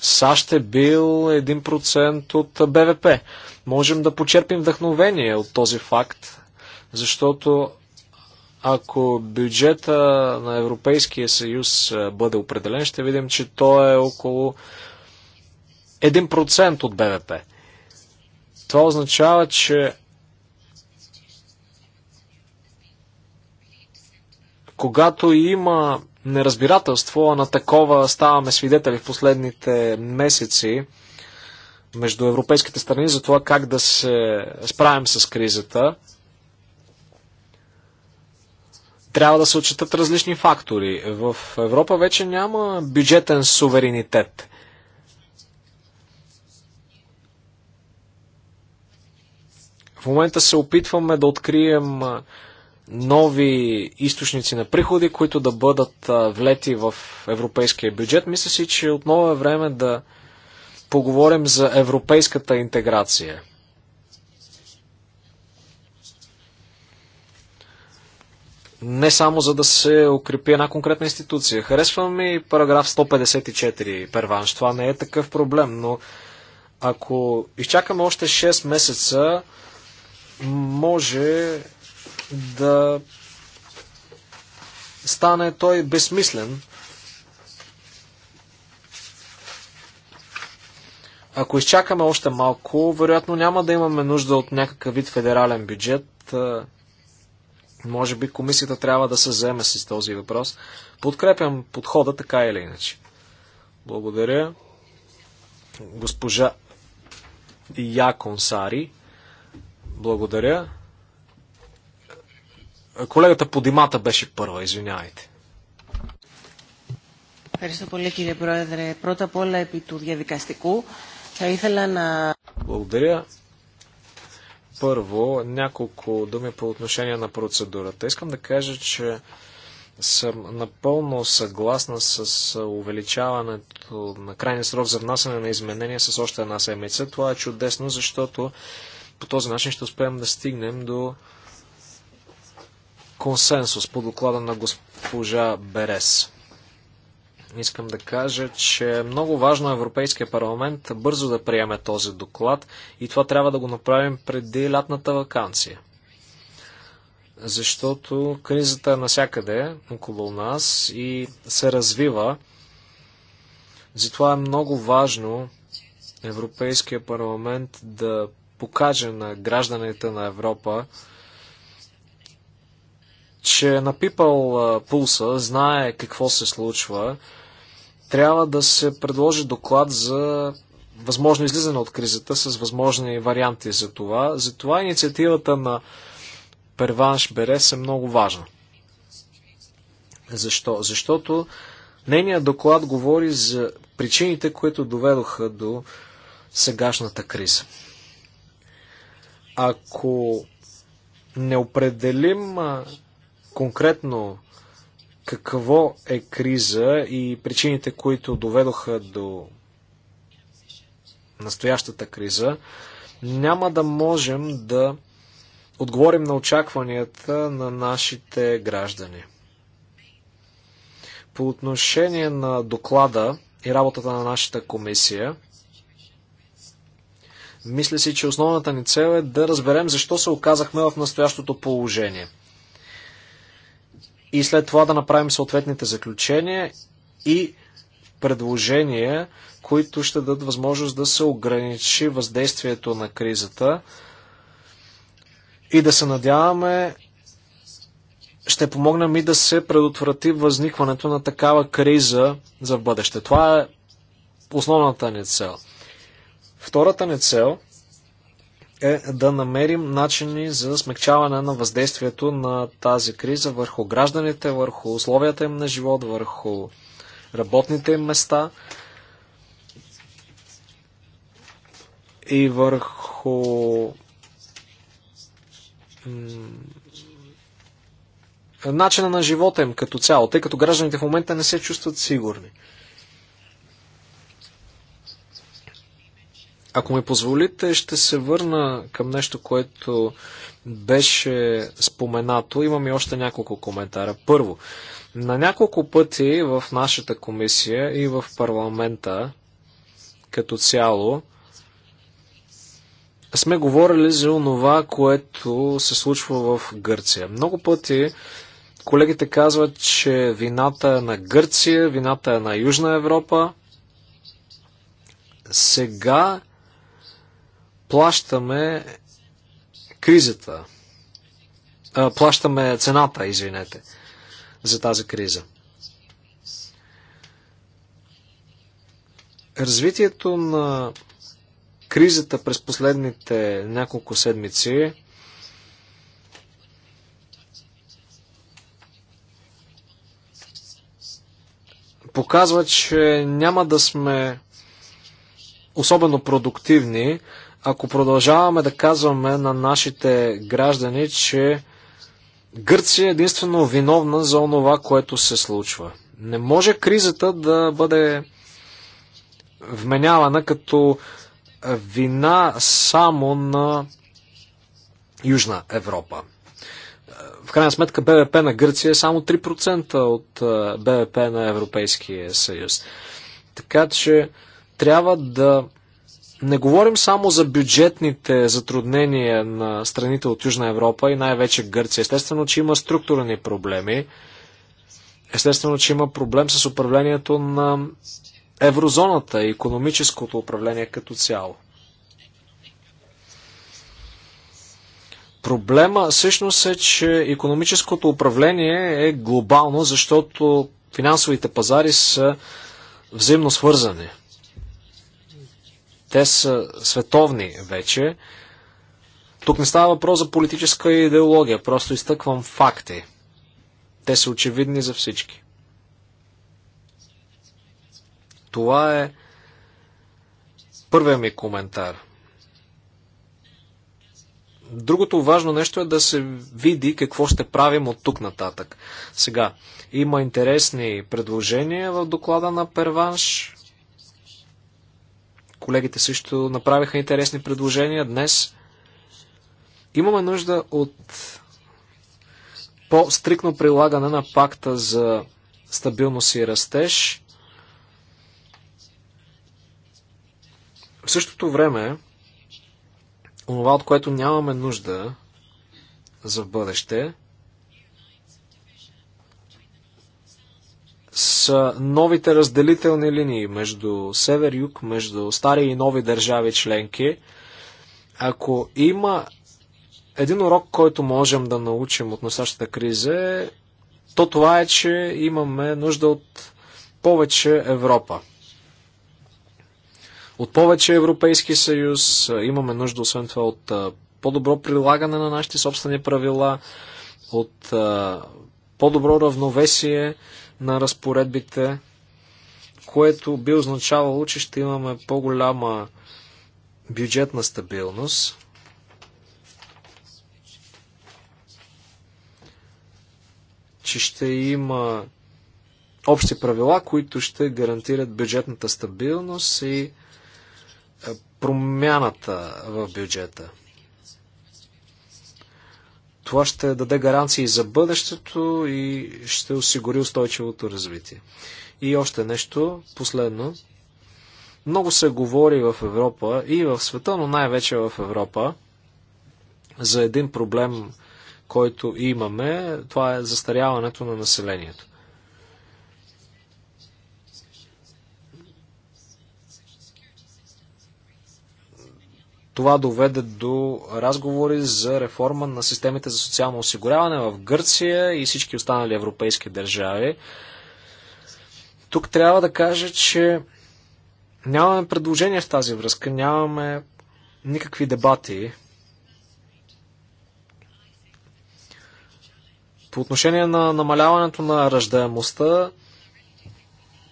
[SPEAKER 1] САЩ е бил 1% от БВП. Можем да почерпим вдъхновение от този факт защото ако бюджета на Европейския съюз бъде определен, ще видим, че той е около 1% от БВП. Това означава, че когато има неразбирателство, на такова ставаме свидетели в последните месеци между европейските страни за това как да се справим с кризата, трябва да се отчитат различни фактори. В Европа вече няма бюджетен суверенитет. В момента се опитваме да открием нови източници на приходи, които да бъдат влети в европейския бюджет. Мисля си, че отново е време да поговорим за европейската интеграция – не само за да се укрепи една конкретна институция. Харесва ми параграф 154, перванш. Това не е такъв проблем, но ако изчакаме още 6 месеца, може да стане той безсмислен. Ако изчакаме още малко, вероятно няма да имаме нужда от някакъв вид федерален бюджет. Може би комисията трябва да се вземе с този въпрос. Подкрепям подхода така или иначе. Благодаря. Госпожа Яконсари. Благодаря. Колегата по димата беше първа, извинявайте.
[SPEAKER 2] Ευχαριστώ πολύ κύριε Πρόεδρε. Πρώτα απ' όλα επί του διαδικαστικού θα ήθελα να...
[SPEAKER 1] Благодаря първо, няколко думи по отношение на процедурата. Искам да кажа, че съм напълно съгласна с увеличаването на крайния срок за внасяне на изменения с още една седмица. Това е чудесно, защото по този начин ще успеем да стигнем до консенсус по доклада на госпожа Берес. Искам да кажа, че е много важно Европейския парламент бързо да приеме този доклад и това трябва да го направим преди лятната вакансия. Защото кризата е насякъде около нас и се развива. Затова е много важно Европейския парламент да покаже на гражданите на Европа, че е напипал пулса, знае какво се случва трябва да се предложи доклад за възможно излизане от кризата с възможни варианти за това. Затова инициативата на Перванш Берес е много важна. Защо? Защото нейният доклад говори за причините, които доведоха до сегашната криза. Ако не определим конкретно какво е криза и причините, които доведоха до настоящата криза, няма да можем да отговорим на очакванията на нашите граждани. По отношение на доклада и работата на нашата комисия, мисля си, че основната ни цел е да разберем защо се оказахме в настоящото положение – и след това да направим съответните заключения и предложения, които ще дадат възможност да се ограничи въздействието на кризата и да се надяваме ще помогнем и да се предотврати възникването на такава криза за бъдеще. Това е основната ни цел. Втората ни цел – е да намерим начини за смягчаване на въздействието на тази криза върху гражданите, върху условията им на живот, върху работните им места и върху начина на живота им като цяло, тъй като гражданите в момента не се чувстват сигурни. Ако ми позволите, ще се върна към нещо, което беше споменато. Имам и още няколко коментара. Първо, на няколко пъти в нашата комисия и в парламента като цяло сме говорили за това, което се случва в Гърция. Много пъти колегите казват, че вината е на Гърция, вината е на Южна Европа. Сега плащаме кризата. А, плащаме цената, извинете, за тази криза. Развитието на кризата през последните няколко седмици показва, че няма да сме особено продуктивни, ако продължаваме да казваме на нашите граждани, че Гърция е единствено виновна за онова, което се случва. Не може кризата да бъде вменявана като вина само на Южна Европа. В крайна сметка БВП на Гърция е само 3% от БВП на Европейския съюз. Така че трябва да не говорим само за бюджетните затруднения на страните от Южна Европа и най-вече Гърция. Естествено, че има структурни проблеми. Естествено, че има проблем с управлението на еврозоната и економическото управление като цяло. Проблема всъщност е, че економическото управление е глобално, защото финансовите пазари са взаимно свързани – те са световни вече. Тук не става въпрос за политическа идеология, просто изтъквам факти. Те са очевидни за всички. Това е първия ми коментар. Другото важно нещо е да се види какво ще правим от тук нататък. Сега, има интересни предложения в доклада на Перванш. Колегите също направиха интересни предложения днес. Имаме нужда от по-стрикно прилагане на пакта за стабилност и растеж. В същото време, онова, от което нямаме нужда за бъдеще, С новите разделителни линии между север-юг, между стари и нови държави членки. Ако има един урок, който можем да научим от носащата криза, е, то това е, че имаме нужда от повече Европа. От повече Европейски съюз е, имаме нужда, освен това, от е, по-добро прилагане на нашите собствени правила, от по-добро равновесие на разпоредбите, което би означавало, че ще имаме по-голяма бюджетна стабилност. че ще има общи правила, които ще гарантират бюджетната стабилност и е, промяната в бюджета. Това ще даде гаранции за бъдещето и ще осигури устойчивото развитие. И още нещо, последно. Много се говори в Европа и в света, но най-вече в Европа, за един проблем, който имаме. Това е застаряването на населението. Това доведе до разговори за реформа на системите за социално осигуряване в Гърция и всички останали европейски държави. Тук трябва да кажа, че нямаме предложения в тази връзка, нямаме никакви дебати. По отношение на намаляването на ръждаемостта,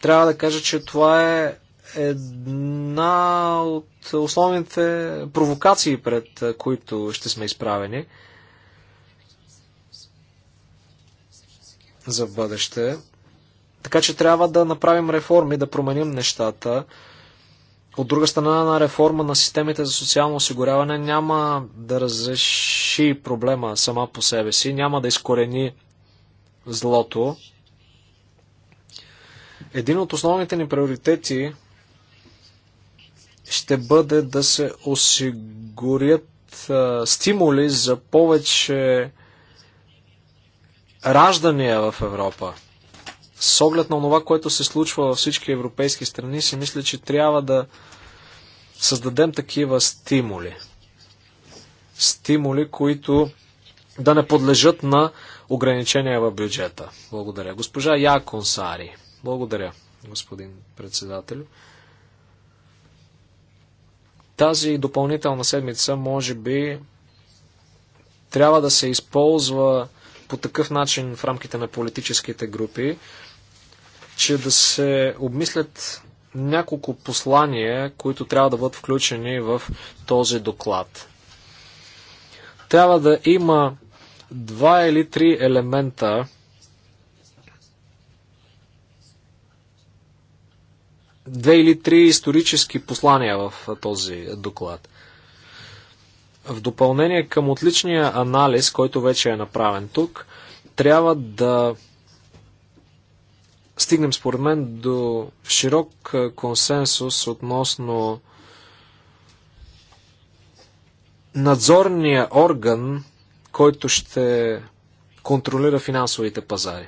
[SPEAKER 1] трябва да кажа, че това е една от основните провокации, пред които ще сме изправени за бъдеще. Така че трябва да направим реформи, да променим нещата. От друга страна на реформа на системите за социално осигуряване няма да разреши проблема сама по себе си, няма да изкорени злото. Един от основните ни приоритети ще бъде да се осигурят а, стимули за повече раждания в Европа. С оглед на това, което се случва във всички европейски страни, си мисля, че трябва да създадем такива стимули. Стимули, които да не подлежат на ограничения в бюджета. Благодаря. Госпожа Яконсари. Благодаря, господин председател. Тази допълнителна седмица, може би, трябва да се използва по такъв начин в рамките на политическите групи, че да се обмислят няколко послания, които трябва да бъдат включени в този доклад. Трябва да има два или три елемента, две или три исторически послания в този доклад. В допълнение към отличния анализ, който вече е направен тук, трябва да стигнем според мен до широк консенсус относно надзорния орган, който ще контролира финансовите пазари.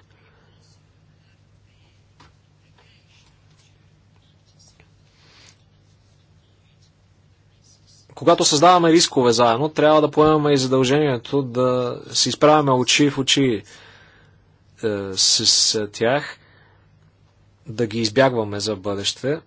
[SPEAKER 1] когато създаваме рискове заедно, трябва да поемаме и задължението да се изправяме очи в очи е, с, с тях, да ги избягваме за бъдеще.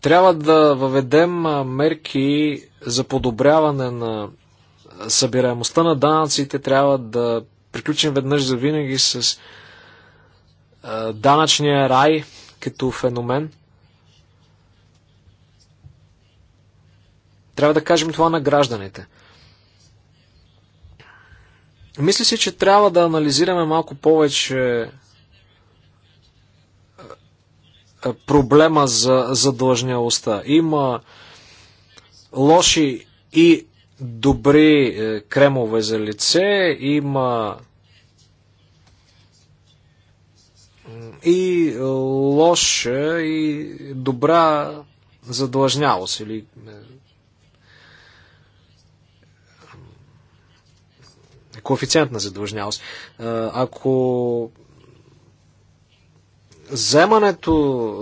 [SPEAKER 1] Трябва да въведем мерки за подобряване на събираемостта на данъците, трябва да приключим веднъж за винаги с а, данъчния рай като феномен. Трябва да кажем това на гражданите. Мисля си, че трябва да анализираме малко повече проблема за задлъжнялостта. Има лоши и добри е, кремове за лице, има и е, лоша и добра задлъжнялост или е, коефициент на задлъжнялост. Е, ако вземането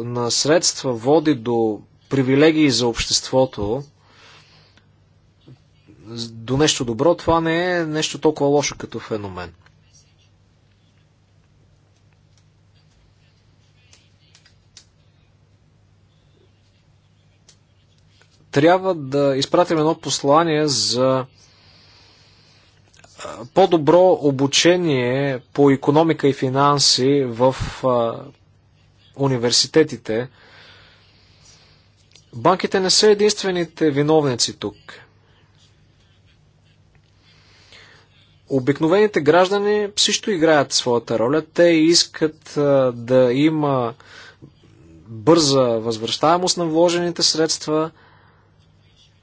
[SPEAKER 1] на средства води до привилегии за обществото, до нещо добро, това не е нещо толкова лошо като феномен. трябва да изпратим едно послание за по-добро обучение по економика и финанси в университетите. Банките не са единствените виновници тук. Обикновените граждани също играят своята роля. Те искат да има бърза възвръщаемост на вложените средства –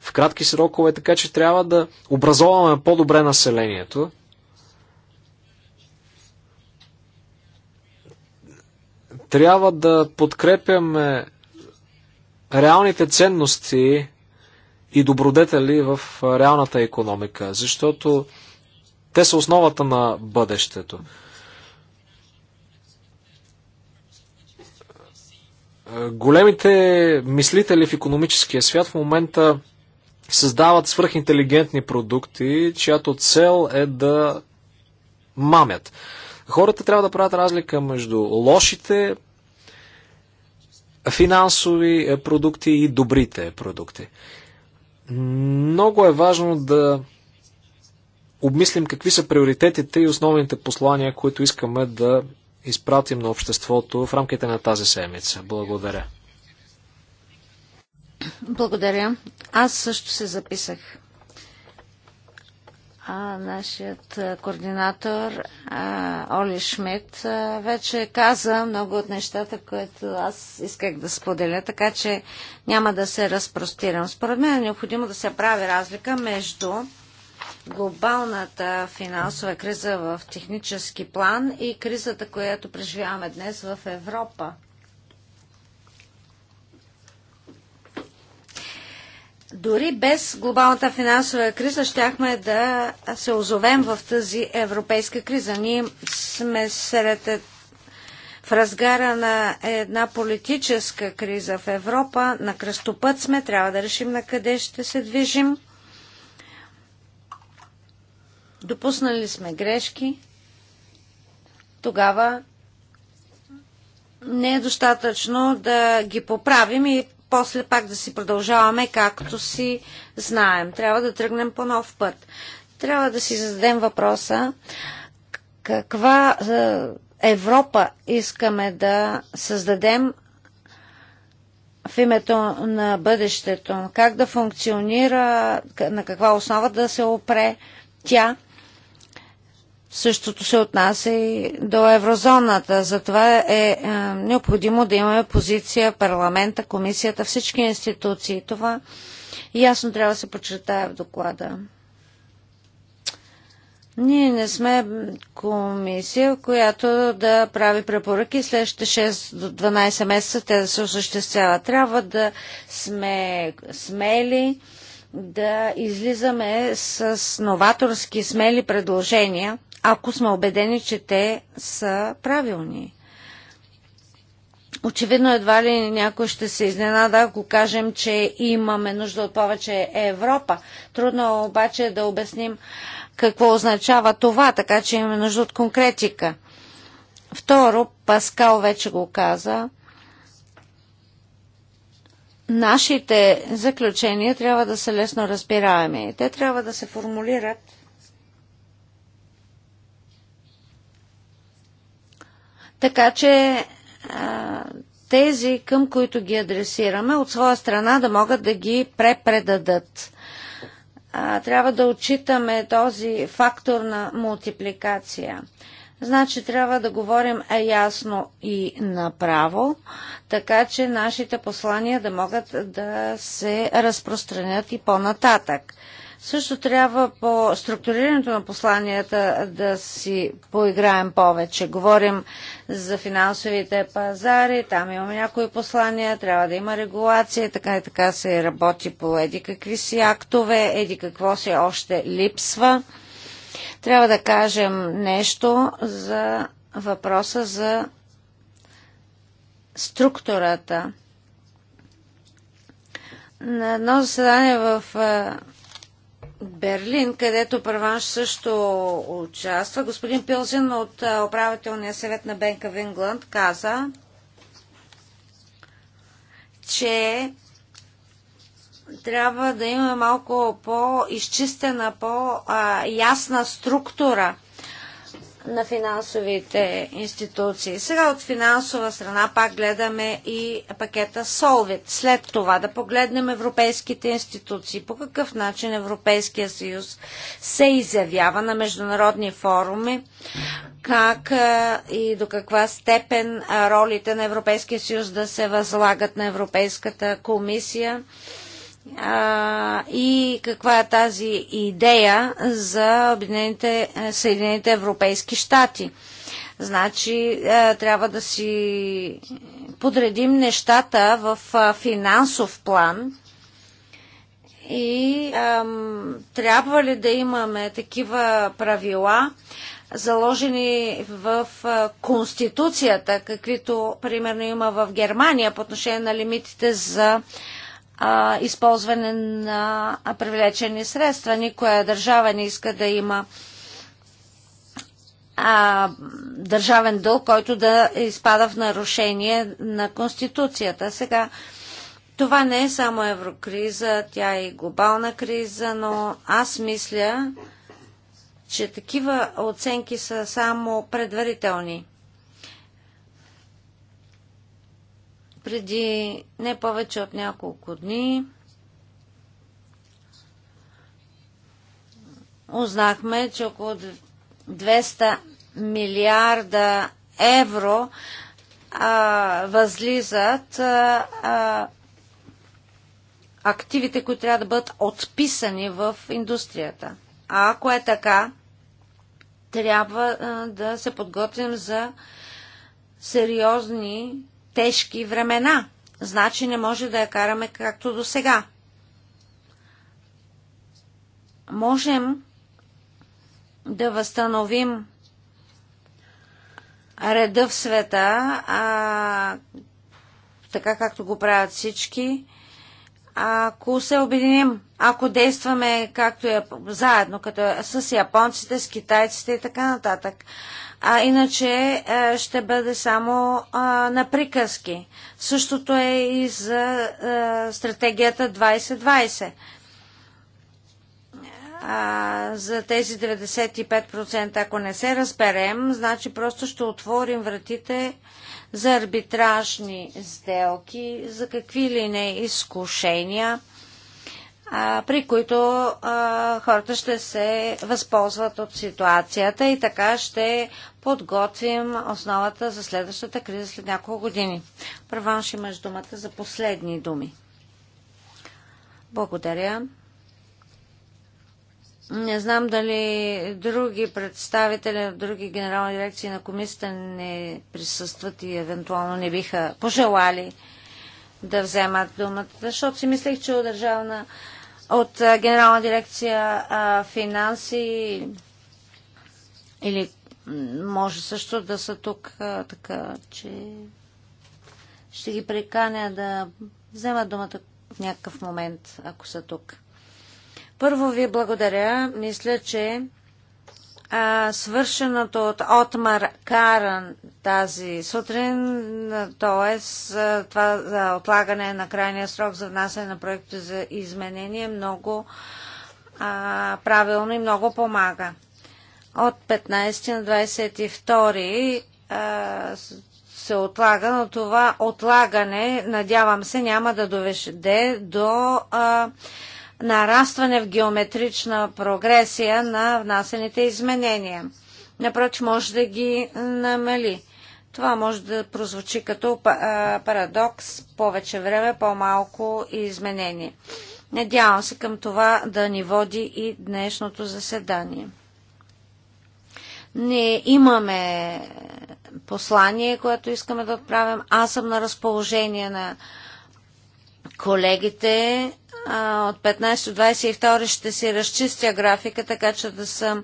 [SPEAKER 1] в кратки срокове, така че трябва да образоваме по-добре населението. Трябва да подкрепяме реалните ценности и добродетели в реалната економика, защото те са основата на бъдещето. Големите мислители в економическия свят в момента създават свръхинтелигентни продукти, чиято цел е да мамят. Хората трябва да правят разлика между лошите финансови е, продукти и добрите продукти. Много е важно да обмислим какви са приоритетите и основните послания, които искаме да изпратим на обществото в рамките на тази седмица. Благодаря.
[SPEAKER 2] Благодаря. Аз също се записах. А, нашият координатор а, Оли Шмидт а, вече каза много от нещата, които аз исках да споделя, така че няма да се разпростирам. Според мен е необходимо да се прави разлика между глобалната финансова криза в технически план и кризата, която преживяваме днес в Европа. Дори без глобалната финансова криза щяхме да се озовем в тази европейска криза. Ние сме сред е- в разгара на една политическа криза в Европа. На кръстопът сме, трябва да решим на къде ще се движим. Допуснали сме грешки. Тогава не е достатъчно да ги поправим и после пак да си продължаваме както си знаем. Трябва да тръгнем по нов път. Трябва да си зададем въпроса каква е, Европа искаме да създадем в името на бъдещето, как да функционира, на каква основа да се опре тя Същото се отнася и до еврозоната. Затова е, е необходимо да имаме позиция парламента, комисията, всички институции. Това ясно трябва да се подчертая в доклада. Ние не сме комисия, която да прави препоръки следващите 6 до 12 месеца те да се осъществяват. Трябва да сме смели, да излизаме с новаторски смели предложения, ако сме убедени, че те са правилни. Очевидно едва ли някой ще се изненада, ако кажем, че имаме нужда от повече Европа. Трудно е обаче да обясним какво означава това, така че имаме нужда от конкретика. Второ, Паскал вече го каза, нашите заключения трябва да са лесно разбираеми. Те трябва да се формулират Така че а, тези, към които ги адресираме, от своя страна да могат да ги препредадат. А, трябва да отчитаме този фактор на мултипликация. Значи трябва да говорим е ясно и направо, така че нашите послания да могат да се разпространят и по-нататък. Също трябва по структурирането на посланията да си поиграем повече. Говорим за финансовите пазари, там имаме някои послания, трябва да има регулация, така и така се работи по еди какви си актове, еди какво се още липсва. Трябва да кажем нещо за въпроса за структурата. На едно заседание в Берлин, където Първанш също участва. Господин Пилзин от управителния съвет на Бенка в Ингланд каза, че трябва да има малко по-изчистена, по-ясна структура на финансовите институции. Сега от финансова страна пак гледаме и пакета Solvit. След това да погледнем европейските институции. По какъв начин Европейския съюз се изявява на международни форуми, как и до каква степен ролите на Европейския съюз да се възлагат на Европейската комисия а, и каква е тази идея за Обединените, е, Съединените Европейски щати. Значи а, е, трябва да си подредим нещата в а, е, финансов план и ам, трябва ли да имаме такива правила, заложени в Конституцията, каквито примерно има в Германия по отношение на лимитите за а, използване на привлечени средства. Никоя държава не иска да има а, държавен дълг, който да изпада в нарушение на Конституцията. Сега, това не е само еврокриза, тя е и глобална криза, но аз мисля, че такива оценки са само предварителни. Преди не повече от няколко дни узнахме, че около 200 милиарда евро а, възлизат а, а, активите, които трябва да бъдат отписани в индустрията. А ако е така, трябва а, да се подготвим за сериозни тежки времена. Значи не може да я караме както до сега. Можем да възстановим реда в света, а, така както го правят всички, ако се обединим, ако действаме както е, заедно, като с японците, с китайците и така нататък а иначе а, е, ще бъде само а, на приказки. Същото е и за е, а, стратегията 2020. за тези 95%, ако не се разберем, значи просто ще отворим вратите за арбитражни сделки, за какви ли не изкушения – при които а, хората ще се възползват от ситуацията и така ще подготвим основата за следващата криза след няколко години. Първан ще имаш думата за последни думи. Благодаря. Не знам дали други представители от други генерални дирекции на комисията не присъстват и евентуално не биха пожелали да вземат думата, защото си мислех, че от държавна от Генерална дирекция а, финанси или може също да са тук, а, така че ще ги приканя да вземат думата в някакъв момент, ако са тук. Първо ви благодаря. Мисля, че а, свършеното от Отмар Каран тази сутрин, т.е. това за отлагане на крайния срок за внасяне на проекти за изменение много а, правилно и много помага. От 15 на 22 а, се отлага, но това отлагане, надявам се, няма да доведе до а, нарастване в геометрична прогресия на внасените изменения. Напроч, може да ги намали. Това може да прозвучи като парадокс повече време, по-малко изменение. Надявам се към това да ни води и днешното заседание. Не имаме послание, което искаме да отправим. Аз съм на разположение на колегите а, от 15 до 22 ще си разчистя графика, така че да съм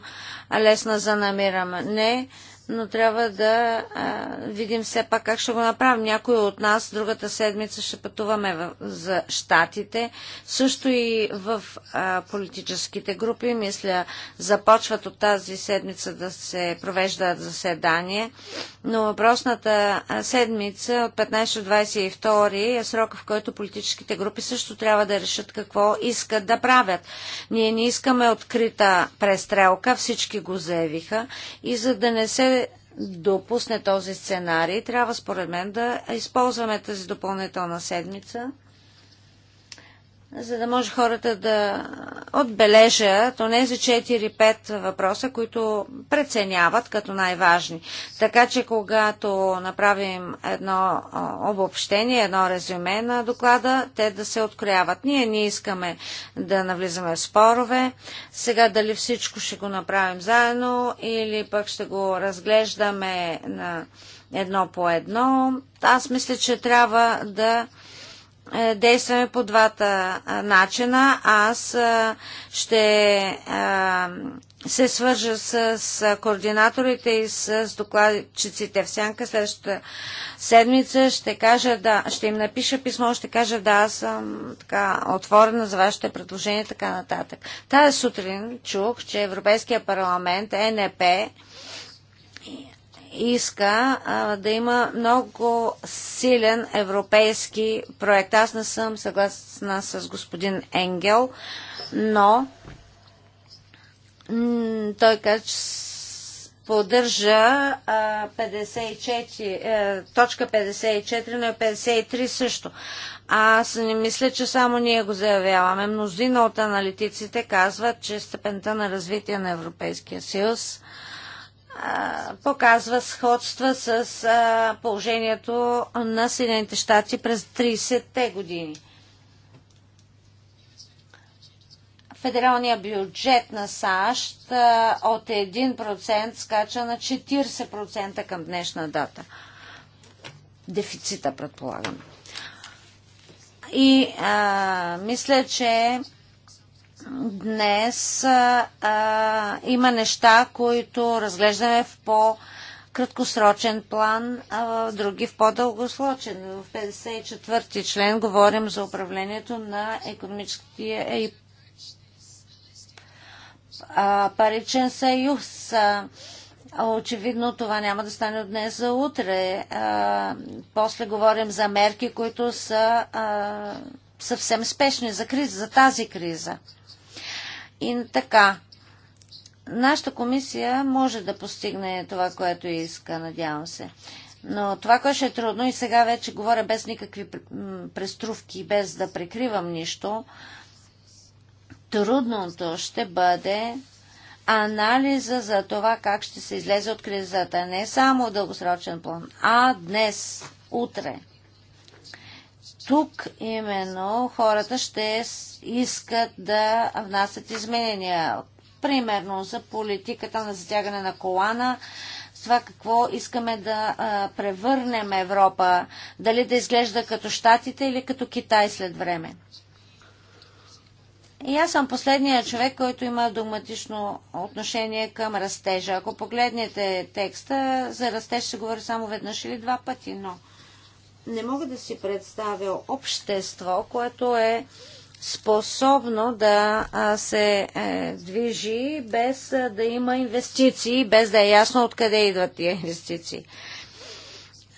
[SPEAKER 2] лесна за намиране. Не, но трябва да а, видим все пак как ще го направим. Някой от нас другата седмица ще пътуваме в, за щатите. Също и в а, политическите групи, мисля, започват от тази седмица да се провеждат заседание, но въпросната седмица от 15 до 22 е срока, в който политическите групи също трябва да решат какво искат да правят. Ние не искаме открита престрелка, всички го заявиха и за да не се допусне този сценарий, трябва според мен да използваме тази допълнителна седмица за да може хората да отбележат онези 4-5 въпроса, които преценяват като най-важни. Така че когато направим едно обобщение, едно резюме на доклада, те да се открояват. Ние не искаме да навлизаме в спорове. Сега дали всичко ще го направим заедно или пък ще го разглеждаме на едно по едно. Аз мисля, че трябва да е, действаме по двата начина. Аз ще се свържа с координаторите и с докладчиците в сянка следващата седмица. Ще, кажа да, ще им напиша писмо, ще кажа да, аз съм така отворена за вашите предложения и така нататък. Тази сутрин чух, че Европейския парламент, ЕНП, иска а, да има много силен европейски проект. Аз не съм съгласна с господин Енгел, но той каза, че поддържа а, 54, а, е, точка 54, но 53 също. Аз не мисля, че само ние го заявяваме. Мнозина от аналитиците казват, че степента на развитие на Европейския съюз показва сходства с положението на Съединените щати през 30-те години. Федералният бюджет на САЩ от 1% скача на 40% към днешна дата. Дефицита, предполагам. И а, мисля, че Днес а, има неща, които разглеждаме в по- краткосрочен план, а други в по-дългосрочен. В 54-ти член говорим за управлението на економическия и паричен съюз. Очевидно това няма да стане от днес за утре. А, после говорим за мерки, които са а, съвсем спешни за криза, за тази криза. И така, нашата комисия може да постигне това, което иска, надявам се. Но това, което ще е трудно, и сега вече говоря без никакви преструвки, без да прикривам нищо, трудното ще бъде анализа за това как ще се излезе от кризата. Не само дългосрочен план, а днес, утре, тук именно хората ще искат да внасят изменения. Примерно за политиката на затягане на колана, с това какво искаме да а, превърнем Европа, дали да изглежда като Штатите или като Китай след време. И аз съм последният човек, който има догматично отношение към растежа. Ако погледнете текста, за растеж се говори само веднъж или два пъти, но не мога да си представя общество, което е способно да се е, движи без да има инвестиции, без да е ясно откъде идват тия инвестиции.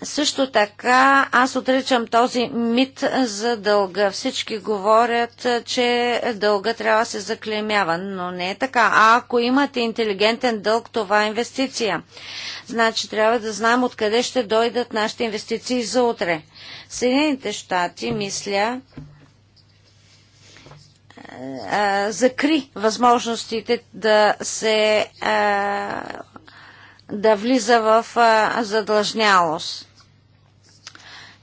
[SPEAKER 2] Също така аз отричам този мит за дълга. Всички говорят, че дълга трябва да се заклемява, но не е така. А ако имате интелигентен дълг, това е инвестиция. Значи трябва да знаем откъде ще дойдат нашите инвестиции за утре. Съединените щати, мисля, закри възможностите да се да влиза в задлъжнялост.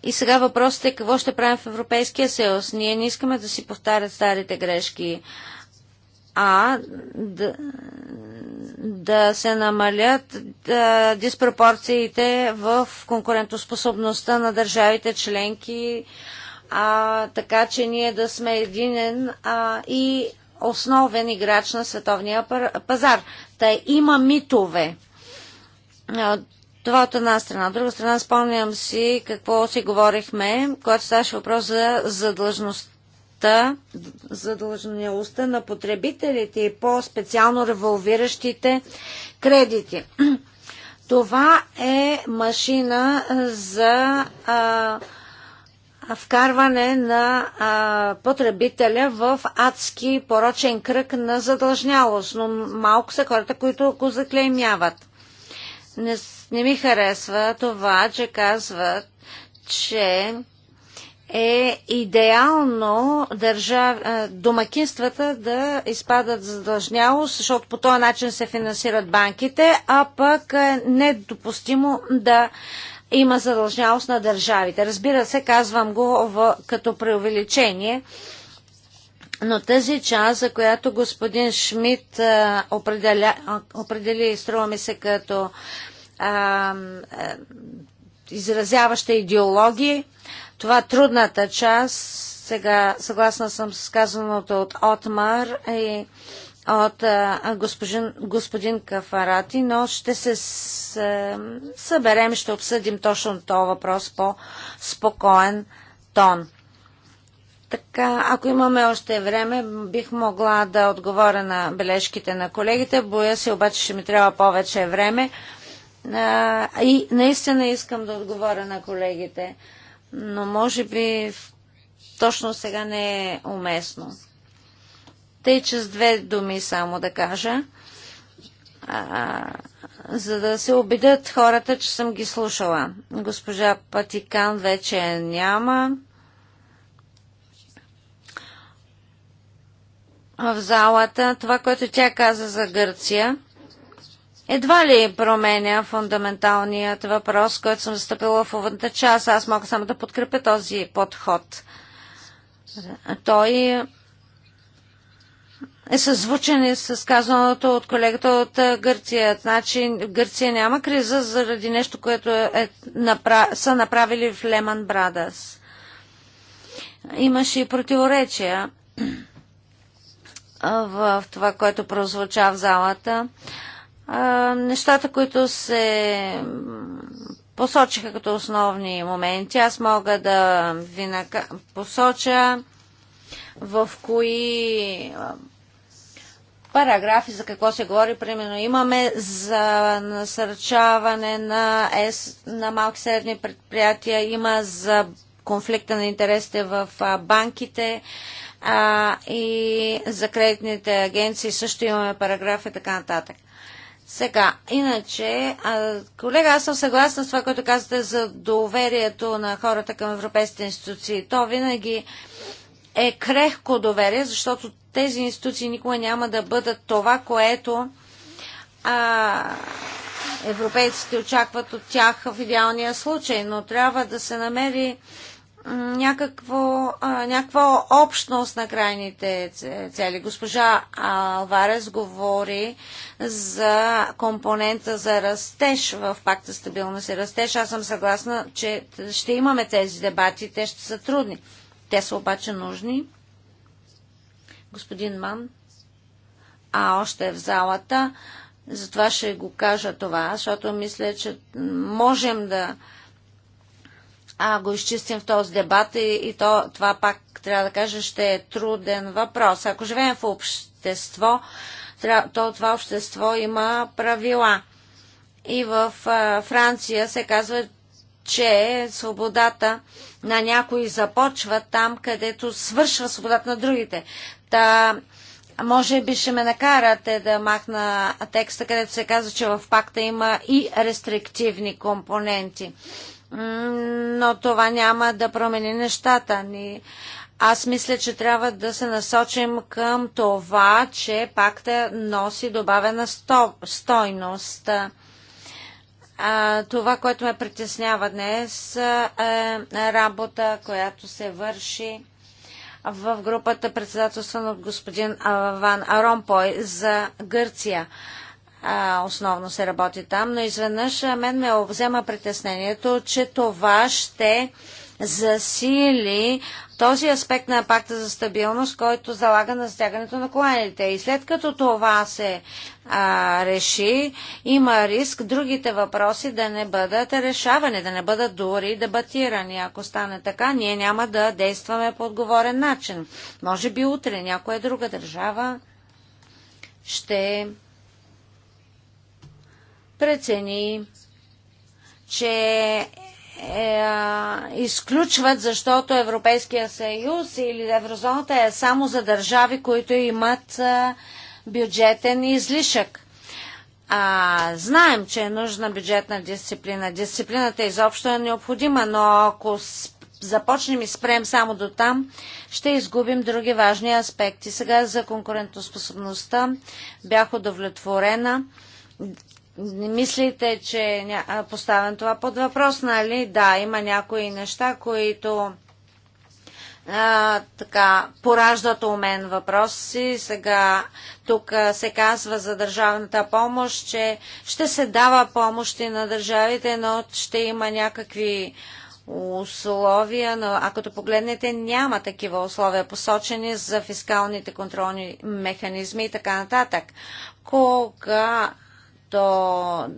[SPEAKER 2] И сега въпросът е какво ще правим в Европейския съюз. Ние не искаме да си повтарят старите грешки, а да, да се намалят да, диспропорциите в конкурентоспособността на държавите членки, а, така че ние да сме единен а, и основен играч на световния пазар. Та има митове това от една страна. От друга страна спомням си какво си говорихме, когато ставаше въпрос за задължността, задължността на потребителите и по-специално револвиращите кредити. <clears throat> Това е машина за а, вкарване на а, потребителя в адски порочен кръг на задължнялост, но малко са хората, които го заклеймяват. Не не ми харесва това, че казват, че е идеално държав... домакинствата да изпадат задължнялост, защото по този начин се финансират банките, а пък е недопустимо да има задължнялост на държавите. Разбира се, казвам го в... като преувеличение, но тази част, за която господин Шмидт определя... определи, струва ми се като а, е, изразяваща идеологии. Това е трудната част. Сега съгласна съм с казаното от Отмар и от а, е, госпожин, господин Кафарати, но ще се с, е, съберем, ще обсъдим точно този въпрос по спокоен тон. Така, ако имаме още време, бих могла да отговоря на бележките на колегите. Боя се обаче, ще ми трябва повече време и наистина искам да отговоря на колегите, но може би точно сега не е уместно. Тъй, че с две думи само да кажа, а, за да се убедят хората, че съм ги слушала. Госпожа Патикан вече няма. В залата, това, което тя каза за Гърция, едва ли променя фундаменталният въпрос, който съм застъпила в уводната част. Аз мога само да подкрепя този подход. Той е съзвучен и с казаното от колегата от Гърция. Значи Гърция няма криза заради нещо, което е, направ... са направили в Леман Брадас. Имаше и противоречия в това, което прозвуча в залата нещата, които се посочиха като основни моменти, аз мога да ви посоча в кои параграфи за какво се говори. Примерно имаме за насърчаване на, ЕС, на малки средни предприятия, има за конфликта на интересите в банките а, и за кредитните агенции също имаме параграфи и така нататък. Сега, иначе, колега, аз съм съгласна с това, което казвате за доверието на хората към европейските институции. То винаги е крехко доверие, защото тези институции никога няма да бъдат това, което а, европейците очакват от тях в идеалния случай, но трябва да се намери някакво, някаква общност на крайните цели. Госпожа Алварес говори за компонента за растеж в пакта стабилност и растеж. Аз съм съгласна, че ще имаме тези дебати, те ще са трудни. Те са обаче нужни. Господин Ман, а още е в залата, затова ще го кажа това, защото мисля, че можем да а, го изчистим в този дебат и, и то, това пак трябва да кажа, ще е труден въпрос. Ако живеем в общество, то това общество има правила. И в а, Франция се казва, че свободата на някои започва там, където свършва свободата на другите. Та, може би ще ме накарате да махна текста, където се казва, че в пакта има и рестриктивни компоненти но това няма да промени нещата ни. Аз мисля, че трябва да се насочим към това, че пакта носи добавена сто, стойност. А, това, което ме притеснява днес, е, е работа, която се върши в групата председателствана от господин Ван Аромпой за Гърция а, основно се работи там, но изведнъж мен ме взема притеснението, че това ще засили този аспект на пакта за стабилност, който залага на стягането на коланите. И след като това се а, реши, има риск другите въпроси да не бъдат решавани, да не бъдат дори дебатирани. Ако стане така, ние няма да действаме по отговорен начин. Може би утре някоя друга държава ще прецени, че е, изключват, защото Европейския съюз или еврозоната е само за държави, които имат бюджетен излишък. А, знаем, че е нужна бюджетна дисциплина. Дисциплината изобщо е необходима, но ако започнем и спрем само до там, ще изгубим други важни аспекти. Сега за конкурентоспособността бях удовлетворена не мислите, че поставям това под въпрос, нали? Да, има някои неща, които а, така, пораждат у мен въпроси. Сега тук се казва за държавната помощ, че ще се дава помощи на държавите, но ще има някакви условия, но а като погледнете няма такива условия посочени за фискалните контролни механизми и така нататък. Кога като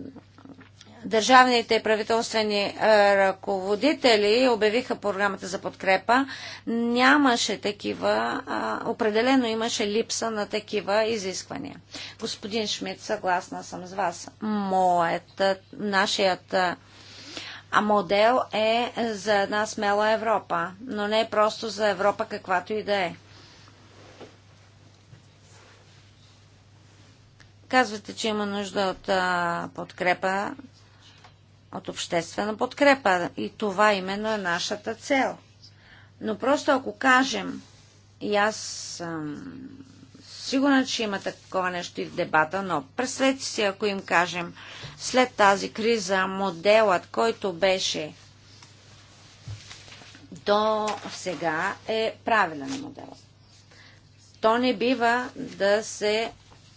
[SPEAKER 2] държавните и правителствени е, ръководители обявиха програмата за подкрепа, нямаше такива, определено имаше липса на такива изисквания. Господин Шмидт, съгласна съм с вас. Моят, е, нашият е, а модел е за една смела Европа, но не просто за Европа каквато и да е. Казвате, че има нужда от а, подкрепа, от обществена подкрепа. И това именно е нашата цел. Но просто ако кажем, и аз съм сигурна, че има такова нещо и в дебата, но представете си, ако им кажем, след тази криза, моделът, който беше до сега, е правилен модел. То не бива да се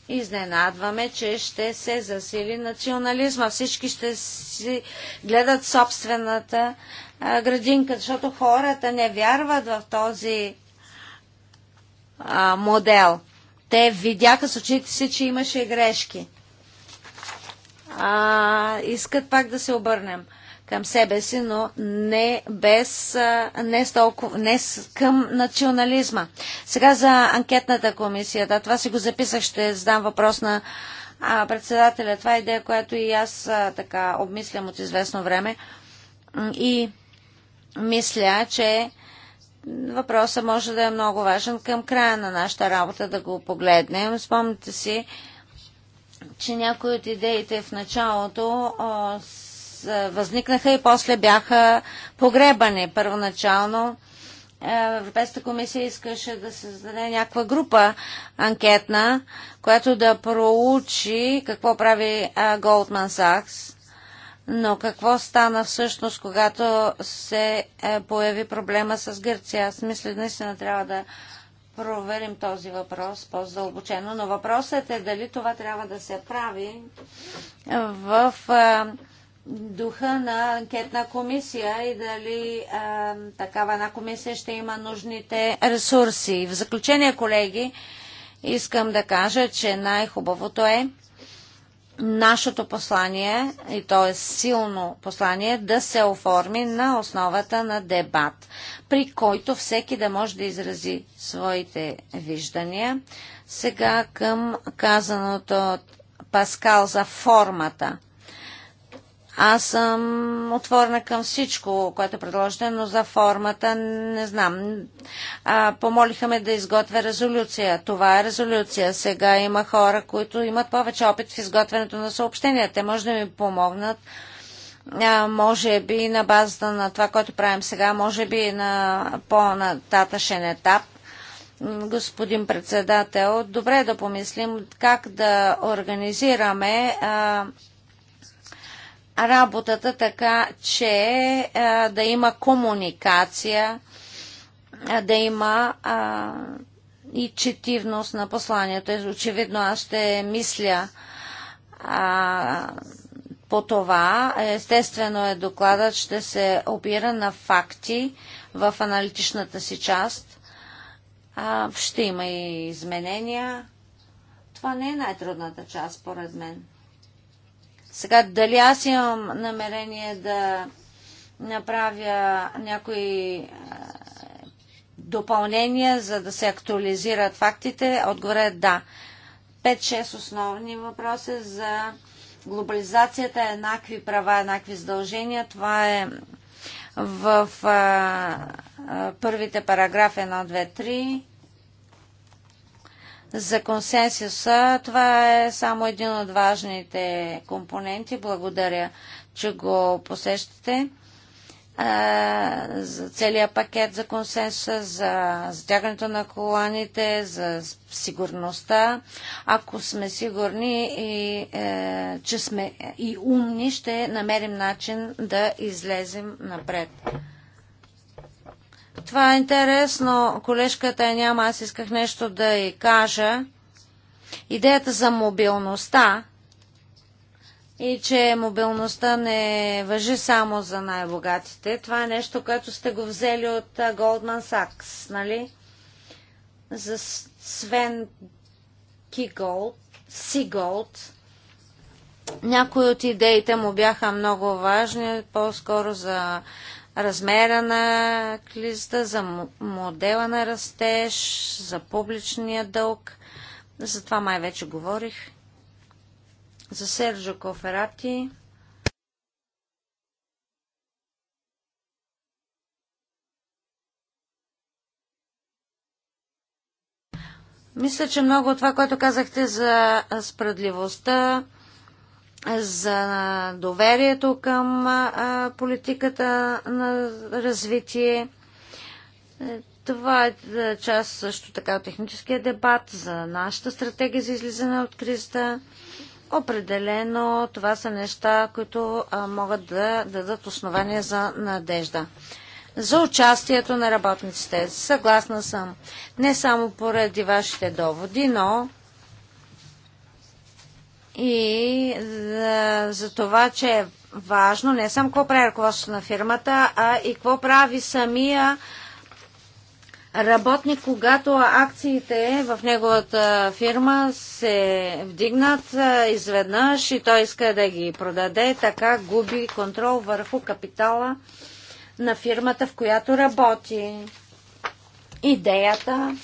[SPEAKER 2] изненадваме, че ще се засили национализма. Всички ще си гледат собствената а, градинка, защото хората не вярват в този а, модел. Те видяха с очите си, че имаше грешки. А, искат пак да се обърнем към себе си, но не, без, не, с толкова, не с, към национализма. Сега за анкетната комисия. Да, това си го записах, ще задам въпрос на а, председателя. Това е идея, която и аз а, така обмислям от известно време. И мисля, че въпросът може да е много важен към края на нашата работа да го погледнем. Спомните си, че някои от идеите в началото о, възникнаха и после бяха погребани. Първоначално Европейската комисия искаше да се създаде някаква група анкетна, която да проучи какво прави Голдман Сакс, Но какво стана всъщност, когато се е, появи проблема с Гърция? Аз мисля, наистина трябва да проверим този въпрос по-задълбочено, но въпросът е дали това трябва да се прави в духа на анкетна комисия и дали а, такава на комисия ще има нужните ресурси. В заключение, колеги, искам да кажа, че най-хубавото е нашето послание, и то е силно послание, да се оформи на основата на дебат, при който всеки да може да изрази своите виждания. Сега към казаното от Паскал за формата – аз съм отворена към всичко, което е предложено, но за формата не знам. А, помолиха ме да изготвя резолюция. Това е резолюция. Сега има хора, които имат повече опит в изготвянето на съобщения. Те може да ми помогнат. А, може би на базата на това, което правим сега, може би на по-нататъшен етап господин председател, добре е да помислим как да организираме а, работата така, че да има комуникация, да има и четивност на посланието. Очевидно аз ще мисля по това. Естествено е докладът ще се опира на факти в аналитичната си част. ще има и изменения. Това не е най-трудната част, според мен. Сега, дали аз имам намерение да направя някои допълнения, за да се актуализират фактите, отгоре да. 5-6 основни въпроса за глобализацията, еднакви права, еднакви задължения. Това е в а, а, първите параграфи 1, 2, 3 за консенсуса. Това е само един от важните компоненти. Благодаря, че го посещате. За целият пакет за консенсуса, за затягането на коланите, за сигурността. Ако сме сигурни и е, че сме и умни, ще намерим начин да излезем напред. Това е интересно. Колежката е няма. Аз исках нещо да й кажа. Идеята за мобилността и че мобилността не въжи само за най-богатите. Това е нещо, което сте го взели от Goldman Sachs, нали? За Свен Киголд, Сиголд. Някои от идеите му бяха много важни, по-скоро за размера на кризата, за модела на растеж, за публичния дълг. За това май вече говорих. За Серджо Коферати. Мисля, че много от това, което казахте за справедливостта, за доверието към политиката на развитие. Е, това е, е част също така от техническия дебат за нашата стратегия за излизане от кризата. Определено това са неща, които могат да дадат основания за надежда за участието на работниците. Съгласна съм не само поради вашите доводи, но и за, за това, че е важно не само какво прави ръководството на фирмата, а и какво прави самия работник, когато акциите в неговата фирма се вдигнат изведнъж и той иска да ги продаде, така губи контрол върху капитала на фирмата, в която работи. Идеята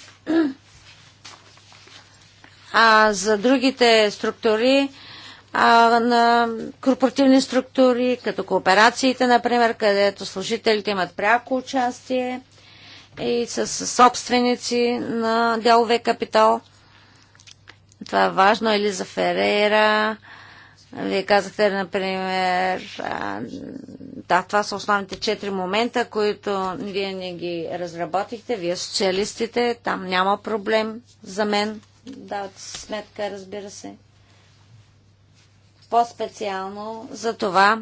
[SPEAKER 2] а за другите структури, а, на корпоративни структури, като кооперациите, например, където служителите имат пряко участие и с собственици на делове капитал. Това е важно. Или за Ферера. Вие казахте, например, да, това са основните четири момента, които вие не ги разработихте. Вие социалистите, там няма проблем за мен дават сметка, разбира се, по-специално за това,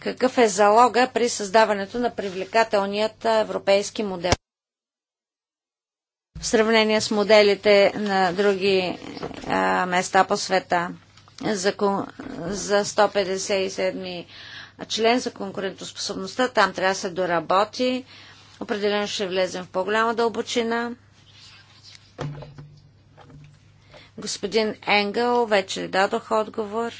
[SPEAKER 2] какъв е залога при създаването на привлекателният европейски модел. В сравнение с моделите на други а, места по света за, за 157 член за конкурентоспособността, там трябва да се доработи. Определено ще влезем в по-голяма дълбочина. Господин Енгъл, вече дадох отговор.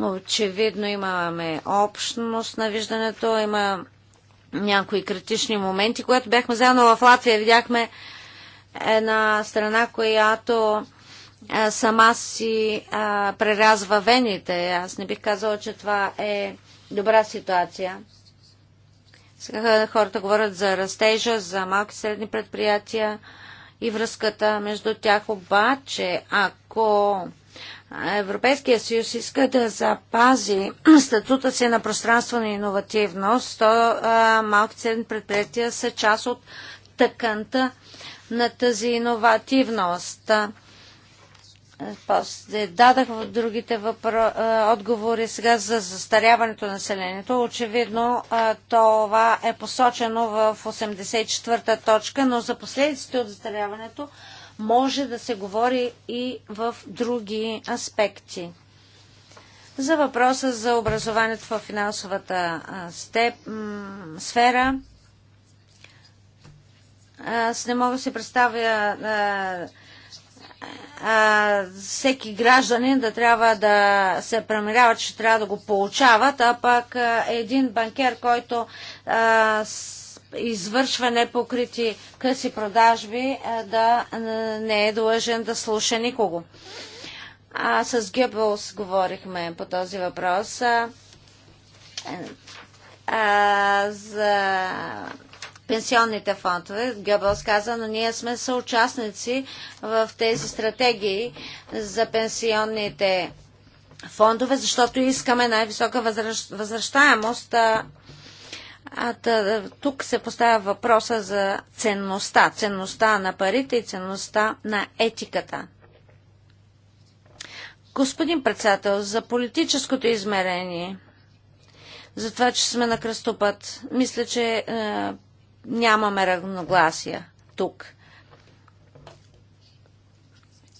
[SPEAKER 2] Очевидно имаме общност на виждането, има някои критични моменти. Когато бяхме заедно в Латвия, видяхме една страна, която сама си а, прерязва вените. Аз не бих казала, че това е добра ситуация. Сега хората говорят за растежа, за малки и средни предприятия и връзката между тях. Обаче, ако Европейския съюз иска да запази <clears throat> статута си на пространство на иновативност, то малки средни предприятия са част от тъканта на тази иновативност. После дадах в другите въпро... отговори сега за застаряването на населението. Очевидно това е посочено в 84-та точка, но за последиците от застаряването може да се говори и в други аспекти. За въпроса за образованието в финансовата степ... сфера, аз не мога да си представя а, всеки гражданин да трябва да се премирява, че трябва да го получават, а пък а, един банкер, който а, с, извършва непокрити къси продажби, а, да не е длъжен да слуша никого. А, с Гебелс говорихме по този въпрос. А, а, за пенсионните фондове. Гъбълс каза, но ние сме съучастници в тези стратегии за пенсионните фондове, защото искаме най-висока възвръщаемост. А, тук се поставя въпроса за ценността. Ценността на парите и ценността на етиката. Господин председател, за политическото измерение, за това, че сме на кръстопът, мисля, че е, нямаме равногласия тук.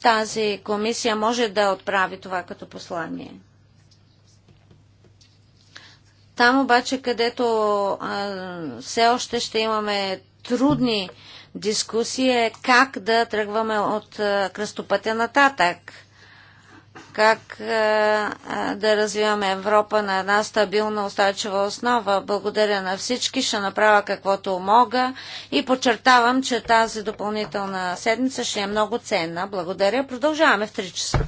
[SPEAKER 2] Тази комисия може да отправи това като послание. Там обаче, където а, все още ще имаме трудни дискусии, е как да тръгваме от а, кръстопътя нататък как е, е, да развиваме Европа на една стабилна, устойчива основа. Благодаря на всички, ще направя каквото мога и подчертавам, че тази допълнителна седмица ще е много ценна. Благодаря. Продължаваме в 3 часа.